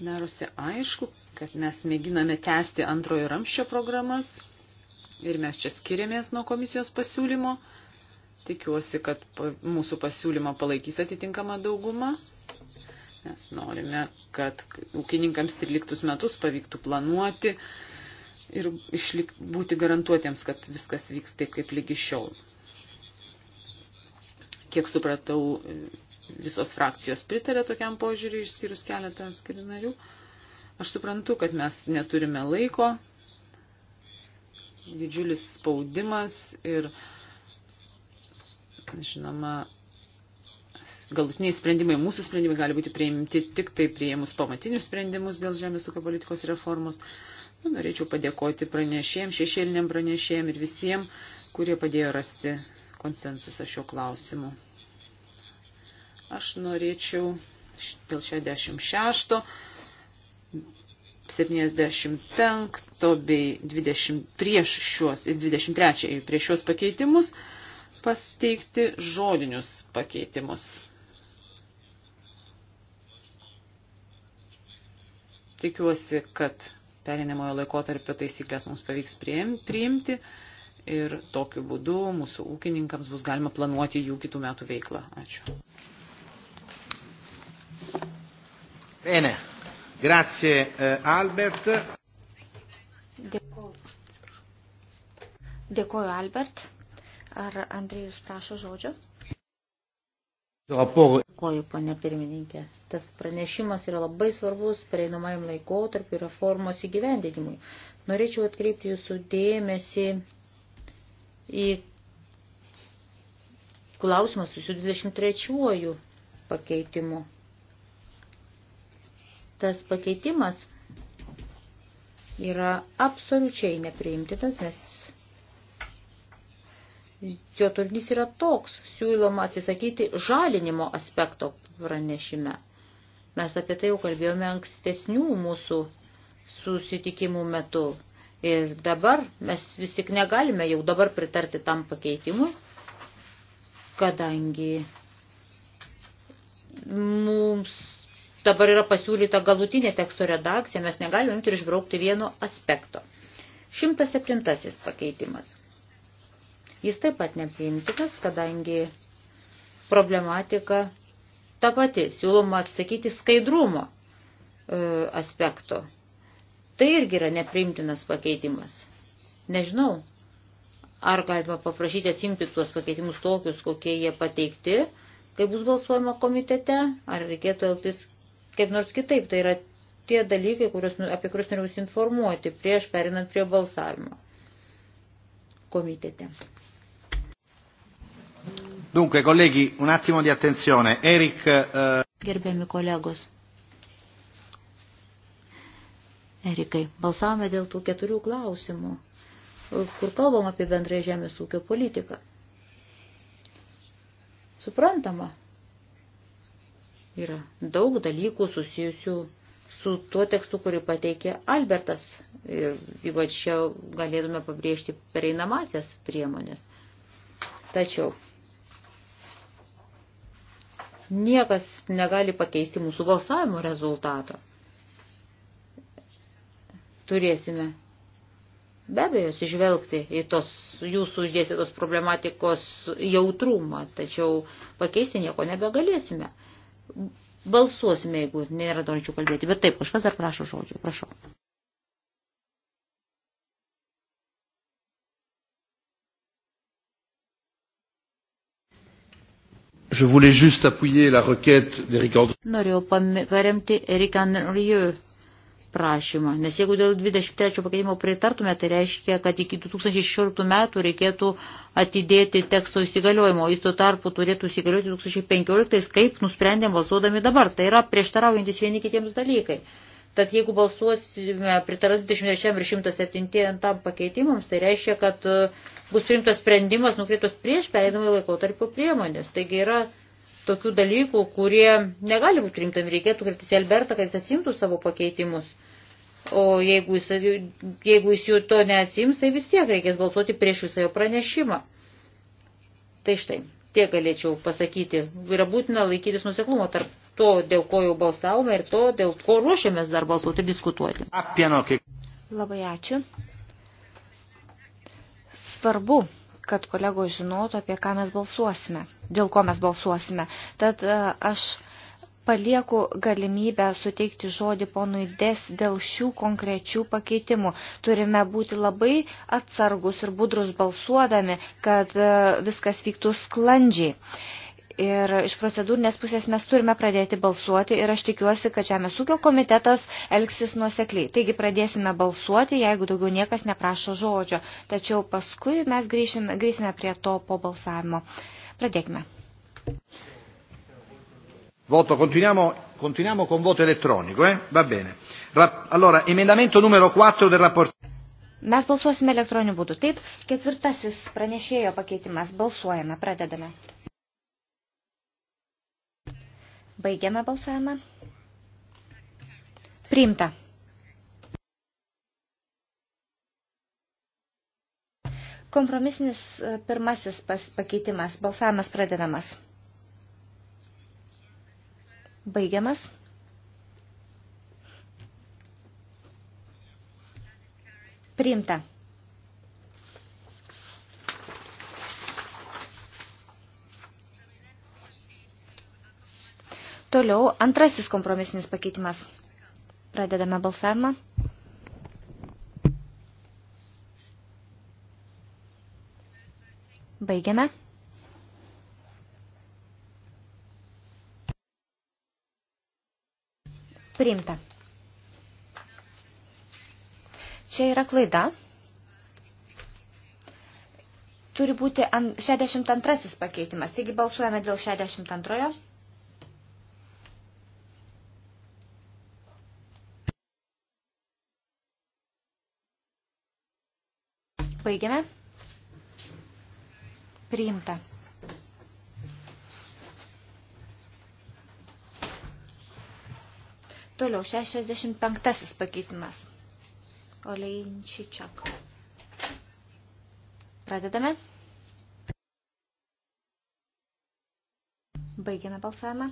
darosi aišku, kad mes mėginame tęsti antrojo ramščio programas ir mes čia skiriamės nuo komisijos pasiūlymo. Tikiuosi, kad mūsų pasiūlymą palaikys atitinkama dauguma. Mes norime, kad ūkininkams 13 metus pavyktų planuoti, ir išlik, būti garantuotiems, kad viskas vyks taip kaip lygi šiol. Kiek supratau, visos frakcijos pritarė tokiam požiūriui, išskyrus keletą atskirų narių. Aš suprantu, kad mes neturime laiko, didžiulis spaudimas ir, žinoma, galutiniai sprendimai, mūsų sprendimai gali būti priimti tik tai prieimus pamatinius sprendimus dėl žemės ūkio politikos reformos. Uh, Norėčiau padėkoti pranešėjim, šešėliniam pranešėjim ir visiems, kurie padėjo rasti konsensusą šio klausimu. Aš norėčiau dėl 66, 75 bei 20 prieš šiuos ir 23 prieš šiuos pakeitimus pasteikti žodinius pakeitimus. Tikiuosi, kad perinamojo laikotarpio taisyklės mums pavyks priimti ir tokiu būdu mūsų ūkininkams bus galima planuoti jų kitų metų veiklą. Ačiū. Bene. Grazie, uh, Albert. Dėkuoju. Dėkuoju, Albert. Ar Andrėjus prašo žodžio? Dėkuoju, ponė pirmininkė tas pranešimas yra labai svarbus prieinamajam laikotarpiu reformos įgyvendinimui. Norėčiau atkreipti jūsų dėmesį į klausimą su 23 pakeitimu. Tas pakeitimas yra absoliučiai nepriimtinas, nes jo turinys yra toks, siūloma atsisakyti žalinimo aspekto pranešime. Mes apie tai jau kalbėjome ankstesnių mūsų susitikimų metu. Ir dabar mes vis tik negalime jau dabar pritarti tam pakeitimui, kadangi mums dabar yra pasiūlyta galutinė teksto redakcija, mes negalime imti ir išbraukti vieno aspekto. 107 pakeitimas. Jis taip pat nepriimtinas, kadangi problematika ta pati. Siūloma atsakyti skaidrumo e, aspekto. Tai irgi yra neprimtinas pakeitimas. Nežinau, ar galima paprašyti atsimti tuos pakeitimus tokius, kokie jie pateikti, kai bus balsuojama komitete, ar reikėtų elgtis kaip nors kitaip. Tai yra tie dalykai, kurios, nu, apie kuriuos noriu jūs informuoti prieš perinant prie balsavimo komitete. Dunque, colleghi, un attimo di attenzione. Eric. Uh... Gerbiami kolegos. Erikai, balsavome dėl tų keturių klausimų, kur kalbam apie bendrąją žemės ūkio politiką. Suprantama, yra daug dalykų susijusių su tuo tekstu, kurį pateikė Albertas. Ir ypač čia galėtume pabrėžti pereinamasias priemonės. Tačiau Niekas negali pakeisti mūsų balsavimo rezultato. Turėsime be abejo sižvelgti į tos jūsų uždėsėtos problematikos jautrumą, tačiau pakeisti nieko nebegalėsime. Balsuosime, jeigu nėra norinčių kalbėti, bet taip, kažkas dar prašo žodžio, prašau. Je voulais juste appuyer la requête d'Eric Andrieu. Norėjau paremti Eric Andrieu prašymą, nes jeigu dėl 23 pakeitimo pritartume, tai reiškia, kad iki 2016 metų reikėtų atidėti teksto įsigaliojimo, jis tuo tarpu turėtų įsigalioti 2015, kaip nusprendėm balsuodami dabar. Tai yra prieštaraujantis vieni kitiems dalykai. Tad jeigu balsuosime pritaras 23 ir 107 pakeitimams, tai reiškia, kad e, bus priimtas sprendimas nukreiptas prieš pereinamą laikotarpio priemonės. Taigi yra tokių dalykų, kurie negali būti priimtami. Reikėtų kreiptis į Albertą, kad jis atsimtų savo pakeitimus. O jeigu jis, jeigu jis jų to neatsims, tai vis tiek reikės balsuoti prieš visą jo pranešimą. Tai štai, tiek galėčiau pasakyti. Yra būtina laikytis nuseklumo tarp to, dėl ko jau balsavome ir to, dėl ko ruošiamės dar balsuoti ir diskutuoti. Labai ačiū. Svarbu, kad kolegos žinotų, apie ką mes balsuosime, dėl ko mes balsuosime. Tad e, aš palieku galimybę suteikti žodį ponui Des dėl šių konkrečių pakeitimų. Turime būti labai atsargus ir budrus balsuodami, kad e, viskas vyktų sklandžiai. Ir iš procedūrinės pusės mes turime pradėti balsuoti ir aš tikiuosi, kad Žemės ūkio komitetas elgsis nuosekliai. Taigi pradėsime balsuoti, jeigu daugiau niekas neprašo žodžio. Tačiau paskui mes grįžime, grįžime prie to po balsavimo. Pradėkime. Voto, continuiamo, continuiamo con voto elettronico, eh? va bene. Rap, allora, emendamento numero 4 del rapporto. Mes balsuosime elektroniniu būdu. Taip, ketvirtasis pranešėjo pakeitimas. Balsuojame, pradedame. Baigiame balsavimą. Priimta. Kompromisinis e, pirmasis pakeitimas. Balsavimas pradedamas. Baigiamas. Priimta. Toliau antrasis kompromisinis pakeitimas. Pradedame balsavimą. Baigiame. Priimta. Čia yra klaida. Turi būti 62 pakeitimas. Taigi balsuojame dėl 62. Baigiame. Priimta. Toliau 65 pakeitimas. Oleinčičiak. Pradedame. Baigiame balsavimą.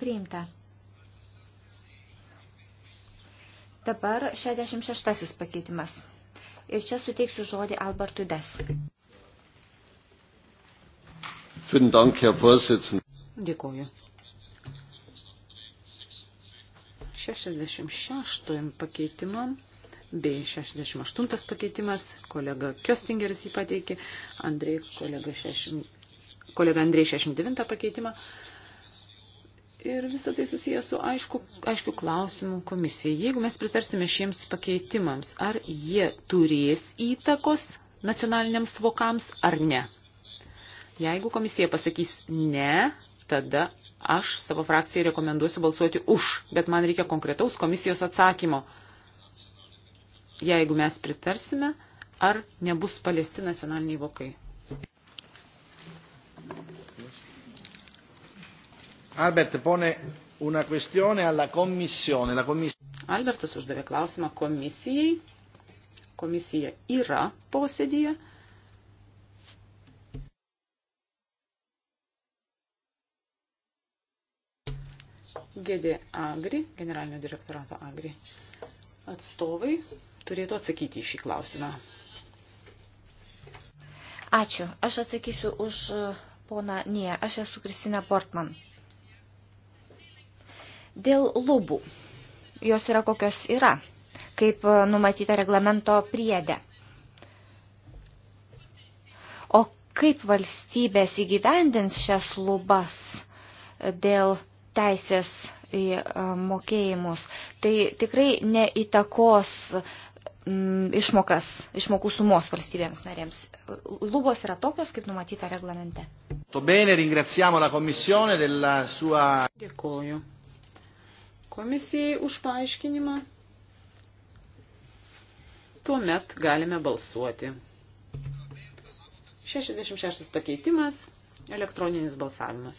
Priimta. Dabar 66 pakeitimas. Ir čia suteiksiu žodį Albertui Des. Dėkuoju. 66 pakeitimam bei 68 pakeitimas, kolega Kjostingeris jį pateikė, Andrei, kolega, 60, kolega Andrei 69 pakeitimą, Ir visą tai susijęs su aišku, aišku klausimu komisijai. Jeigu mes pritarsime šiems pakeitimams, ar jie turės įtakos nacionaliniams vokams ar ne? Jeigu komisija pasakys ne, tada aš savo frakcijai rekomenduosiu balsuoti už, bet man reikia konkretaus komisijos atsakymo. Jeigu mes pritarsime, ar nebus paliesti nacionaliniai vokai. Albert pone una questione alla Commissione. La commissione... Albertas uždavė klausimą komisijai. Komisija yra posėdyje. GD Agri, generalinio direktorato Agri atstovai turėtų atsakyti į šį klausimą. Ačiū. Aš atsakysiu už e, poną Nie. Aš esu Kristina Portman. Dėl lubų. Jos yra kokios yra, kaip e, numatyta reglamento priedė. O kaip valstybės įgyvendins šias lubas dėl teisės į e, mokėjimus, tai tikrai neįtakos išmokas, išmokų sumos valstybėms narėms. Lubos yra tokios, kaip numatyta reglamente. Dėkuoju komisijai už paaiškinimą. Tuomet galime balsuoti. 66 pakeitimas – elektroninis balsavimas.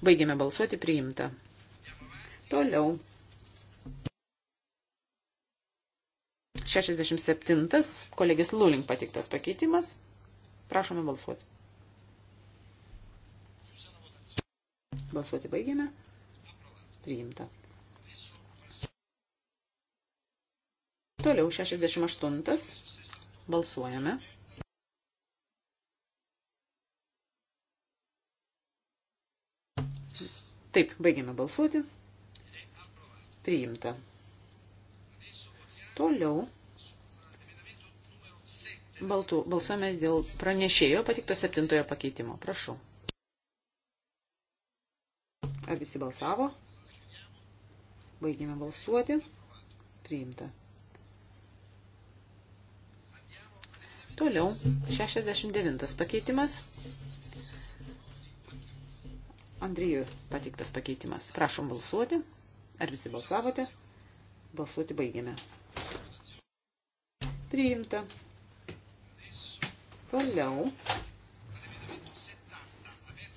Baigėme balsuoti priimta. Toliau – 67 kolegės Luling patiktas pakeitimas. Prašome balsuoti. Balsuoti baigėme. Priimta. Toliau 68. Balsuojame. Taip, baigėme balsuoti. Priimta. Toliau Baltų, balsuojame dėl pranešėjo patikto septintojo pakeitimo. Prašau. Ar visi balsavo? Baigėme balsuoti. Priimta. Toliau 69 pakeitimas. Andrijui patiktas pakeitimas. Prašom balsuoti. Ar visi balsavote? Balsuoti baigėme. Priimta. Toliau.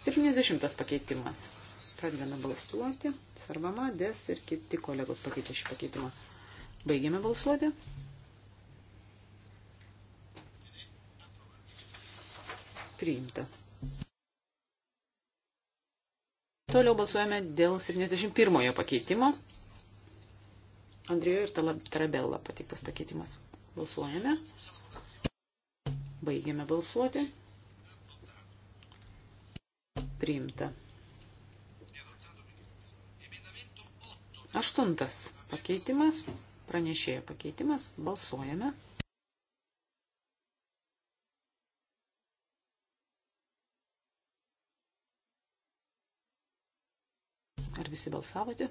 70 pakeitimas. Pradedame balsuoti. Sarvama, Des ir kiti kolegos pakeitė šį pakeitimą. Baigiame balsuoti. Priimta. Toliau balsuojame dėl 71 pakeitimo. Andrijo ir Tarabella pateiktas pakeitimas. Balsuojame. Balsuojame. Baigiame balsuoti. Priimta. Aštuntas pakeitimas, pranešėjo pakeitimas, balsuojame. Ar visi balsavote?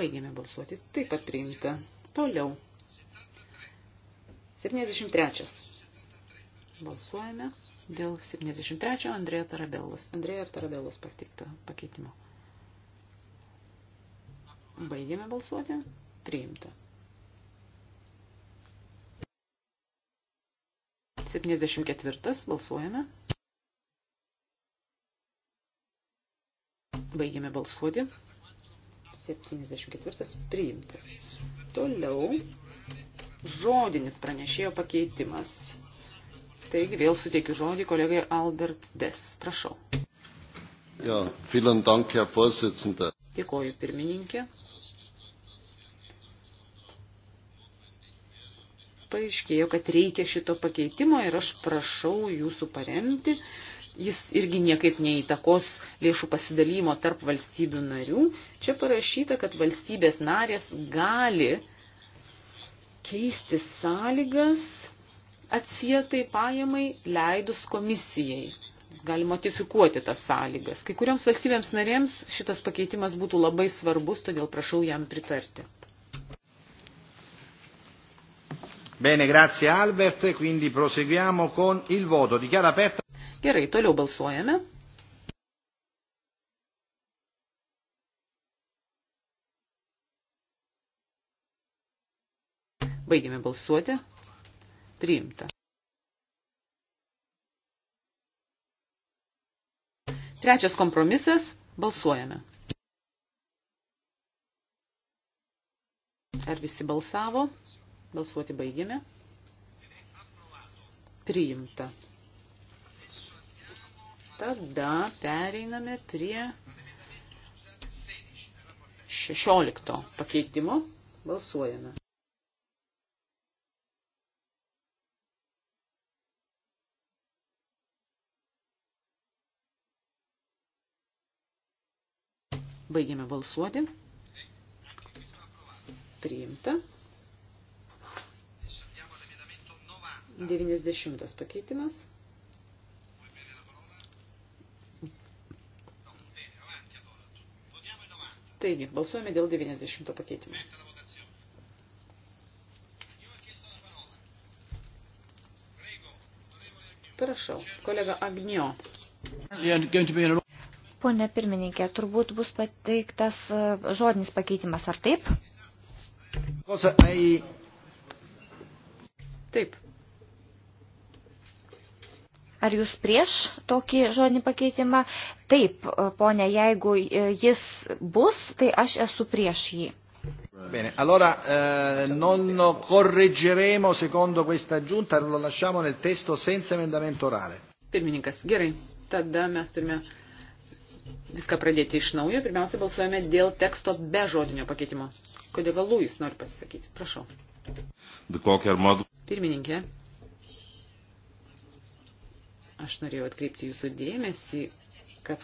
Baigėme balsuoti. Taip pat priimta. Toliau. 73. Balsuojame dėl 73 Andrėjo Tarabellos. Andrėjo Tarabellos pateikto pakeitimo. Baigėme balsuoti. Priimta. 74 balsuojame. Baigėme balsuoti. 74 priimtas. Toliau žodinis pranešėjo pakeitimas. Taigi vėl suteikiu žodį kolegai Albert Des. Prašau. Ja, vielen Dank, Herr Vorsitzender. Dėkoju, pirmininkė. Paaiškėjo, kad reikia šito pakeitimo ir aš prašau jūsų paremti. Jis irgi niekaip neįtakos lėšų pasidalymo tarp valstybių narių. Čia parašyta, kad valstybės narės gali keisti sąlygas atsietai pajamai leidus komisijai. Gali modifikuoti tas sąlygas. Kai kurioms valstybėms narėms šitas pakeitimas būtų labai svarbus, todėl prašau jam pritarti. Bene, grazie Albert, quindi proseguiamo con il voto. Dichiara aperta. Gerai, toliau balsuojame. Baigėme balsuoti priimta. Trečias kompromisas – balsuojame. Ar visi balsavo? Balsuoti baigėme. Priimta. Tada pereiname prie 16 pakeitimo. Balsuojame. Baigėme balsuoti. Priimta. 90 pakeitimas. Taigi, balsuojame dėl 90 pakeitimo. Prašau, kolega Agnio. Pone pirmininkė, turbūt bus pateiktas e, žodinis pakeitimas, ar taip? Taip. Ar jūs prieš tokį žodinį pakeitimą? Taip, e, ponė, jeigu e, jis bus, tai aš esu prieš jį. Bene, allora eh, non correggeremo secondo questa aggiunta, lo lasciamo nel testo senza emendamento orale. Pirmininkas, gerai, tada mes turime viską pradėti iš naujo, pirmiausia balsuojame dėl teksto be žodinio pakeitimo. Kodėl Lūjus nori pasisakyti? Prašau. Pirmininkė, aš norėjau atkreipti jūsų dėmesį, kad,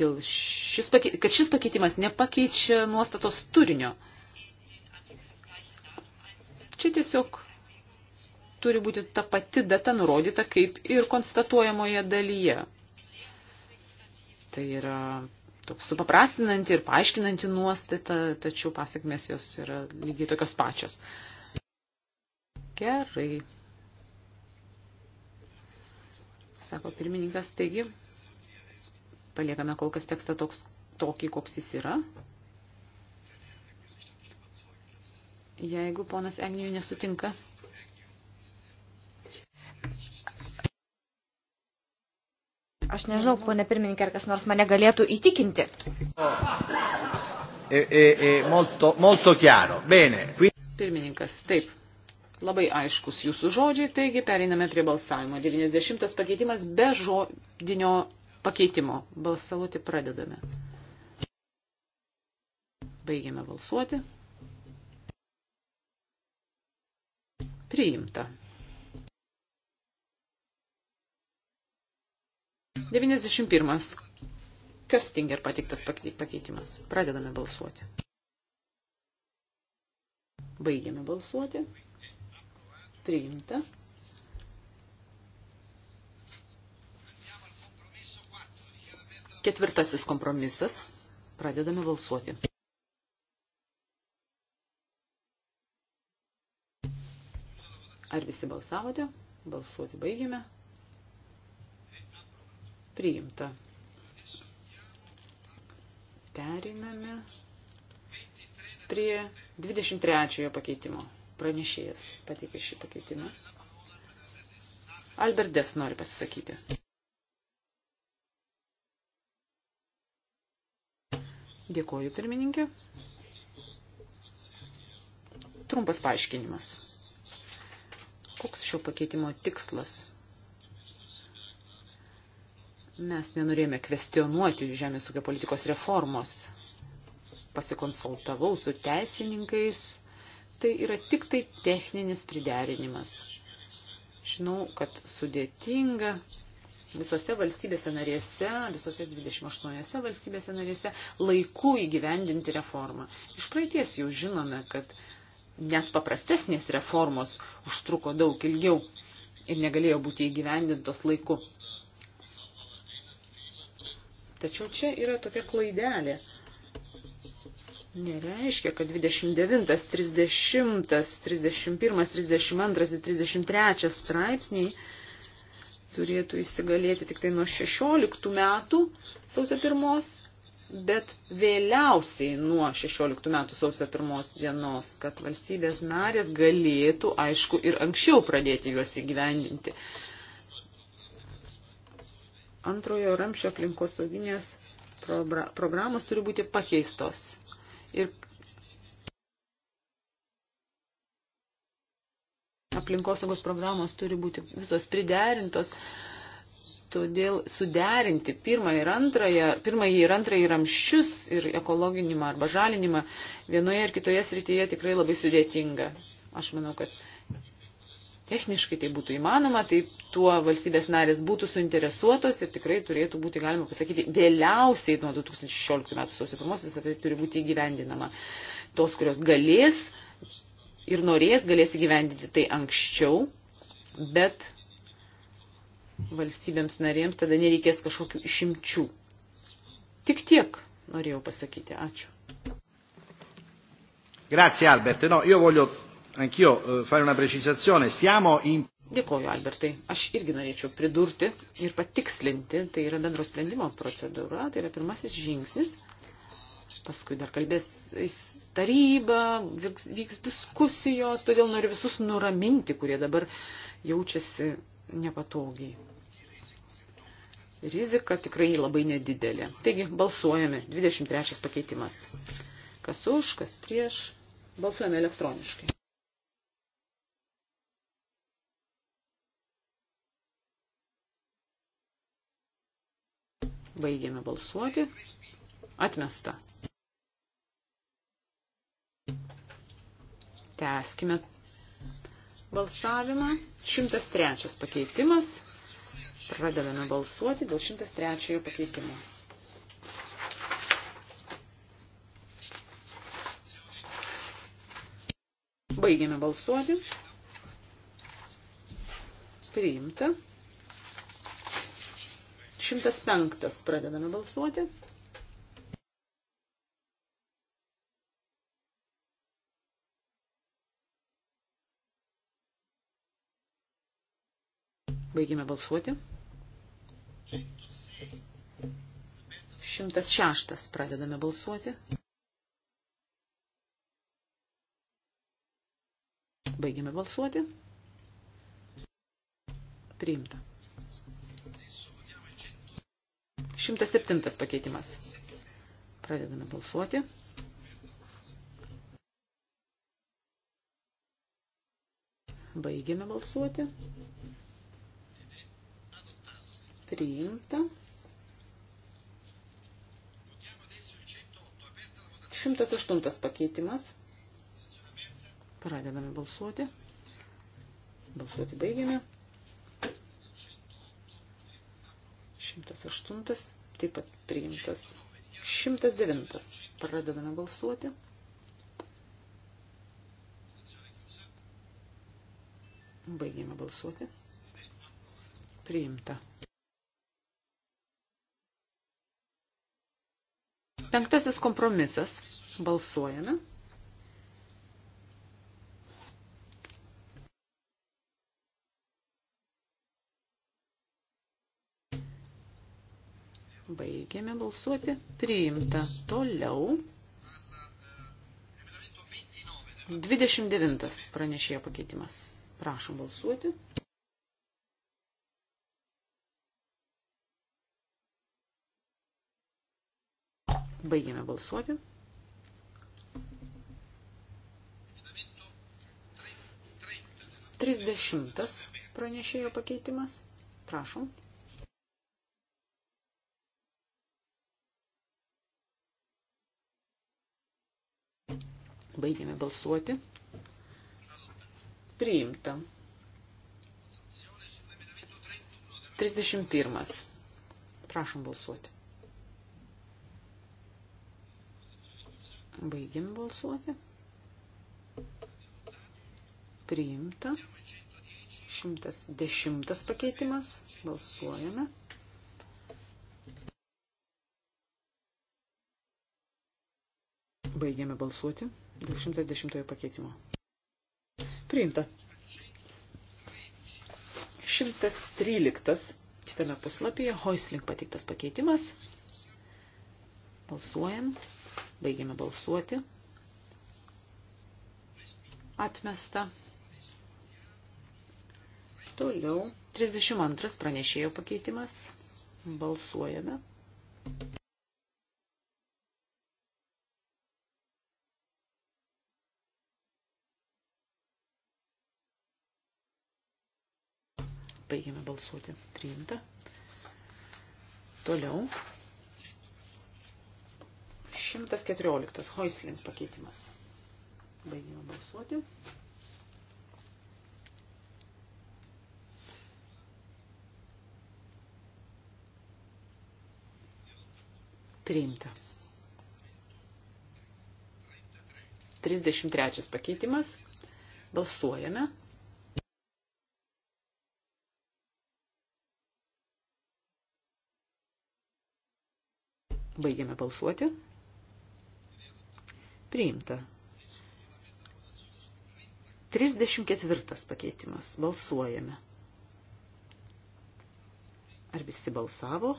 dėl šis, pakeit, kad šis pakeitimas nepakeičia nuostatos turinio. Čia tiesiog turi būti ta pati data nurodyta kaip ir konstatuojamoje dalyje. Tai yra toks supaprastinanti ir paaiškinanti nuostata, tačiau pasiekmes jos yra lygiai tokios pačios. Gerai. Sako pirmininkas, taigi paliekame kol kas tekstą toks, tokį, koks jis yra. Jeigu ponas Egnijų nesutinka, Aš nežinau, ponė pirmininkė, ar kas nors mane galėtų įtikinti. E, e, e, molto, molto chiaro. Bene. Pirmininkas, taip. Labai aiškus jūsų žodžiai, taigi pereiname prie balsavimo. 90 pakeitimas be žodinio pakeitimo. Balsavuoti pradedame. Baigiame balsuoti. Priimta. 91. Köstinger patiktas pakeitimas. Pradedame balsuoti. Baigiame balsuoti. Priimta. Ketvirtasis kompromisas. Pradedame balsuoti. Ar visi balsavote? Balsuoti baigėme. Priimta. Periname prie 23 pakeitimo. Pranešėjas pateikė šį pakeitimą. Albertas nori pasisakyti. Dėkoju, pirmininkė. Trumpas paaiškinimas. Koks šio pakeitimo tikslas? Mes nenorėjome kvestionuoti žemės ūkio politikos reformos. Pasikonsultavau su teisininkais. Tai yra tik tai techninis priderinimas. Žinau, kad sudėtinga visose valstybėse narėse, visose 28 valstybėse narėse laiku įgyvendinti reformą. Iš praeities jau žinome, kad net paprastesnės reformos užtruko daug ilgiau ir negalėjo būti įgyvendintos laiku. Tačiau čia yra tokia klaidelė. Nereiškia, kad 29, 30, 31, 32 ir 33 straipsniai turėtų įsigalėti tik tai nuo 16 metų sausio 1, bet vėliausiai nuo 16 metų sausio 1 dienos, kad valstybės narės galėtų, aišku, ir anksčiau pradėti juos įgyvendinti antrojo ramščio aplinkosauginės programos turi būti pakeistos. Ir aplinkosaugos programos turi būti visos priderintos, todėl suderinti pirmąjį ir antrąją, pirmąjį ir antrąjį ramščius ir ekologinimą arba žalinimą vienoje ir kitoje srityje tikrai labai sudėtinga. Aš manau, kad techniškai tai būtų įmanoma, tai tuo valstybės narės būtų suinteresuotos ir tikrai turėtų būti, galima pasakyti, vėliausiai nuo 2016 metų sausio pirmos visą tai turi būti įgyvendinama. Tos, kurios galės ir norės, galės įgyvendinti tai anksčiau, bet valstybėms narėms tada nereikės kažkokių išimčių. Tik tiek norėjau pasakyti. Ačiū. Grazie Albert. No, io voglio anch'io eh, fare una precisazione. Stiamo in... Dėkoju, Albertai. Aš irgi norėčiau pridurti ir patikslinti, tai yra bendro sprendimo procedūra, tai yra pirmasis žingsnis. Paskui dar kalbės taryba, vyks, vyks diskusijos, todėl noriu visus nuraminti, kurie dabar jaučiasi nepatogiai. Rizika tikrai labai nedidelė. Taigi balsuojame. 23 pakeitimas. Kas už, kas prieš. Balsuojame elektroniškai. Baigėme balsuoti. Atmesta. Teskime balsavimą. 103 pakeitimas. Pradedame balsuoti dėl 103 pakeitimo. Baigėme balsuoti. Priimta. 105 pradedame balsuoti. Baigime balsuoti. 106 pradedame balsuoti. Baigėme balsuoti. Priimta. 107 pakeitimas. Pradedame balsuoti. Baigiame balsuoti. Priimta. 108 pakeitimas. Pradedame balsuoti. Balsuoti baigiame. 108 taip pat priimtas. 109 pradedame balsuoti. Baigėme balsuoti. Priimta. Penktasis kompromisas. Balsuojame. Baigėme balsuoti. Priimta. Toliau. 29 pranešėjo pakeitimas. Prašom balsuoti. Baigėme balsuoti. Trisdešimtas pranešėjo pakeitimas. Prašom. Baigėme balsuoti. Priimta. 31. Prašom balsuoti. Baigėme balsuoti. Priimta. 110 pakeitimas. Balsuojame. Baigėme balsuoti. Dėl 110 pakeitimo. Priimta. 113. Kitame puslapyje Hoisling pateiktas pakeitimas. Balsuojam. Baigiame balsuoti. Atmesta. Toliau 32 pranešėjo pakeitimas. Balsuojame. Baigiame balsuoti. Priimta. Toliau. 114. Hoisling pakeitimas. Baigiame balsuoti. Priimta. 33 pakeitimas. Balsuojame. Baigiame balsuoti. Priimta. 34 pakeitimas. Balsuojame. Ar visi balsavo?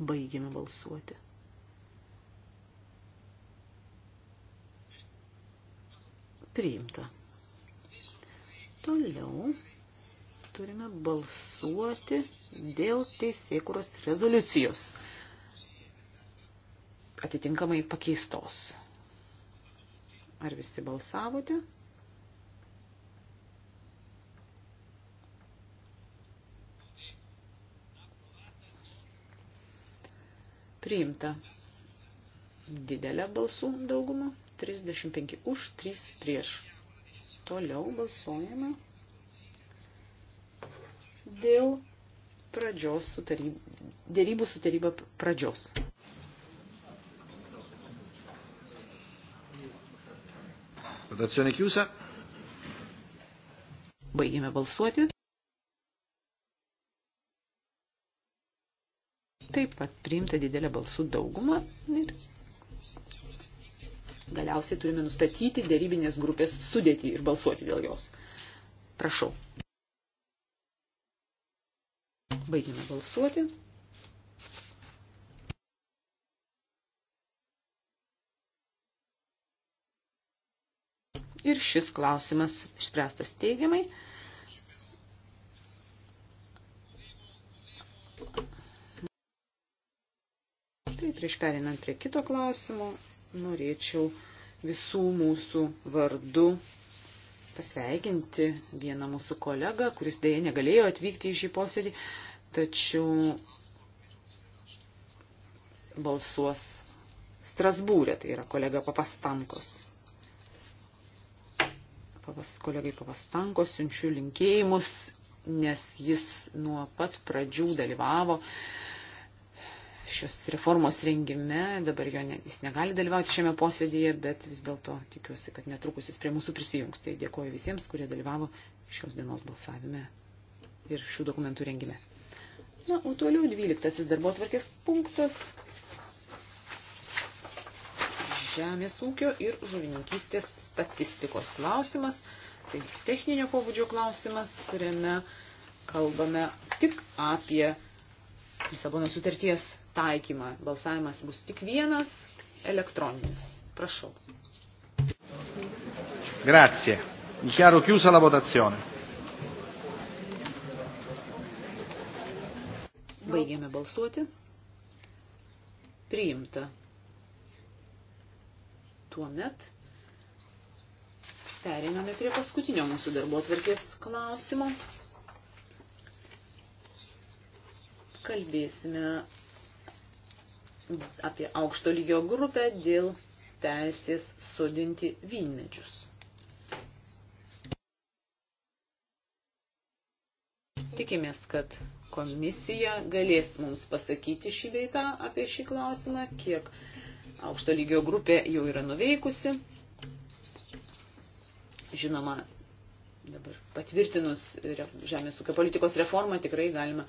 Baigime balsuoti. Priimta. Toliau turime balsuoti dėl teisėkuros rezoliucijos atitinkamai pakeistos. Ar visi balsavote? Priimta didelę balsų daugumą, 35 už, 3 prieš. Toliau balsuojame dėl pradžios sutarybų, dėrybų su taryba pradžios. Votazione chiusa. Baigėme balsuoti. Taip pat priimta didelę balsų daugumą ir galiausiai turime nustatyti dėrybinės grupės sudėtį ir balsuoti dėl jos. Prašau. Baigiame balsuoti. Ir šis klausimas išspręstas teigiamai. Tai prieš perinant prie kito klausimo, norėčiau visų mūsų vardu pasveikinti vieną mūsų kolegą, kuris dėja negalėjo atvykti į šį posėdį, tačiau balsuos Strasbūrė, tai yra kolega Papastankos. Papas, kolegai Papastankos siunčiu linkėjimus, nes jis nuo pat pradžių dalyvavo šios reformos rengime, dabar jo ne, jis negali dalyvauti šiame posėdėje, bet vis dėlto tikiuosi, kad netrukus jis prie mūsų prisijungs. Tai dėkoju visiems, kurie dalyvavo šios dienos balsavime ir šių dokumentų rengime. Na, o toliau 12 darbo tvarkės punktas. Žemės ūkio ir žuvininkystės statistikos klausimas. Tai techninio pobūdžio klausimas, kuriame kalbame tik apie Lisabono sutarties taikymą. Balsavimas bus tik vienas elektroninis. Prašau. Grazie. Dichiaro chiusa la votazione. Baigėme balsuoti. Priimta. Tuomet periname prie paskutinio mūsų darbo atvarkės klausimo. Kalbėsime apie aukšto lygio grupę dėl teisės sodinti vynmedžius. Tikimės, kad komisija galės mums pasakyti šį veitą apie šį klausimą, kiek aukšto lygio grupė jau yra nuveikusi. Žinoma, dabar patvirtinus žemės ūkio politikos reformą tikrai galima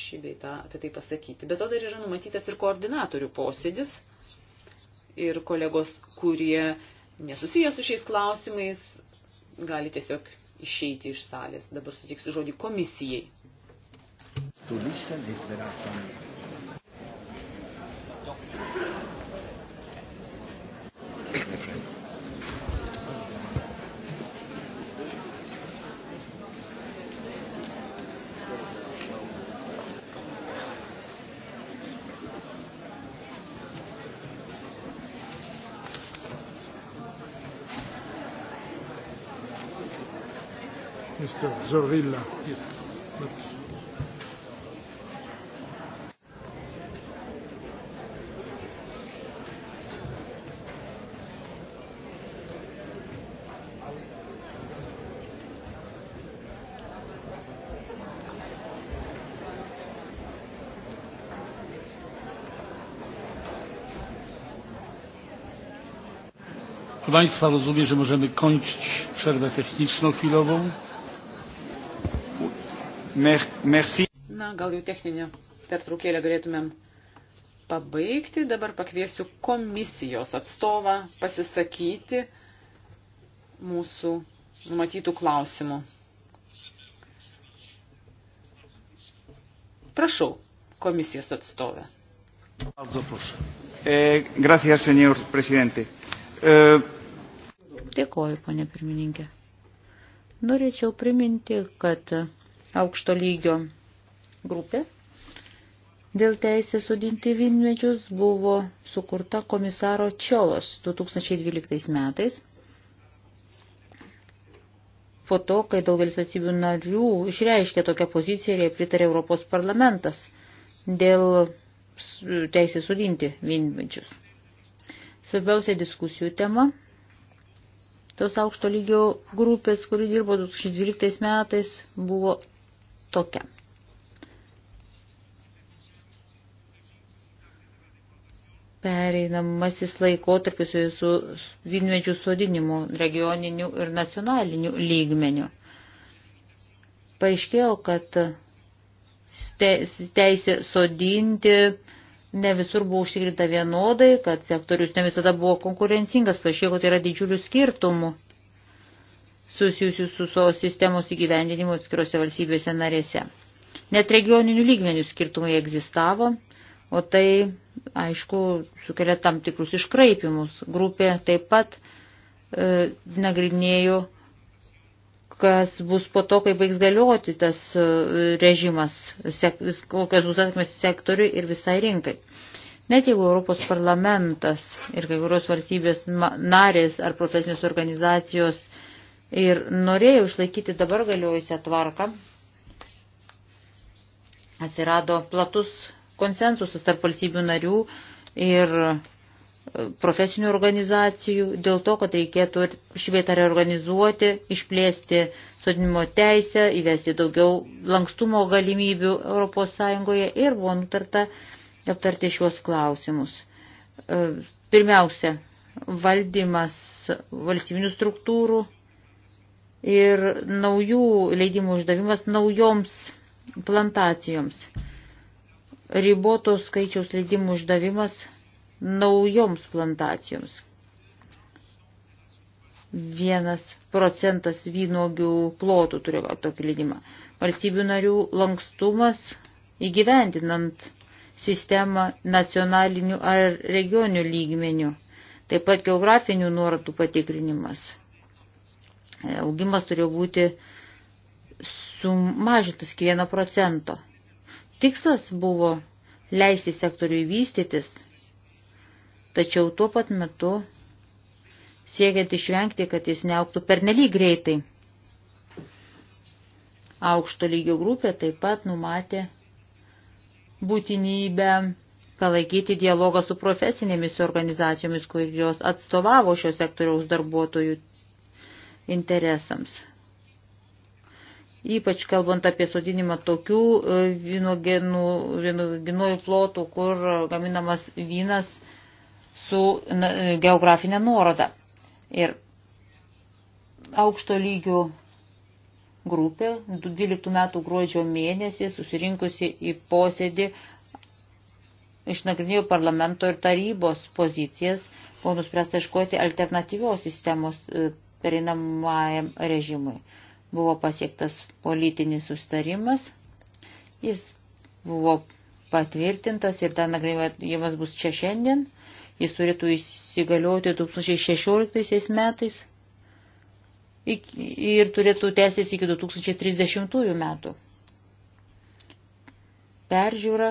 šį veitą apie tai pasakyti. Bet to dar yra numatytas ir koordinatorių posėdis ir kolegos, kurie nesusiję su šiais klausimais, gali tiesiog išeiti iš salės. Dabar sutiksiu žodį komisijai. To listen if there are some Mr. Zorrilla. Yes. But proszę państwa rozumiem że możemy kończyć przerwę techniczną chwilową. Mer merci. Na, gal jau techninę pertraukėlę galėtumėm pabaigti. Dabar pakviesiu komisijos atstovą pasisakyti mūsų numatytų klausimų. Prašau, komisijos atstovę. E, gracias, senor presidente. E... Dėkoju, ponė pirmininkė. Norėčiau priminti, kad aukšto lygio grupė dėl teisės sudinti vynmedžius buvo sukurta komisaro Čiolos 2012 metais. Po to, kai daugelis valstybių narių išreiškė tokią poziciją ir jie pritarė Europos parlamentas dėl teisės sudinti vynmedžius. Svarbiausia diskusijų tema tos aukšto lygio grupės, kuri dirbo 2012 metais, buvo tokia. Pereinamasis laikotarpis su vynmedžių sodinimu regioniniu ir nacionaliniu lygmeniu. Paaiškėjo, kad teisė sodinti ne visur buvo užtikrinta vienodai, kad sektorius ne visada buvo konkurencingas, paaiškėjo, kad yra didžiulių skirtumų susijusių su savo sistemos įgyvendinimu atskirose valstybėse narėse. Net regioninių lygmenių skirtumai egzistavo, o tai, aišku, sukelia tam tikrus iškraipimus. Grupė taip pat e, nagrinėjo, kas bus po to, kai baigs galioti tas e, režimas, sek, kokios bus atmės sektoriui ir visai rinkai. Net jeigu Europos parlamentas ir kai kurios valstybės narės ar profesinės organizacijos ir norėjau išlaikyti dabar galiojusią tvarką. Atsirado platus konsensusas tarp valstybių narių ir e, profesinių organizacijų dėl to, kad reikėtų švietą reorganizuoti, išplėsti sodinimo teisę, įvesti daugiau lankstumo galimybių ES ir buvo nutarta aptarti šiuos klausimus. E, pirmiausia, valdymas valstybinių struktūrų ir naujų leidimų išdavimas naujoms plantacijoms. Ribotos skaičiaus leidimų išdavimas naujoms plantacijoms. Vienas procentas vynogių plotų turi tokį leidimą. Valstybių narių lankstumas įgyvendinant sistemą nacionaliniu ar regioniniu lygmeniu. Taip pat geografinių nuorodų patikrinimas E, augimas turėjo būti sumažintas iki 1 procento. Tikslas buvo leisti sektoriui vystytis, tačiau tuo pat metu siekiant išvengti, kad jis neauktų pernelyg greitai. Aukšto lygio grupė taip pat numatė būtinybę palaikyti dialogą su profesinėmis organizacijomis, kurios atstovavo šio sektoriaus darbuotojų interesams. Ypač kalbant apie sodinimą tokių e, vynoginojų plotų, kur gaminamas vynas su e, geografinė nuoroda. Ir aukšto lygių grupė 12 metų gruodžio mėnesį susirinkusi į posėdį išnagrinėjo parlamento ir tarybos pozicijas, buvo nuspręsta iškoti alternatyvios sistemos e, perinamajam režimui. Buvo pasiektas politinis sustarimas, jis buvo patvirtintas ir ten nagrinėjimas bus čia šiandien. Jis turėtų įsigalioti 2016 metais ir turėtų tęstis iki 2030 metų. Peržiūra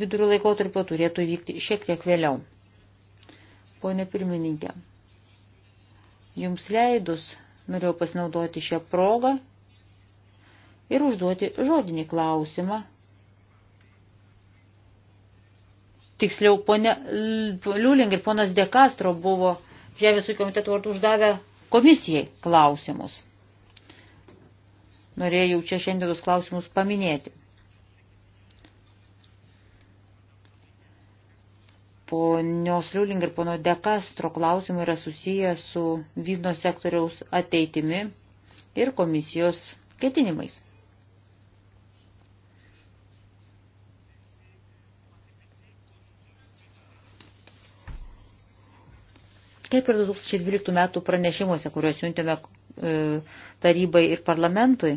vidurių laikotarpio turėtų vykti šiek tiek vėliau. Pone pirmininkė, Jums leidus norėjau pasinaudoti šią progą ir užduoti žodinį klausimą. Tiksliau, ponė Liuling ir ponas Dekastro buvo Žemės ūkio komiteto vardu uždavę komisijai klausimus. Norėjau čia šiandienos klausimus paminėti. Ponios Liuling ir pono Dekastro klausimai yra susiję su vyno sektoriaus ateitimi ir komisijos ketinimais. Kaip ir 2012 metų pranešimuose, kuriuos siuntėme e, tarybai ir parlamentui,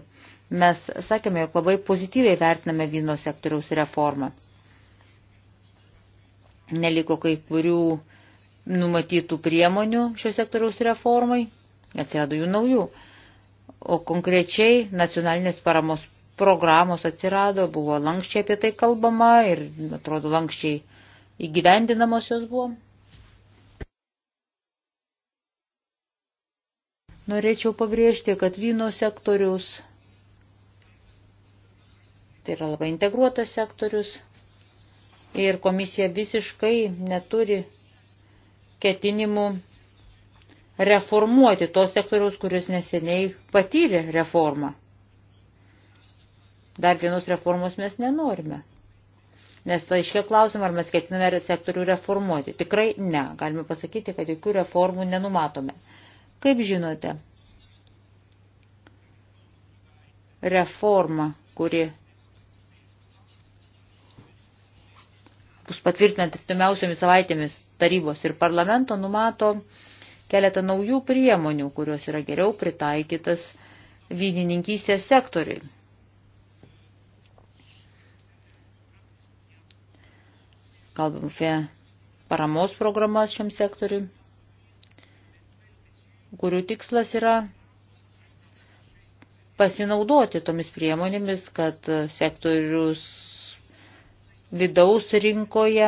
mes sakėme, jog labai pozityviai vertiname vyno sektoriaus reformą neliko kai kurių numatytų priemonių šio sektoriaus reformai, atsirado jų naujų. O konkrečiai nacionalinės paramos programos atsirado, buvo lankščiai apie tai kalbama ir, atrodo, lankščiai įgyvendinamos jos buvo. Norėčiau pabrėžti, kad vyno sektorius, tai yra labai integruotas sektorius, ir komisija visiškai neturi ketinimų reformuoti tos sektoriaus, kuris neseniai patyrė reformą. Dar vienos reformos mes nenorime. Nes tai iškia klausimą, ar mes ketiname sektorių reformuoti. Tikrai ne. Galime pasakyti, kad jokių reformų nenumatome. Kaip žinote, reforma, kuri bus patvirtinant artimiausiomis savaitėmis tarybos ir parlamento, numato keletą naujų priemonių, kurios yra geriau pritaikytas vynininkystės sektoriui. Kalbam apie paramos programas šiam sektoriui, kurių tikslas yra pasinaudoti tomis priemonėmis, kad sektorius vidaus rinkoje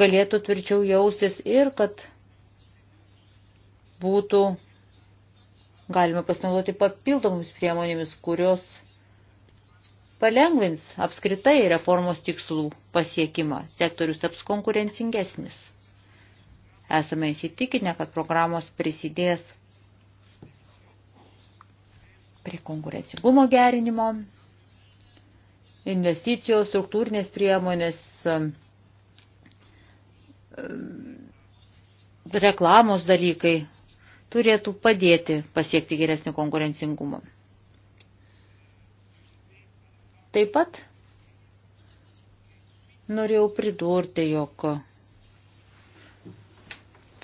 galėtų tvirčiau jaustis ir kad būtų galima pasinaudoti papildomus priemonėmis, kurios palengvins apskritai reformos tikslų pasiekimą. Sektorius taps konkurencingesnis. Esame įsitikinę, kad programos prisidės prie konkurencingumo gerinimo, investicijos, struktūrinės priemonės, um, reklamos dalykai turėtų padėti pasiekti geresnį konkurencingumą. Taip pat norėjau pridurti, jog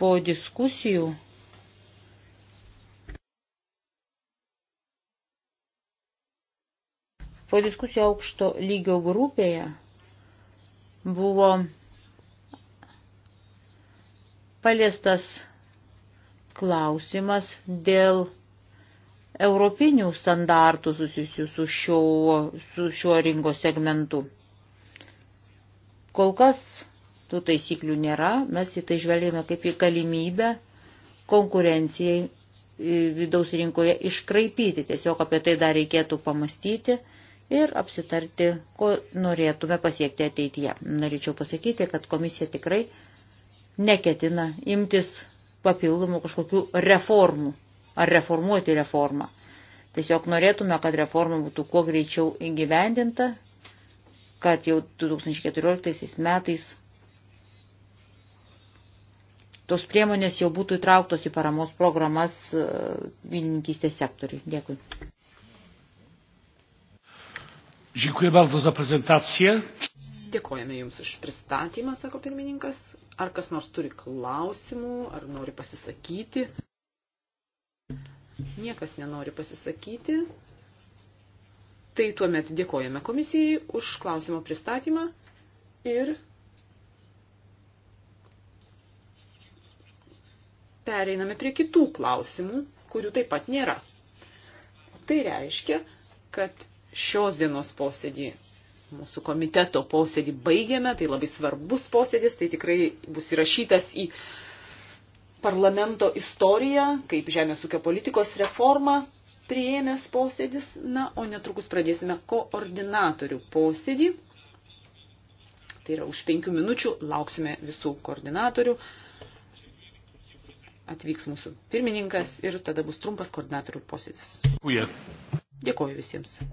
po diskusijų Po diskusijų aukšto lygio grupėje buvo paliestas klausimas dėl europinių standartų susijusių su šiuo, su šiuo rinkos segmentu. Kol kas tų taisyklių nėra, mes į tai žvelgėme kaip į galimybę konkurencijai vidaus rinkoje iškraipyti. Tiesiog apie tai dar reikėtų pamastyti ir apsitarti, ko norėtume pasiekti ateityje. Norėčiau pasakyti, kad komisija tikrai neketina imtis papildomų kažkokių reformų ar reformuoti reformą. Tiesiog norėtume, kad reforma būtų kuo greičiau įgyvendinta, kad jau 2014 metais tos priemonės jau būtų įtrauktos į paramos programas e, vynininkystės sektoriui. Dėkui. Dziękuję bardzo za prezentację. Dėkojame Jums už pristatymą, sako pirmininkas. Ar kas nors turi klausimų, ar nori pasisakyti? Niekas nenori pasisakyti. Tai tuomet dėkojame komisijai už klausimo pristatymą ir pereiname prie kitų klausimų, kurių taip pat nėra. Tai reiškia, kad šios dienos posėdį, mūsų komiteto posėdį baigėme, tai labai svarbus posėdis, tai tikrai bus įrašytas į parlamento istoriją, kaip žemės ūkio politikos reforma priėmęs posėdis, na, o netrukus pradėsime koordinatorių posėdį. Tai yra už penkių minučių lauksime visų koordinatorių. Atvyks mūsų pirmininkas ir tada bus trumpas koordinatorių posėdis. Uja. Dėkoju visiems.